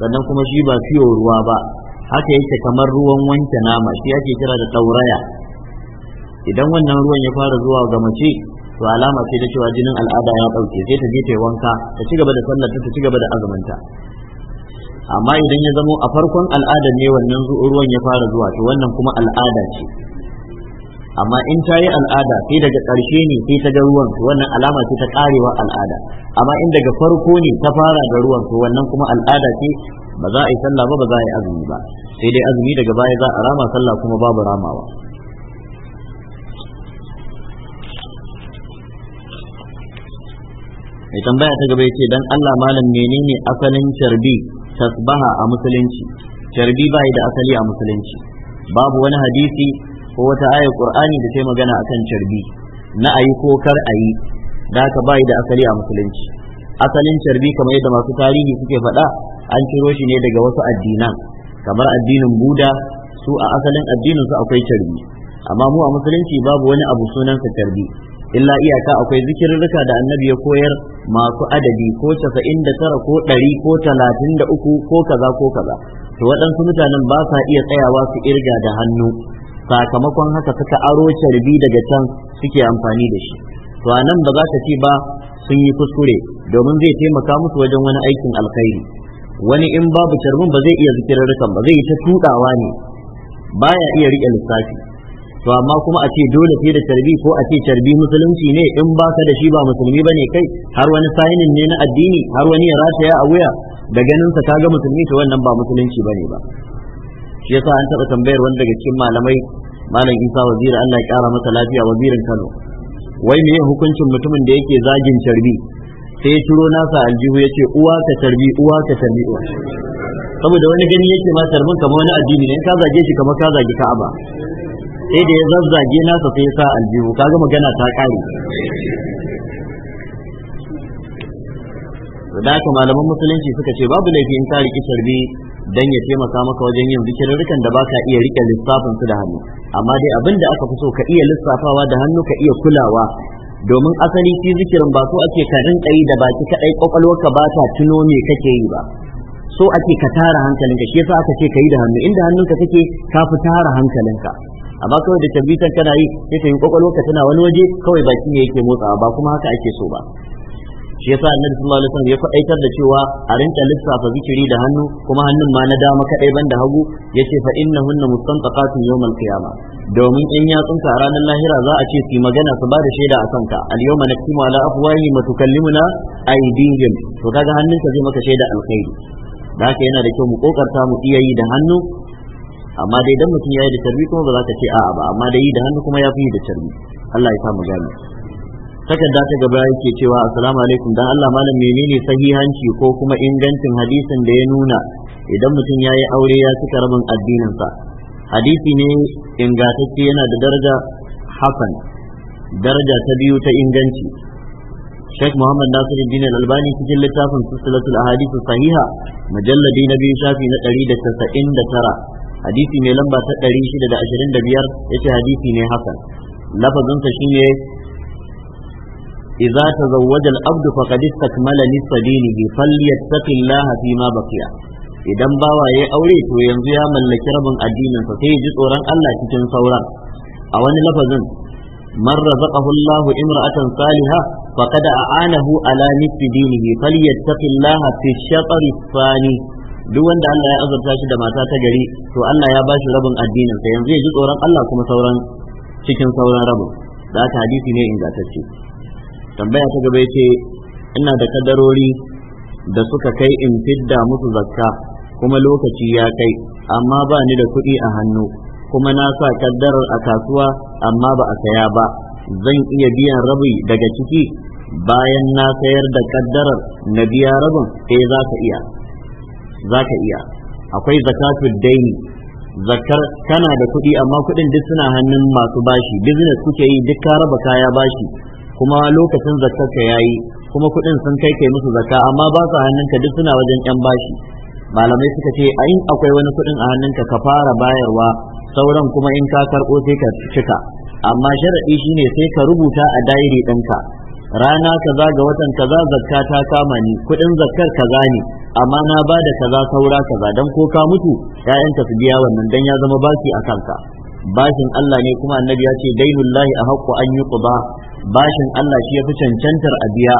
sannan kuma shi ba fiyo ruwa ba haka yake kamar ruwan wanke nama shi ake kira da tauraya idan wannan ruwan ya fara zuwa ga mace to alama ce da cewa jinin al'ada ya ɗauke sai ta je ta yi wanka ta ci gaba da sallar ta ci gaba da azuminta amma idan ya zamo a farkon al'adar ne wannan ruwan ya fara zuwa to wannan kuma al'ada ce amma in ta yi al'ada sai daga ƙarshe ne sai ta ga ruwan to wannan alama ce ta karewa al'ada amma in daga farko ne ta fara ga ruwan to wannan kuma al'ada ce ba za a yi sallah ba ba za a yi azumi ba sai dai azumi daga baya za a rama sallah kuma babu ramawa mai tambaya ta gaba yace dan Allah malam menene asalin carbi tasbaha a musulunci carbi bai da asali a musulunci babu wani hadisi ko wata ayar qur'ani da ta magana akan carbi na ayi ko kar ayi da haka bai da asali a musulunci asalin carbi kamar yadda masu tarihi suke faɗa an ciro shi ne daga wasu addinan kamar addinin buda su a asalin addinin su akwai carbi amma mu a musulunci babu wani abu sunansa carbi illa iyaka akwai zikirrika da annabi ya koyar masu adadi ko casa'in da tara ko ɗari ko talatin da uku ko kaza ko kaza to waɗansu mutanen ba sa iya tsayawa su irga da hannu sakamakon haka suka aro carbi daga can suke amfani da shi to a ba za ta ce ba sun yi kuskure domin zai taimaka musu wajen wani aikin alkhairi wani in babu carbin ba zai iya zikirarrukan ba zai yi ta tuɗawa ne baya iya riƙe lissafi to amma kuma a ce dole sai da carbi ko a ce carbi musulunci ne in ba ka da shi ba musulmi bane kai har wani sainin ne na addini har wani ya rataya a wuya da ganin sa kaga musulmi to wannan ba musulunci bane ba shi yasa an taɓa tambayar wani daga cikin malamai malam Isa wazira Allah ya kara masa lafiya wazirin Kano wai me hukuncin mutumin da yake zagin carbi sai ya turo nasa aljihu ya ce uwa ka carbi uwa ka carbi uwa saboda wani gani yake ma carbin kamar wani addini ne ka zage shi kamar ka zage Ka'aba sai da ya zazzage nasa sai ya sa aljihu ka kaga magana ta kare da haka malaman musulunci suka ce babu laifi in ka riki sharbi dan ya taimaka maka wajen yin zikirarrukan da baka iya rike lissafin su da hannu amma dai abin da aka fi so ka iya lissafawa da hannu ka iya kulawa domin asali shi zikirin ba so ake ka rinka yi da baki kadai kwakwalwarka ba ta tuno me kake yi ba so ake ka tara hankalinka shi yasa aka ce ka yi da hannu inda hannunka kake ka fi tara hankalinka amma kawai da tabbitan kana yi sai ka yi kwakwalwa ka tana wani waje kawai baki ne yake motsawa ba kuma haka ake so ba shi yasa annabi sallallahu alaihi wasallam ya faɗaitar da cewa a rinka lissafa zikiri da hannu kuma hannun ma na dama kadai ban da hagu yace fa innahunna mustantaqatun yawmal qiyama domin in ya tsunka a ranar lahira za a ce su magana su ba da shaida a kanka al-yawma naktimu ala afwahi ma tukallimuna aydihim to kaga hannunka zai maka shaida alkhairi da haka yana da kyau mu kokarta mu iya yi da hannu amma dai dan mutum yayi da tarbi kuma ba za ka ce a'a ba amma dai yi da hannu kuma ya fi yi da tarbi Allah ya samu gani gane takarda ta gaba yake cewa assalamu alaikum dan Allah malam menene sahihanci ko kuma ingancin hadisin da ya nuna idan mutum ya yi aure ya cika rabin addinin sa hadisi ne ingantacce yana da daraja hasan daraja ta biyu ta inganci Sheikh Muhammad Nasir Al-Albani cikin littafin Silsilatul Ahadith Sahiha mujalladi na biyu shafi na 199 hadisi mai lamba ta 625 yace hadisi ne hasan lafazinsa shine إذا تزوج الأبد فقد استكمل نصف دينه فليتق الله فيما بقي idan bawa ya aure to yanzu ya mallaki rabin addinin sai ya ji tsoron Allah cikin sauran a wani lafazin man razaqahu Allah imra'atan salihah faqad a'anahu ala nisfi dinihi falyattaqillaha fi shatr thani duk wanda Allah ya azurta shi da mata ta gari to Allah ya bashi rabin addinin sa yanzu ya ji tsoron Allah kuma sauran cikin sauran rabin da aka hadisi ne ingantacce tambaya ta gaba yace ina da kadarori da suka kai in fidda musu zakka kuma lokaci ya kai amma ba ni da kuɗi a hannu kuma na sa kaddarar a kasuwa amma ba a saya ba zan iya biyan rabi daga ciki bayan na sayar da kaddarar na biya rabin eh za ka iya za ka iya akwai zakatul daini zakar kana da kuɗi amma kuɗin duk suna hannun masu bashi business kuke yi duk ka raba kaya bashi kuma lokacin zakar ka yayi kuma kuɗin sun kai kai musu zakka amma ba su hannunka duk suna wajen yan bashi malamai suka ce a in akwai wani kuɗin a hannunka ka fara bayarwa sauran kuma in ka karɓo sai ka cika amma sharaɗi shine sai ka rubuta a dairi ɗinka rana kaza ga watan kaza zakka ta kama ni kudin zakkar kaza ne amma na ba da kaza saura kaza dan ko ka mutu ƴaƴanka su biya wannan dan ya zama baki a kanka bashin Allah ne kuma annabi ya ce dainullahi a haqqu an yuqda bashin Allah shi yafi cancantar a biya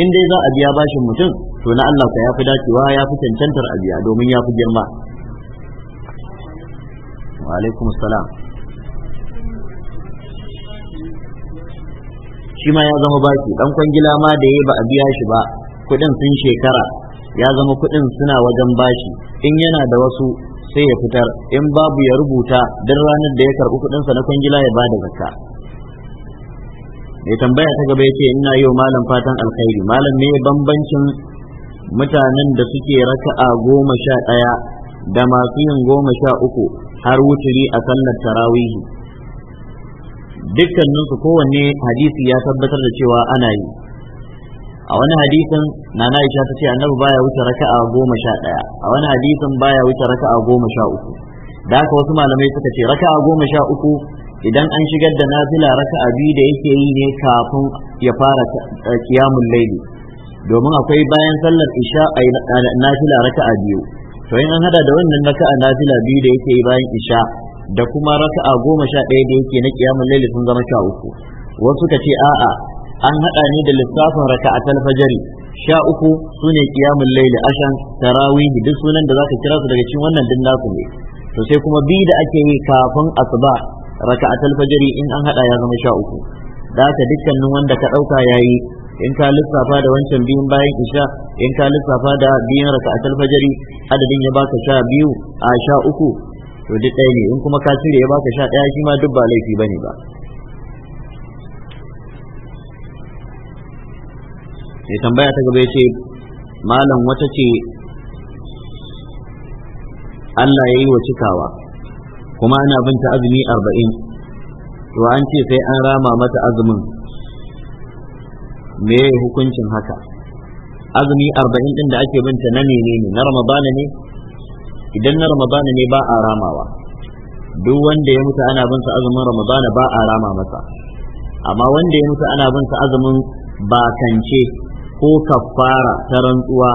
in dai za a biya bashin mutum to na Allah ka yafi dacewa yafi cancantar a biya domin yafi girma wa alaikumus shi ma ya zama baki dan kwangila ma da yayi ba a biya shi ba kudin sun shekara ya zama kudin suna wajen bashi in yana da wasu sai ya fitar in babu ya rubuta duk ranar da ya karbi kudin sa na kwangila ya bada zakka mai tambaya ta gaba yace ina yau malam fatan alkhairi malam ne bambancin mutanen da suke raka'a goma sha ɗaya da masu yin goma sha uku har wuturi a sallar tarawihi dukkaninsu kowanne hadisi ya tabbatar da cewa ana yi a wani hadisin na na isha ta ce annabi baya wuce raka'a goma sha ɗaya a wani hadisin baya wuce raka'a goma sha uku da haka wasu malamai suka ce raka'a goma sha uku idan an shigar da nafila raka'a biyu da yake yi ne kafin ya fara kiyamun laili domin akwai bayan sallar isha a nafila raka'a biyu to in an hada da wannan raka'a nafila biyu da yake yi bayan isha da kuma raka'a goma sha ɗaya da yake na kiyamun laili sun zama sha uku wasu ka ce a'a an haɗa ne da lissafin raka'a talfajari sha uku su ne kiyamun laili ashan tarawih duk sunan da zaka kira su daga cikin wannan din nasu ne to sai kuma bi da ake yi kafin asuba raka'a talfajari in an haɗa ya zama sha uku da haka dukkanin wanda ka ɗauka yayi in ka lissafa da wancan biyun bayan isha in ka lissafa da biyun raka'atul fajri adadin ya baka sha biyu a sha uku to duk ɗaya ne in kuma ka cire ya baka sha ɗaya shi ma duk ba laifi bane ba ya tambaya ta gaba ya ce malam wata ce Allah ya yi wa cikawa kuma ana binta azumi arba'in to an ce sai an rama mata azumin me hukuncin haka azumi arba'in din da ake binta na menene na ramadana ne idan na ramadana ne ba a ramawa duk wanda ya mutu ana bin sa azumin ramadana ba a rama masa amma wanda ya mutu ana bin sa azumin bakance ko kafara ta rantsuwa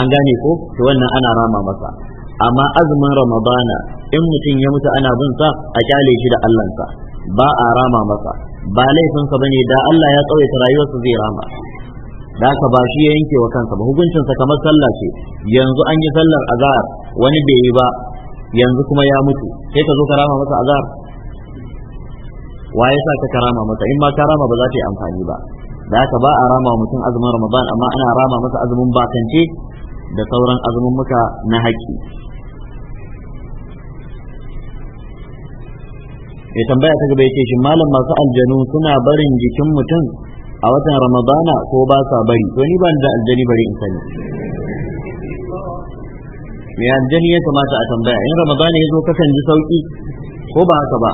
an gane ko to wannan ana rama masa amma azumin ramadana in mutum ya mutu ana bin sa a kyale shi da Allah ba a rama masa ba laifinsa bane da Allah ya tsawaita rayuwarsa zai rama da ka ba shi ya yanke wa kansa ba hukuncin sa kamar sallah ce yanzu an yi sallar azhar wani bai yi ba yanzu kuma ya mutu sai ka zo ka rama masa azhar waye sa ka karama masa in ma karama ba za ta yi amfani ba da ka ba a rama mutum azumin ramadan amma ana rama masa azumin bakance da sauran azumin muka na haƙƙi ya tambaya ta gaba ya ce shi malam masu aljanu suna barin jikin mutum a watan ramadana ko ba sa bari to ni ban da aljani bari in sani me aljani ya kamata a tambaya in ramadana ya zo kakan ji sauki ko ba haka ba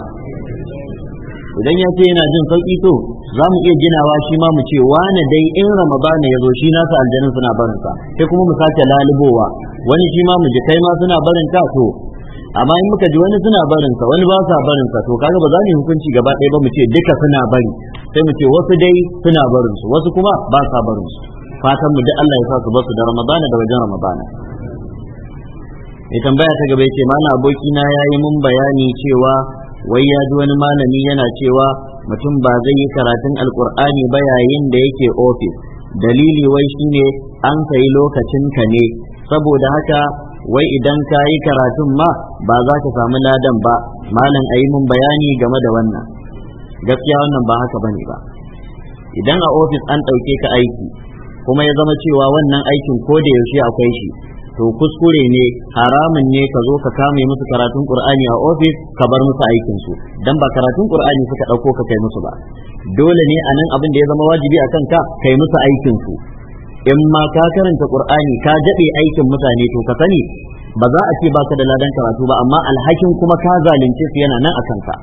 idan ya ce yana jin sauki to za mu iya ginawa shi ma mu ce wane dai in ramadana ya zo shi nasa aljanin suna barinsa sai kuma mu sake lalubowa wani shi ma mu ji kai ma suna barinta to amma in muka ji wani suna barinsa wani ba sa barinsa to kaga ba za mu hukunci gaba ɗaya ba mu ce duka suna bari sai mu ce wasu dai suna barinsu wasu kuma ba sa barinsu fatan mu da Allah ya sa su basu da Ramadan da wajen Ramadan mai tambaya ta gaba ce mana aboki na yayi mun bayani cewa wai ya ji wani malami yana cewa mutum ba zai yi karatun alkur'ani ba yayin da yake ofis dalili wai shine an sayi lokacin ka ne saboda haka wai idan ka yi karatun ma ba za ka samu ladan ba malam a yi mun bayani game da wannan gaskiya wannan ba haka bane ba idan a ofis an ɗauke ka aiki kuma ya zama cewa wannan aikin ko da yaushe akwai shi to kuskure ne haramun ne ka zo ka kame musu karatun qur'ani a ofis ka bar musu aikin su dan ba karatun qur'ani suka ɗauko ka kai musu ba dole ne anan abin da ya zama wajibi akan ka kai musu aikin su in ma ka karanta qur'ani ka jade aikin mutane to ka sani ba za a ce baka da ladan karatu ba amma alhakin kuma ka zalunce su yana nan a kanka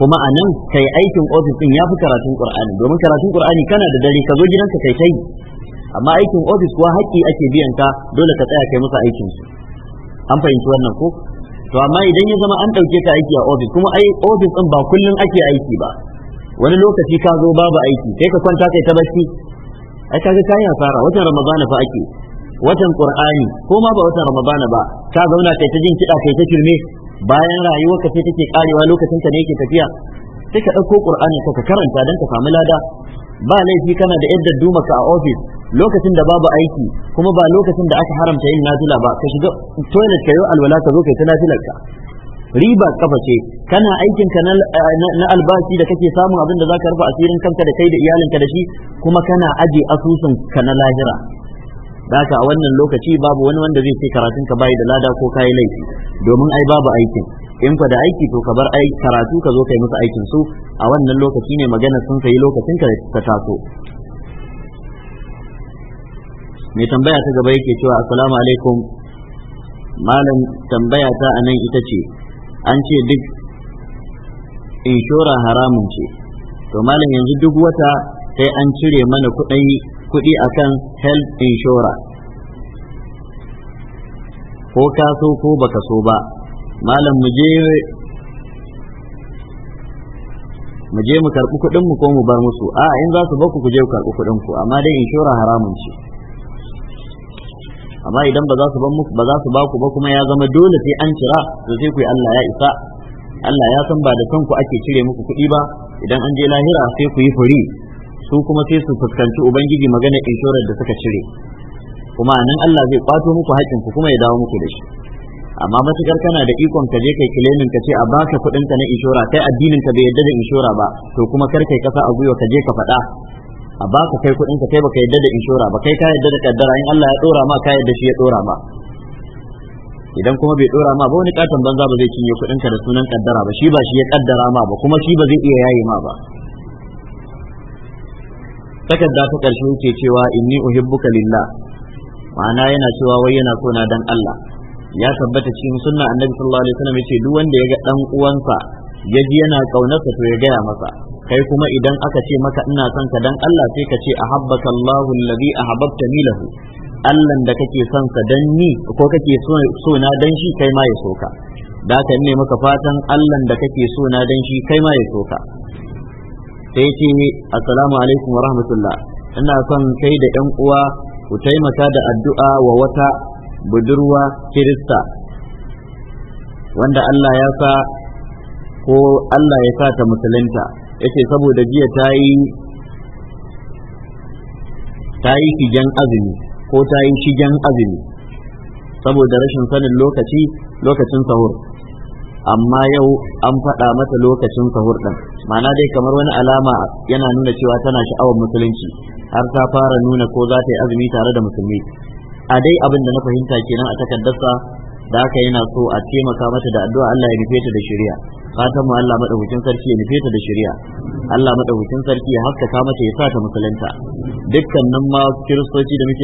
kuma a nan kai aikin ofis din fi karatun qur'ani domin karatun qur'ani kana da dare ka zo gidanka kai kai amma aikin ofis kuwa haƙƙi ake biyan ka dole ka tsaya kai musu aikin su an fahimci wannan ko to amma idan ya zama an ɗauke ka aiki a ofis kuma ai ofis din ba kullum ake aiki ba wani lokaci ka zo babu aiki sai ka kwanta kai ta bacci ai kaga kai asara watan ramadana fa ake watan qur'ani ko ma ba watan ramadana ba ka zauna kai ta jin kida kai ta kirme bayan rayuwar ka sai take karewa lokacin ka ne yake tafiya sai ka dauko qur'ani ka karanta dan ka samu lada ba laifi kana da yadda duma ka a office lokacin da babu aiki kuma ba lokacin da aka haramta yin nafila ba ka shiga toilet ka yi alwala ka zo kai ta nafilar ka riba kafa ce kana aikin ka na albashi da kake samun abin da za ka rufa asirin kanka da kai da iyalinka da shi kuma kana aje asusun ka na lahira haka a wannan lokaci babu wani wanda zai ce karatun ka bai da lada ko kai laifi domin ai babu aikin in fa da aiki to ka bar ai karatu ka zo kai musu aikin su a wannan lokaci ne magana sun kai lokacin ka ta taso mai tambaya ta gaba yake cewa assalamu alaikum malam tambaya ta anan ita ce an ce duk inshora haramun ce to malam yanzu duk wata sai an cire mana kuɗi akan health inshora ko ka so ko baka so ba malam mu je mu je mu karɓi kuɗin mu ko mu bar musu a in za su baku ku je ku karbi kuɗin ku amma dai inshora haramun ce amma idan ba za su ban muku ba za su ba ku ba kuma ya zama dole sai an kira to sai ku Allah ya isa Allah ya san ba da kanku ake cire muku kuɗi ba idan an je lahira sai ku yi furi su kuma sai su fuskanci ubangiji magana inshorar da suka cire kuma nan Allah zai kwato muku haƙƙin ku kuma ya dawo muku da shi amma matukar kana da ikon ka je kai kilemin ka ce a baka kuɗin ka na inshora kai addinin ka bai yadda da inshora ba to kuma kar kai kasa a gwiwa ka je ka faɗa a baka kai kuɗin ka kai baka yadda da inshora ba kai ka yadda da kaddara in Allah ya dora ma ka yadda shi ya dora ma idan kuma bai dora ma ba wani katon banza ba zai cinye kuɗin ka da sunan kaddara ba shi ba shi ya kaddara ma ba kuma shi ba zai iya yaye ma ba takarda ta karshe yake cewa inni uhibbuka lillah ma'ana yana cewa wai yana so na dan Allah ya tabbata cikin sunna annabi sallallahu alaihi wasallam yace duk wanda ya ga dan uwansa yaji yana kaunarsa to ya gaya masa kai kuma idan aka ce maka ina son ka dan Allah sai ka ce ahabbaka Allahu allazi ahabbta ni lahu Allahn da kake son ka dan ni ko kake so na dan shi kai ma ya so ka da ka ne maka fatan Allahn da kake so na dan shi kai ma ya so ka sai ce assalamu alaikum wa rahmatullah ina son kai da yan uwa ku taimaka da addu'a wa wata budurwa kirista wanda Allah ya sa ko Allah ya sa ta musulunta yace saboda jiya ta yi ta shigen azumi ko ta yi shigen azumi saboda rashin sanin lokaci lokacin sahur amma yau an faɗa mata lokacin sahur ɗin ma'ana dai kamar wani alama yana nuna cewa tana sha'awar musulunci har ta fara nuna ko za ta yi azumi tare da musulmi a dai abin da na fahimta kenan a takardarsa da haka yana so a taimaka mata da addu'a Allah ya nufe ta da shari'a fatan mu Allah madaukakin sarki ya nufe ta da shari'a Allah madaukakin sarki ya haskaka mata ya sa ta musulunta dukkanin ma kiristoci da muke